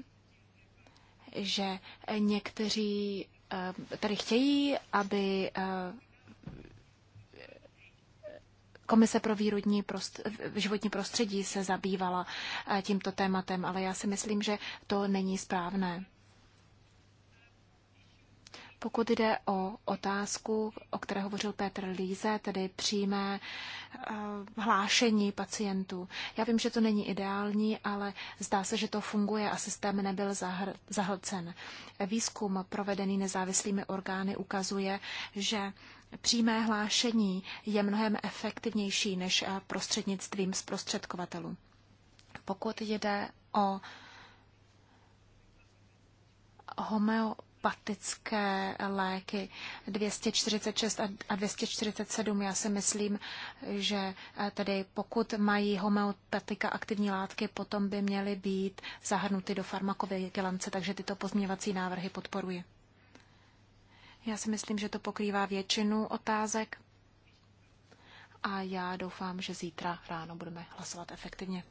že někteří eh, tady chtějí, aby eh, Komise pro výrodní prost, životní prostředí se zabývala eh, tímto tématem, ale já si myslím, že to není správné. Pokud jde o otázku, o které hovořil Petr Líze, tedy přímé eh, hlášení pacientů. Já vím, že to není ideální, ale zdá se, že to funguje a systém nebyl zahr- zahlcen. Výzkum provedený nezávislými orgány ukazuje, že přímé hlášení je mnohem efektivnější než eh, prostřednictvím zprostředkovatelů. Pokud jde o homeo homeopatické léky 246 a 247. Já si myslím, že eh, tedy pokud mají homeopatika aktivní látky, potom by měly být zahrnuty do farmakovigilance, takže tyto pozměňovací návrhy podporuji. Já si myslím, že to pokrývá většinu otázek a já doufám, že zítra ráno budeme hlasovat efektivně.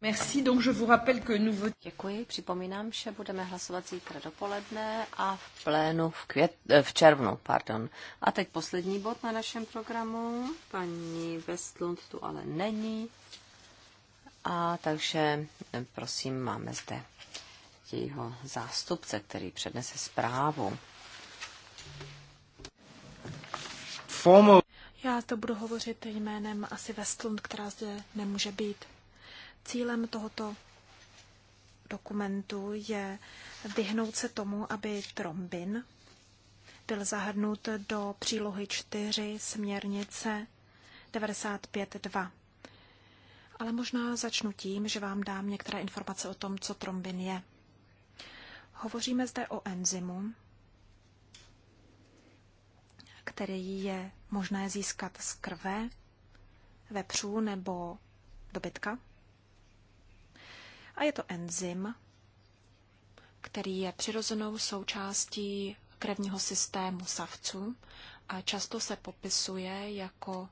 Merci, donc je vous rappelle que nous vot... Děkuji, připomínám, že budeme hlasovat zítra dopoledne a v plénu v, květ, eh, v červnu. Pardon. A teď poslední bod na našem programu. Paní Westlund tu ale není. A takže eh, prosím, máme zde jeho zástupce, který přednese zprávu. Formal. Já to budu hovořit jménem asi Westlund, která zde nemůže být. Cílem tohoto dokumentu je vyhnout se tomu, aby trombin byl zahrnut do přílohy 4 směrnice 95.2. Ale možná začnu tím, že vám dám některé informace o tom, co trombin je. Hovoříme zde o enzymu, který je možné získat z krve, vepřů nebo dobytka. A je to enzym, který je přirozenou součástí krevního systému savců a často se popisuje jako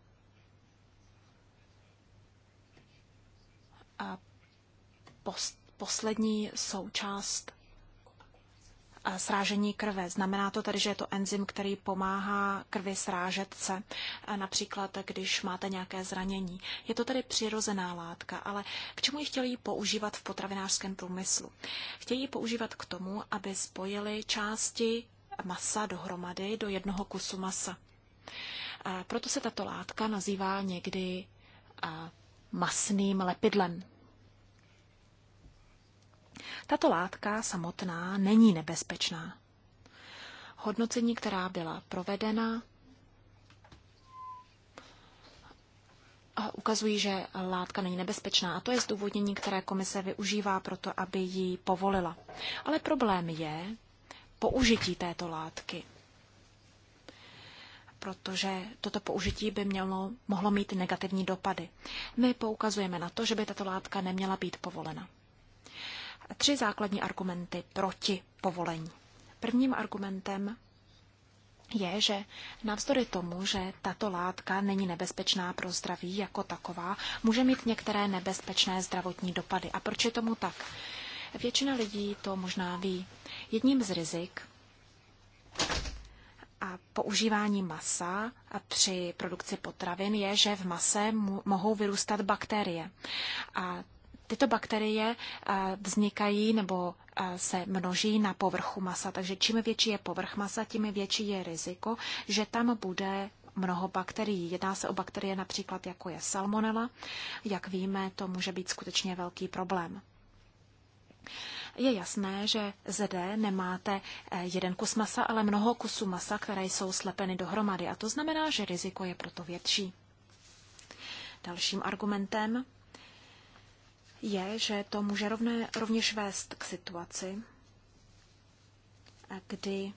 poslední součást srážení krve. Znamená to tedy, že je to enzym, který pomáhá krvi srážet se, například když máte nějaké zranění. Je to tedy přirozená látka, ale k čemu ji chtěli používat v potravinářském průmyslu? Chtějí ji používat k tomu, aby spojili části masa dohromady do jednoho kusu masa. proto se tato látka nazývá někdy masným lepidlem. Tato látka samotná není nebezpečná. Hodnocení, která byla provedena, ukazují, že látka není nebezpečná a to je zdůvodnění, které komise využívá proto, aby ji povolila. Ale problém je použití této látky protože toto použití by mělo, mohlo mít negativní dopady. My poukazujeme na to, že by tato látka neměla být povolena tři základní argumenty proti povolení. Prvním argumentem je, že navzdory tomu, že tato látka není nebezpečná pro zdraví jako taková, může mít některé nebezpečné zdravotní dopady. A proč je tomu tak? Většina lidí to možná ví. Jedním z rizik a používání masa a při produkci potravin je, že v mase mohou vyrůstat bakterie. A Tyto bakterie eh, vznikají nebo eh, se množí na povrchu masa, takže čím větší je povrch masa, tím větší je riziko, že tam bude mnoho bakterií. Jedná se o bakterie například jako je salmonella. Jak víme, to může být skutečně velký problém. Je jasné, že zde nemáte eh, jeden kus masa, ale mnoho kusů masa, které jsou slepeny dohromady. A to znamená, že riziko je proto větší. Dalším argumentem je, že to může rovné, rovněž vést k situaci, kdy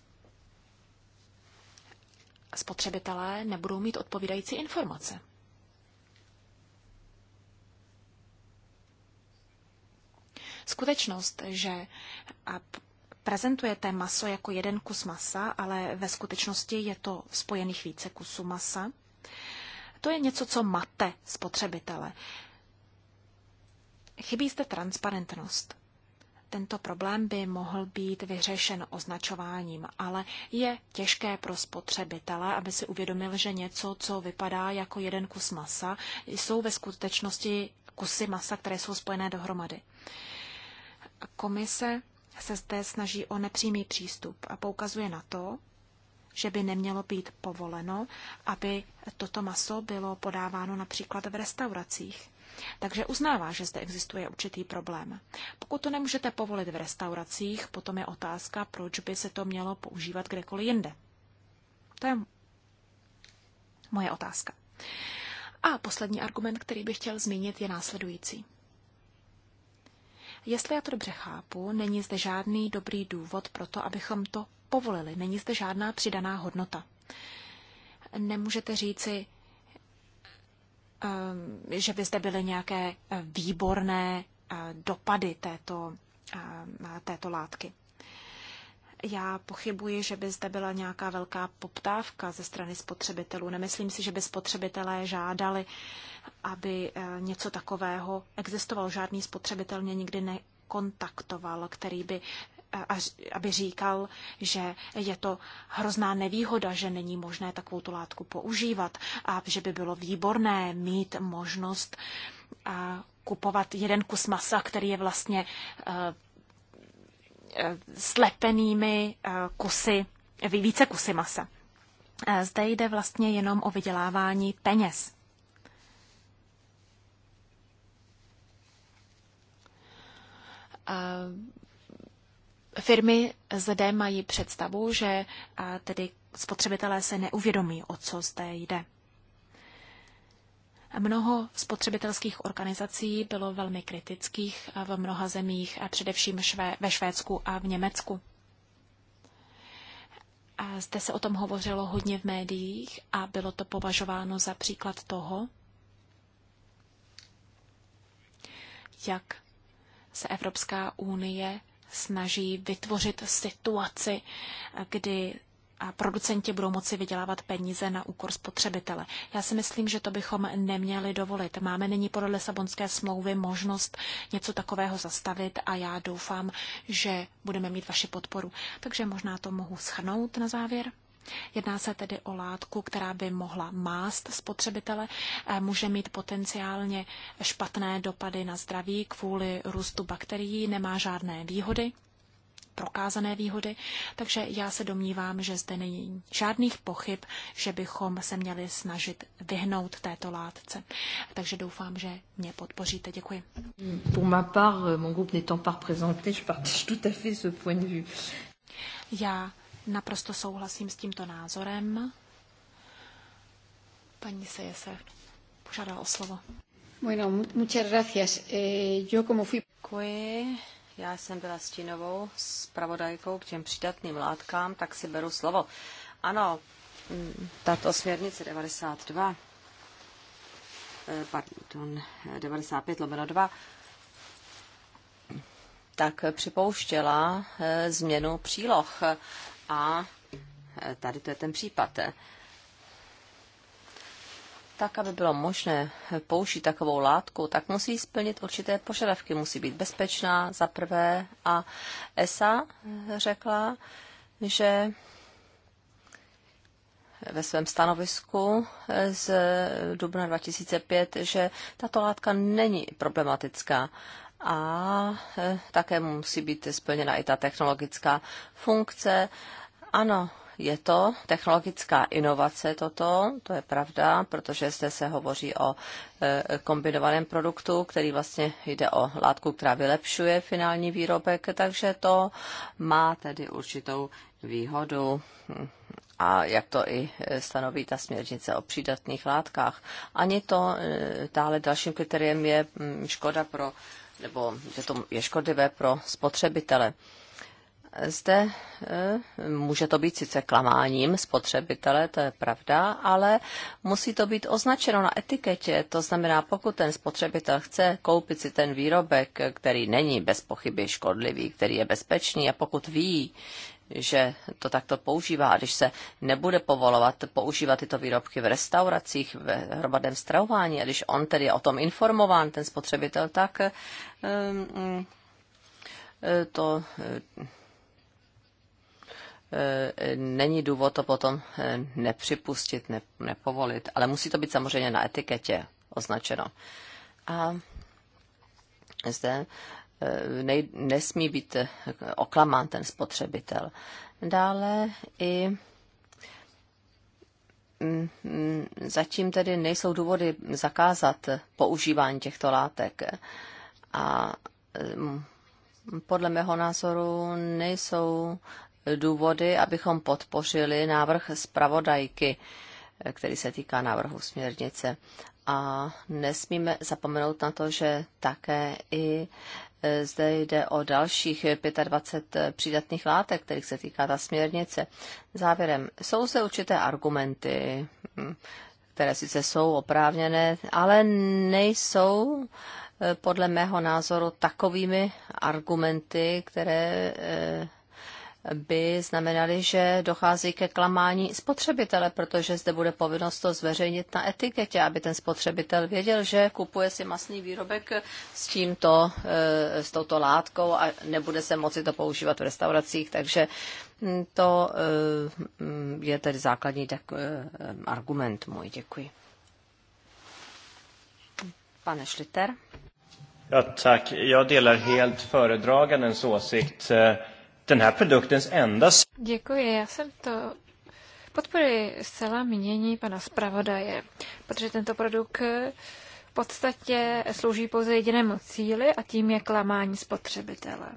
spotřebitelé nebudou mít odpovídající informace. Skutečnost, že prezentujete maso jako jeden kus masa, ale ve skutečnosti je to spojených více kusů masa, to je něco, co mate spotřebitele. Chybí zde transparentnost. Tento problém by mohl být vyřešen označováním, ale je těžké pro spotřebitele, aby si uvědomil, že něco, co vypadá jako jeden kus masa, jsou ve skutečnosti kusy masa, které jsou spojené dohromady. Komise se zde snaží o nepřímý přístup a poukazuje na to, že by nemělo být povoleno, aby toto maso bylo podáváno například v restauracích. Takže uznává, že zde existuje určitý problém. Pokud to nemůžete povolit v restauracích, potom je otázka, proč by se to mělo používat kdekoliv jinde. To je moje otázka. A poslední argument, který bych chtěl zmínit, je následující. Jestli já to dobře chápu, není zde žádný dobrý důvod pro to, abychom to povolili. Není zde žádná přidaná hodnota. Nemůžete říci, Ehm, že by zde byly nějaké eh, výborné eh, dopady této, eh, této látky. Já pochybuji, že by zde byla nějaká velká poptávka ze strany spotřebitelů. Nemyslím si, že by spotřebitelé žádali, aby něco takového existovalo. Žádný spotřebitel mě nikdy nekontaktoval, který by aby říkal, že je to hrozná nevýhoda, že není možné takovou tu látku používat a že by bylo výborné mít možnost kupovat jeden kus masa, který je vlastně slepenými kusy, více kusy masa. Zde jde vlastně jenom o vydělávání peněz. Uh Firmy zde mají představu, že tedy spotřebitelé se neuvědomí, o co zde jde. Mnoho spotřebitelských organizací bylo velmi kritických v mnoha zemích, a především ve Švédsku a v Německu. A zde se o tom hovořilo hodně v médiích a bylo to považováno za příklad toho, jak se Evropská unie snaží vytvořit situaci, kdy a producenti budou moci vydělávat peníze na úkor spotřebitele. Já si myslím, že to bychom neměli dovolit. Máme nyní podle Lisabonské smlouvy možnost něco takového zastavit a já doufám, že budeme mít vaši podporu. Takže možná to mohu schrnout na závěr. Jedná se tedy o látku, která by mohla mást spotřebitele, eh, může mít potenciálně špatné dopady na zdraví kvůli růstu bakterií, nemá žádné výhody prokázané výhody, takže já se domnívám, že zde není žádných pochyb, že bychom se měli snažit vyhnout této látce. Takže doufám, že mě podpoříte. Děkuji. Pour ma part, euh, mon groupe n'étant pas représenté, je partage tout à fait ce point de vue. Já Naprosto souhlasím s tímto názorem. Paní Sejese požádala o slovo. Bueno, muchas gracias. Eh, yo como fui... Děkuji. Já jsem byla stínovou pravodajkou, k těm přidatným látkám, tak si beru slovo. Ano, mm, tato směrnice 92, eh, pardon, 95 lomeno 2, tak připouštěla eh, změnu příloh a eh, tady to je ten případ. Tak, aby bylo možné použít takovou látku, tak musí splnit určité požadavky. Musí být bezpečná za prvé. A ESA řekla, že ve svém stanovisku z dubna 2005, že tato látka není problematická a e, také musí být splněna i ta technologická funkce. Ano, je to technologická inovace toto, to je pravda, protože zde se hovoří o e, kombinovaném produktu, který vlastně jde o látku, která vylepšuje finální výrobek, takže to má tedy určitou výhodu a jak to i e, stanoví ta směrnice o přídatných látkách. Ani to dále dalším kritériem je mm, škoda pro nebo že to je škodlivé pro spotřebitele. Zde e, může to být sice klamáním spotřebitele, to je pravda, ale musí to být označeno na etiketě. To znamená, pokud ten spotřebitel chce koupit si ten výrobek, který není bez pochyby škodlivý, který je bezpečný a pokud ví, že to takto používá. A když se nebude povolovat používat tyto výrobky v restauracích, v hromadném stravování, a když on tedy je o tom informován, ten spotřebitel, tak ehm, ehm, to ehm, není důvod to potom nepřipustit, nepovolit, ale musí to být samozřejmě na etiketě označeno. A zde Eh, nej, nesmí být eh, oklamán ten spotřebitel. Dále i mm, mm, zatím tedy nejsou důvody zakázat eh, používání těchto látek. A podle mého názoru nejsou důvody, abychom podpořili návrh zpravodajky, který se týká návrhu směrnice. A nesmíme zapomenout na to, že také i E, zde jde o dalších 25 e, přídatných látek, kterých se týká ta směrnice. Závěrem, jsou se určité argumenty, hm, které sice jsou oprávněné, ale nejsou e, podle mého názoru takovými argumenty, které by znamenaly, že dochází ke klamání spotřebitele, protože zde bude povinnost to zveřejnit na etiketě, aby ten spotřebitel věděl, že kupuje si masný výrobek s tímto, eh, s touto látkou a nebude se moci to používat v restauracích, takže hm, to eh, hm, je tedy základní tak, eh, argument můj. Děkuji. Pane Schlitter. Ja, Já Jag delar helt föredragandens åsikt. Den här produktens enda... Děkuji, já jsem to podporuji zcela mínění pana zpravodaje, protože tento produkt podstatě slouží pouze jedinému cíli a tím je klamání spotřebitele.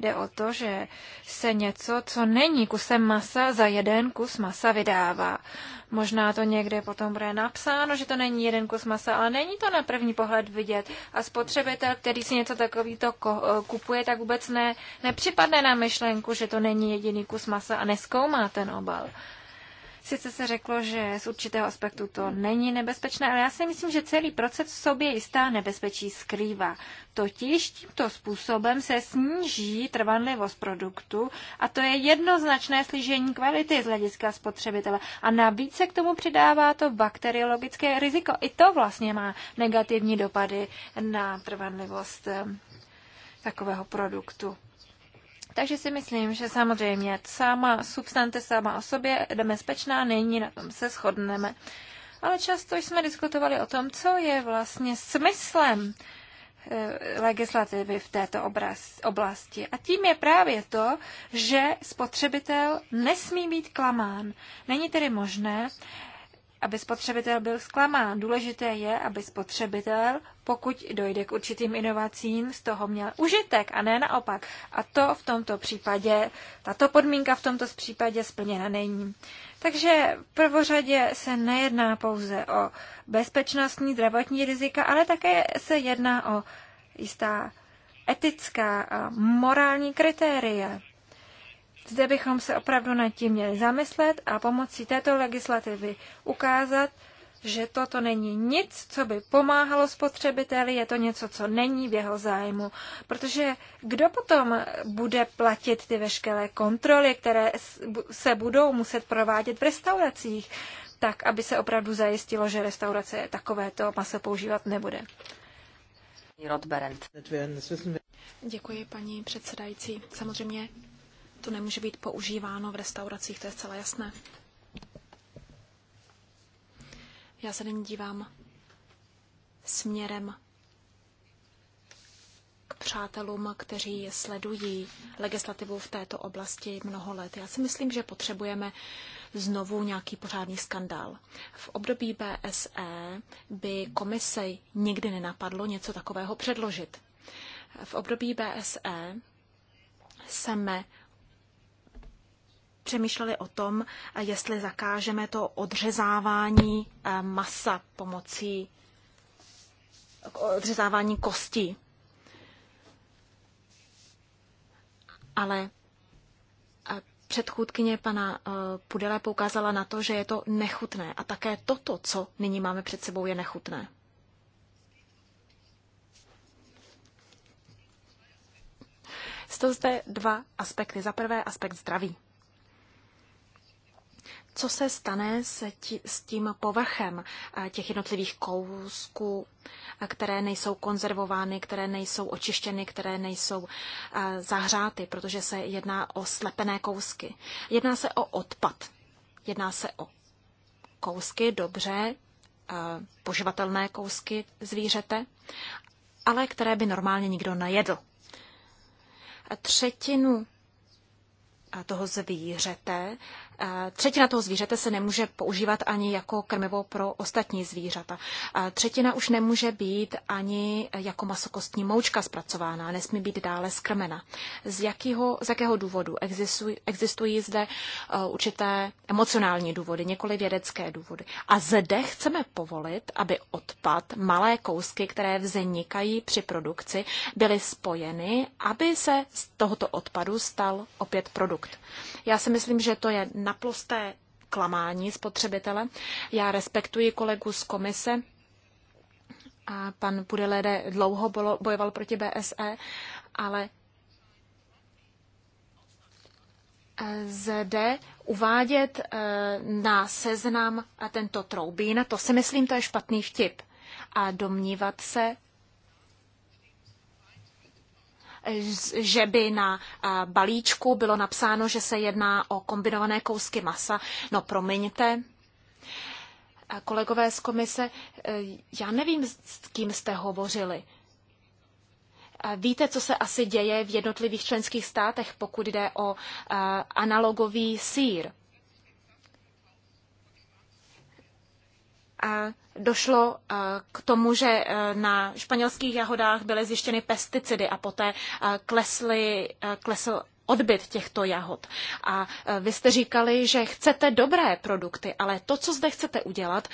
Jde o to, že se něco, co není kusem masa, za jeden kus masa vydává. Možná to někde potom bude napsáno, že to není jeden kus masa, ale není to na první pohled vidět. A spotřebitel, který si něco takovýto eh, kupuje, tak vůbec ne, nepřipadne na myšlenku, že to není jediný kus masa a neskoumá ten obal. Sice se řeklo, že z určitého aspektu to není nebezpečné, ale já si myslím, že celý proces v sobě jistá nebezpečí skrývá. Totiž tímto způsobem se sníží trvanlivost produktu a to je jednoznačné slížení kvality z hlediska spotřebitele. A navíc se k tomu přidává to bakteriologické riziko. I to vlastně má negativní dopady na trvanlivost eh, takového produktu. Takže si myslím, že samozřejmě sama substance sama o sobě nebezpečná není, na tom se shodneme. Ale často jsme diskutovali o tom, co je vlastně smyslem eh, legislativy v této oblasti. A tím je právě to, že spotřebitel nesmí být klamán. Není tedy možné, aby spotřebitel byl zklamán. Důležité je, aby spotřebitel, pokud dojde k určitým inovacím, z toho měl užitek a ne naopak. A to v tomto případě, tato podmínka v tomto případě splněna není. Takže v prvořadě se nejedná pouze o bezpečnostní zdravotní rizika, ale také se jedná o jistá etická a morální kritéria. Zde bychom se opravdu nad tím měli zamyslet a pomocí této legislativy ukázat, že toto není nic, co by pomáhalo spotřebiteli, je to něco, co není v jeho zájmu. Protože kdo potom bude platit ty veškeré kontroly, které se budou muset provádět v restauracích, tak, aby se opravdu zajistilo, že restaurace takovéto maso používat nebude. Děkuji, paní předsedající. Samozřejmě to nemůže být používáno v restauracích, to je zcela jasné. Já se nyní dívám směrem k přátelům, kteří sledují legislativu v této oblasti mnoho let. Já si myslím, že potřebujeme znovu nějaký pořádný skandál. V období BSE by komise nikdy nenapadlo něco takového předložit. V období BSE jsme přemýšleli o tom, jestli zakážeme to odřezávání eh, masa pomocí odřezávání kostí. Ale eh, předchůdkyně pana eh, Pudele poukázala na to, že je to nechutné. A také toto, co nyní máme před sebou, je nechutné. Jsou zde dva aspekty. Za prvé aspekt zdraví co se stane s, tí, s tím povrchem eh, těch jednotlivých kousků, eh, které nejsou konzervovány, které nejsou očištěny, které nejsou eh, zahřáty, protože se jedná o slepené kousky. Jedná se o odpad. Jedná se o kousky, dobře, poživatelné kousky zvířete, ale které by normálně nikdo nejedl. Třetinu toho zvířete Třetina toho zvířete se nemůže používat ani jako krmivo pro ostatní zvířata. Třetina už nemůže být ani jako masokostní moučka zpracována, nesmí být dále skrmena. Z, jakého, z jakého důvodu? Existují, existují zde e, určité emocionální důvody, několik vědecké důvody. A zde chceme povolit, aby odpad, malé kousky, které vznikají při produkci, byly spojeny, aby se z tohoto odpadu stal opět produkt. Já si myslím, že to je naprosté klamání spotřebitele. Já respektuji kolegu z komise, a pan Pudelede dlouho bojoval proti BSE, ale zde uvádět eh, na seznam tento troubín, to si myslím, to je špatný vtip. A domnívat se, že by na balíčku bylo napsáno, že se jedná o kombinované kousky masa. No promiňte, kolegové z komise, e, já nevím, s kým jste hovořili. Víte, co se asi děje v jednotlivých členských státech, pokud jde o analogový sír. A došlo eh, k tomu, že eh, na španělských jahodách byly zjištěny pesticidy a poté eh, klesly, klesl odbyt těchto jahod. A vy jste říkali, že chcete dobré produkty, ale to, co zde chcete udělat,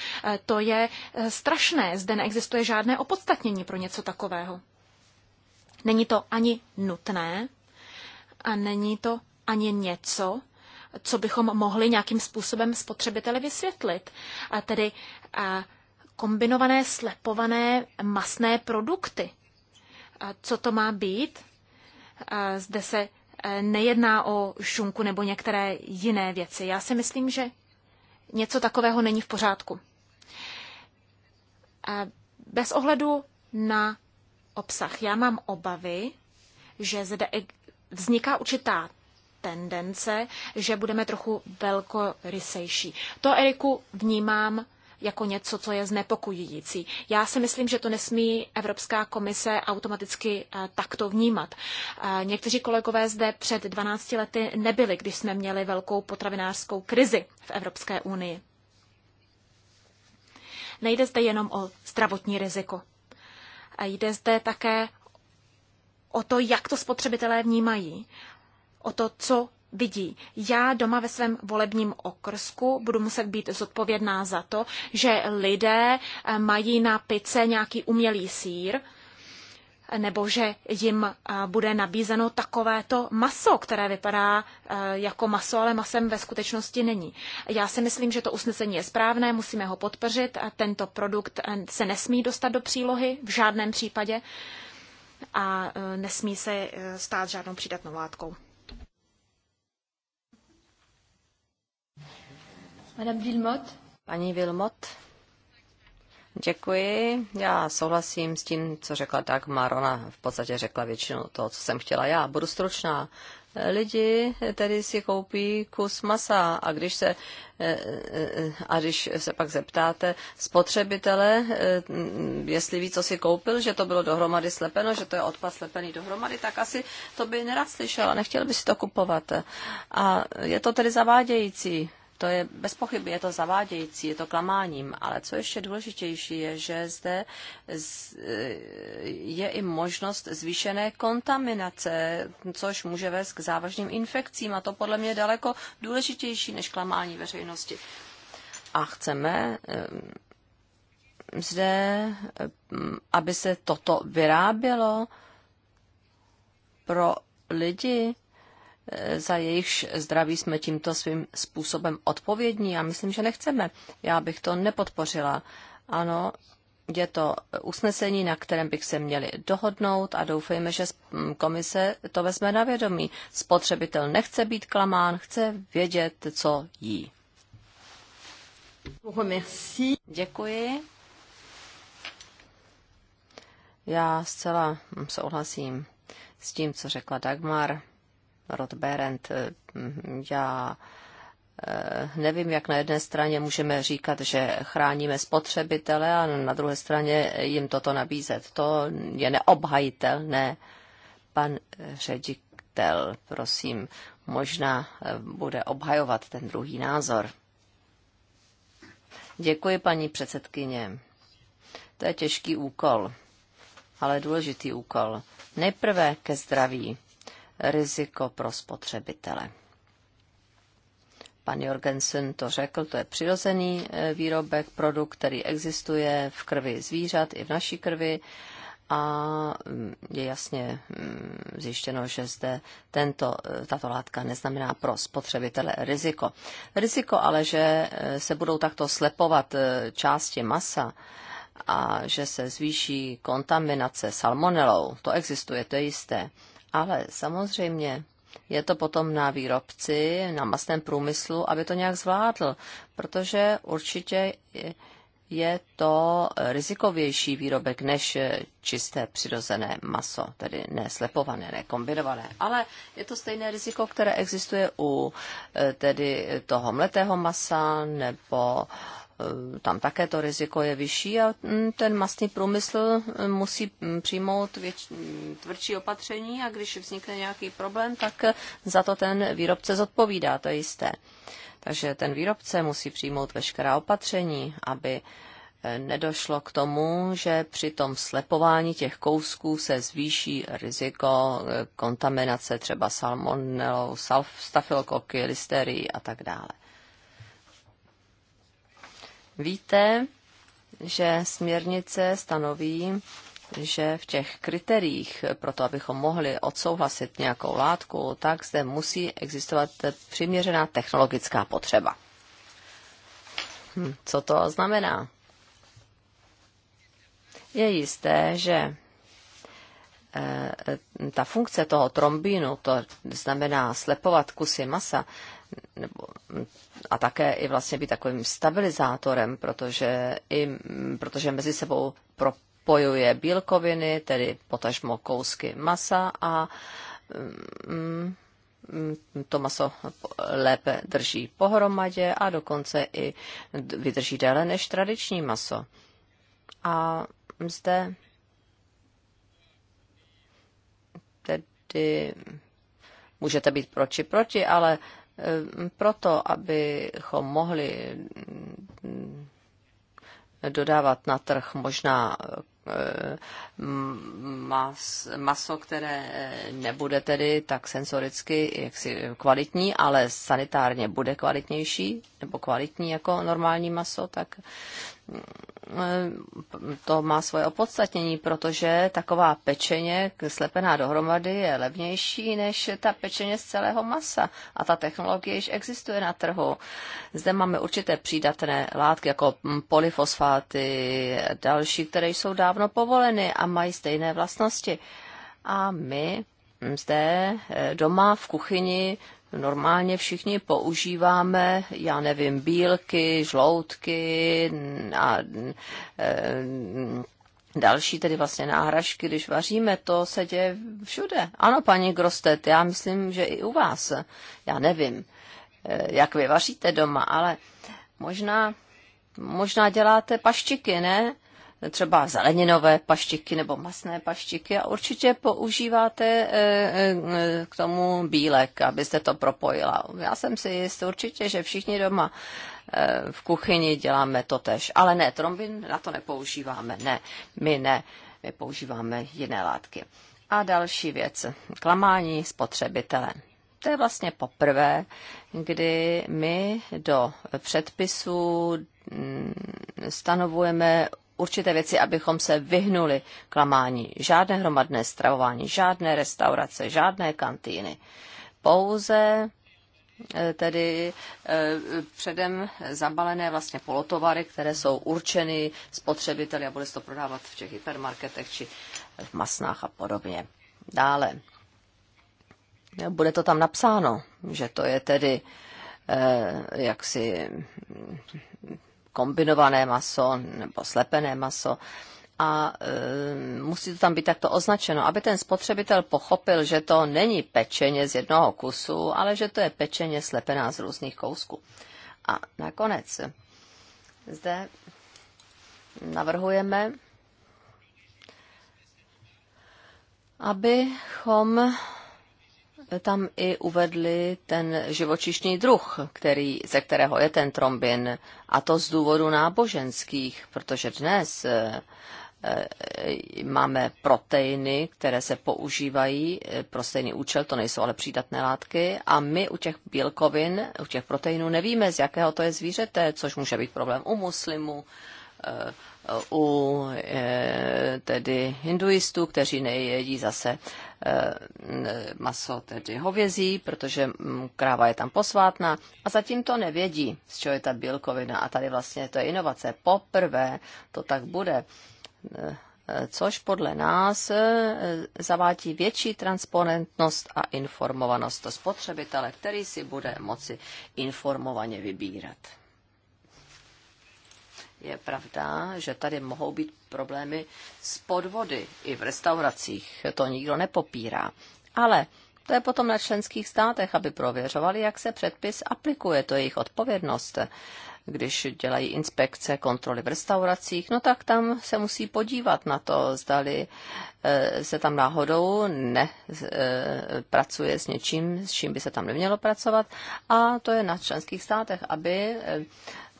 to je strašné. Zde neexistuje žádné opodstatnění pro něco takového. Není to ani nutné a není to ani něco, co bychom mohli nějakým způsobem spotřebiteli vysvětlit. A tedy a kombinované slepované masné produkty. Co to má být? Zde se e, nejedná o šunku nebo některé jiné věci. Já si myslím, že něco takového není v pořádku. Bez ohledu na obsah, já mám obavy, že zde vzniká určitá tendence, že budeme trochu velkorysejší. To, Eriku, vnímám jako něco, co je znepokojující. Já si myslím, že to nesmí Evropská komise automaticky eh, takto vnímat. Eh, někteří kolegové zde před 12 lety nebyli, když jsme měli velkou potravinářskou krizi v Evropské unii. Nejde zde jenom o zdravotní riziko. Eh, jde zde také o to, jak to spotřebitelé vnímají, o to, co vidí, já doma ve svém volebním okrsku budu muset být zodpovědná za to, že lidé eh, mají na pice nějaký umělý sír, nebo že jim eh, bude nabízeno takovéto maso, které vypadá eh, jako maso, ale masem ve skutečnosti není. Já si myslím, že to usnesení je správné, musíme ho podpořit. Tento produkt se nesmí dostat do přílohy v žádném případě a nesmí se stát žádnou přidatnou látkou. Madame Vilmot. Paní Vilmot. Děkuji. Já souhlasím s tím, co řekla Dagmar. Ona v podstatě řekla většinu toho, co jsem chtěla já. Budu stručná. Lidi tedy si koupí kus masa a když se, eh, eh, a když se pak zeptáte spotřebitele, eh, jestli ví, co si koupil, že to bylo dohromady slepeno, že to je odpad slepený dohromady, tak asi to by nerad slyšel a nechtěl by si to kupovat. A je to tedy zavádějící to je bez pochyby, je to zavádějící, je to klamáním, ale co ještě důležitější je, že zde e, je i možnost zvýšené kontaminace, což může vést k závažným infekcím a to podle mě je daleko důležitější než klamání veřejnosti. A chceme e, zde, e, aby se toto vyrábělo pro lidi, za jejichž zdraví jsme tímto svým způsobem odpovědní. Já myslím, že nechceme. Já bych to nepodpořila. Ano, je to usnesení, na kterém bych se měli dohodnout a doufejme, že komise to vezme na vědomí. Spotřebitel nechce být klamán, chce vědět, co jí. Děkuji. Já zcela souhlasím s tím, co řekla Dagmar. Berend. Eh, Já eh, nevím, jak na jedné straně můžeme říkat, že chráníme spotřebitele a na druhé straně jim toto nabízet. To je neobhajitelné. Pan ředitel, prosím, možná eh, bude obhajovat ten druhý názor. Děkuji, paní předsedkyně. To je těžký úkol, ale důležitý úkol. Nejprve ke zdraví riziko pro spotřebitele. Pan Jorgensen to řekl, to je přirozený e, výrobek, produkt, který existuje v krvi zvířat i v naší krvi a mm, je jasně mm, zjištěno, že zde tento, e, tato látka neznamená pro spotřebitele riziko. Riziko ale, že e, se budou takto slepovat části masa a že se zvýší kontaminace salmonelou, to existuje, to je jisté. Ale samozřejmě je to potom na výrobci, na masném průmyslu, aby to nějak zvládl, protože určitě je to rizikovější výrobek než čisté přirozené maso, tedy neslepované, nekombinované. Ale je to stejné riziko, které existuje u e, tedy toho mletého masa nebo uh, E, tam také to riziko je vyšší a mm, ten masný průmysl e, musí mm, přijmout věč, mm, tvrdší opatření a když vznikne nějaký problém, tak e, za to ten výrobce zodpovídá, to je jisté. Takže ten výrobce musí přijmout veškerá opatření, aby nedošlo k tomu, že při tom slepování těch kousků se zvýší riziko kontaminace třeba salmonelou, stafylokoky, listerii a tak dále. Víte, že směrnice stanoví, že v těch kritériích pro to, abychom mohli odsouhlasit nějakou látku, tak zde musí existovat přiměřená technologická potřeba. Hm, co to znamená? Je jisté, že eh, eh, ta funkce toho trombínu, to znamená slepovat kusy masa, nebo, a také i vlastně být takovým stabilizátorem, protože, i, protože mezi sebou propojuje bílkoviny, tedy potažmo kousky masa a mm, mm, to maso lépe drží pohromadě a dokonce i vydrží déle než tradiční maso. A zde tedy můžete být proči proti, ale Ehm, proto, abychom mohli mm, dodávat na trh možná ehm, mas, maso, které ehm, nebude tedy tak sensoricky jaksi kvalitní, ale sanitárně bude kvalitnější, nebo kvalitní jako normální maso, tak mm, Eh, to má svoje opodstatnění, protože taková pečeně slepená dohromady je levnější než ta pečeně z celého masa. A ta technologie již existuje na trhu. Zde máme určité přídatné látky, jako mm, polyfosfáty, další, které jsou dávno povoleny a mají stejné vlastnosti. A my zde eh, doma v kuchyni normálně všichni používáme, já nevím, bílky, žloutky a eh, další tedy vlastně náhražky, když vaříme, to se děje všude. Ano, paní Grostet, já myslím, že i u vás. Já nevím, eh, jak vy vaříte doma, ale možná, možná děláte paštiky, ne? třeba zeleninové paštiky nebo masné paštiky a určitě používáte eh, eh, k tomu bílek, abyste to propojila. Já jsem si jist určitě, že všichni doma eh, v kuchyni děláme to tež. Ale ne, trombin na to nepoužíváme, ne, my ne, my používáme jiné látky. A další věc, klamání spotřebitele. To je vlastně poprvé, kdy my do předpisů mm, stanovujeme určité věci, abychom se vyhnuli klamání. Žádné hromadné stravování, žádné restaurace, žádné kantýny. Pouze eh, tedy eh, předem zabalené vlastně polotovary, které jsou určeny spotřebiteli a bude se to prodávat v těch hypermarketech či v masnách a podobně. Dále. Bude to tam napsáno, že to je tedy eh, jaksi kombinované maso nebo slepené maso a e, musí to tam být takto označeno, aby ten spotřebitel pochopil, že to není pečeně z jednoho kusu, ale že to je pečeně slepená z různých kousků. A nakonec zde navrhujeme, abychom tam i uvedli ten živočišný druh, který, ze kterého je ten trombin, a to z důvodu náboženských, protože dnes eh, eh, máme proteiny, které se používají eh, pro stejný účel, to nejsou ale přídatné látky a my u těch bílkovin, u těch proteinů nevíme, z jakého to je zvířete, což může být problém u muslimů, u tedy hinduistů, kteří nejedí zase Eh, maso tedy hovězí, protože mm, kráva je tam posvátná a zatím to nevědí, z čeho je ta bílkovina. A tady vlastně to je inovace. Poprvé to tak bude eh, eh, což podle nás zavádí větší transparentnost a informovanost spotřebitele, který si bude moci informovaně vybírat je pravda, že tady mohou být problémy s podvody i v restauracích. To nikdo nepopírá. Ale to je potom na členských státech, aby prověřovali, jak se předpis aplikuje. To je jejich odpovědnost. Když dělají inspekce, kontroly v restauracích, no tak tam se musí podívat na to, zdali eh, se tam náhodou nepracuje eh, s něčím, s čím by se tam nemělo pracovat. A to je na členských státech, aby eh,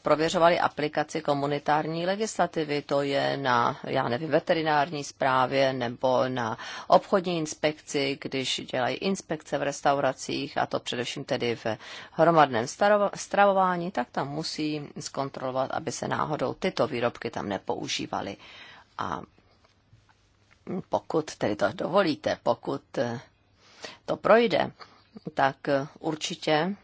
prověřovali aplikaci komunitární legislativy, to je na, já nevím, veterinární správě nebo na obchodní inspekci, když dělají inspekce v restauracích, a to především tedy v hromadném stravování, tak tam musí zkontrolovat, aby se náhodou tyto výrobky tam nepoužívaly. A pokud tedy to dovolíte, pokud to projde, tak určitě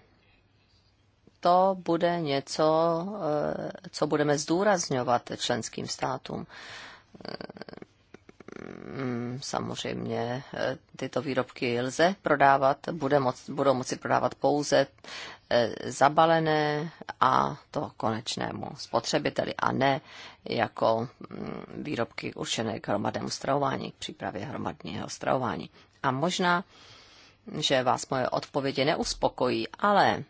to bude něco, eh, co budeme zdůrazňovat členským státům. Mm, samozřejmě eh, tyto výrobky lze prodávat, bude moc, budou moci prodávat pouze eh, zabalené a to konečnému spotřebiteli a ne jako mm, výrobky určené k hromadnému stravování, k přípravě hromadného stravování. A možná, že vás moje odpovědi neuspokojí, ale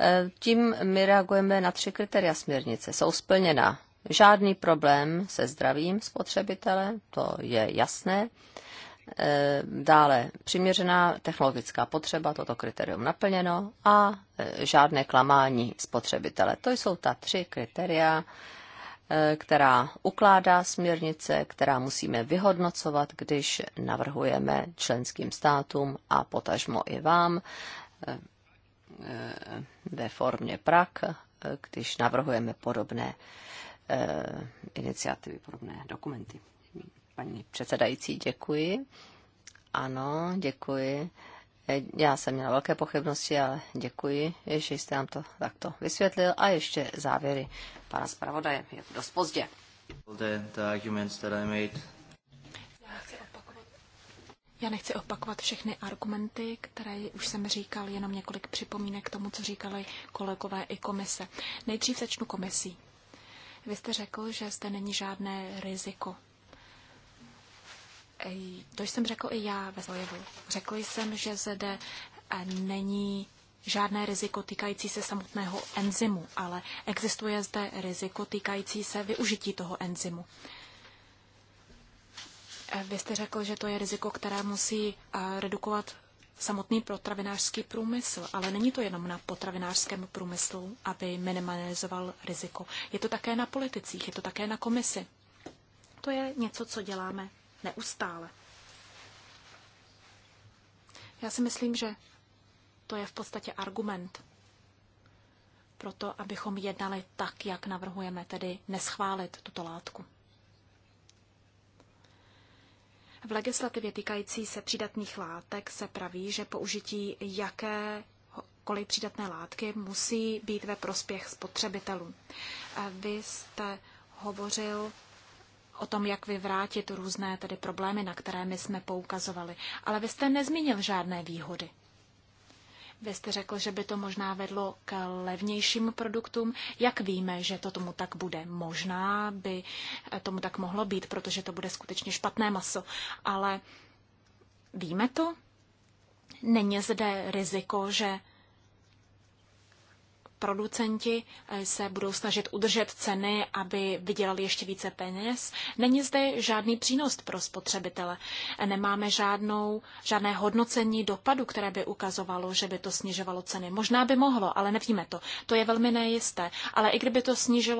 E, tím my reagujeme na tři kritéria směrnice. Jsou splněna. Žádný problém se zdravím spotřebitele, to je jasné. E, dále přiměřená technologická potřeba, toto kritérium naplněno a e, žádné klamání spotřebitele. To jsou ta tři kritéria, která ukládá směrnice, která musíme vyhodnocovat, když navrhujeme členským státům a potažmo i vám ve formě prak, když navrhujeme podobné eh, iniciativy, podobné dokumenty. Paní předsedající, děkuji. Ano, děkuji. Já jsem měla velké pochybnosti, ale děkuji, že jste nám to takto vysvětlil. A ještě závěry pana zpravodaje. Je dost pozdě. Já nechci opakovat všechny argumenty, které už jsem říkal, jenom několik připomínek k tomu, co říkali kolegové i komise. Nejdřív začnu komisí. Vy jste řekl, že zde není žádné riziko. To jsem řekl i já ve zlojevu. Řekl jsem, že zde eh, není žádné riziko týkající se samotného enzymu, ale existuje zde riziko týkající se využití toho enzymu. Eh, vy jste řekl, že to je riziko, které musí eh, redukovat samotný potravinářský průmysl, ale není to jenom na potravinářském průmyslu, aby minimalizoval riziko. Je to také na politicích, je to také na komisi. To je něco, co děláme neustále. Já si myslím, že to je v podstatě argument pro to, abychom jednali tak, jak navrhujeme, tedy neschválit tuto látku. V legislativě týkající se přídatných látek se praví, že použití jaké kolik přídatné látky musí být ve prospěch spotřebitelů. Vy jste hovořil o tom, jak vyvrátit různé tedy problémy, na které my jsme poukazovali. Ale vy jste nezmínil žádné výhody. Vy jste řekl, že by to možná vedlo k levnějším produktům. Jak víme, že to tomu tak bude? Možná by tomu tak mohlo být, protože to bude skutečně špatné maso. Ale víme to? Není zde riziko, že producenti eh, se budou snažit udržet ceny, aby vydělali ještě více peněz. Není zde žádný přínos pro spotřebitele. Nemáme žádnou, žádné hodnocení dopadu, které by ukazovalo, že by to snižovalo ceny. Možná by mohlo, ale nevíme to. To je velmi nejisté. Ale i kdyby to snížilo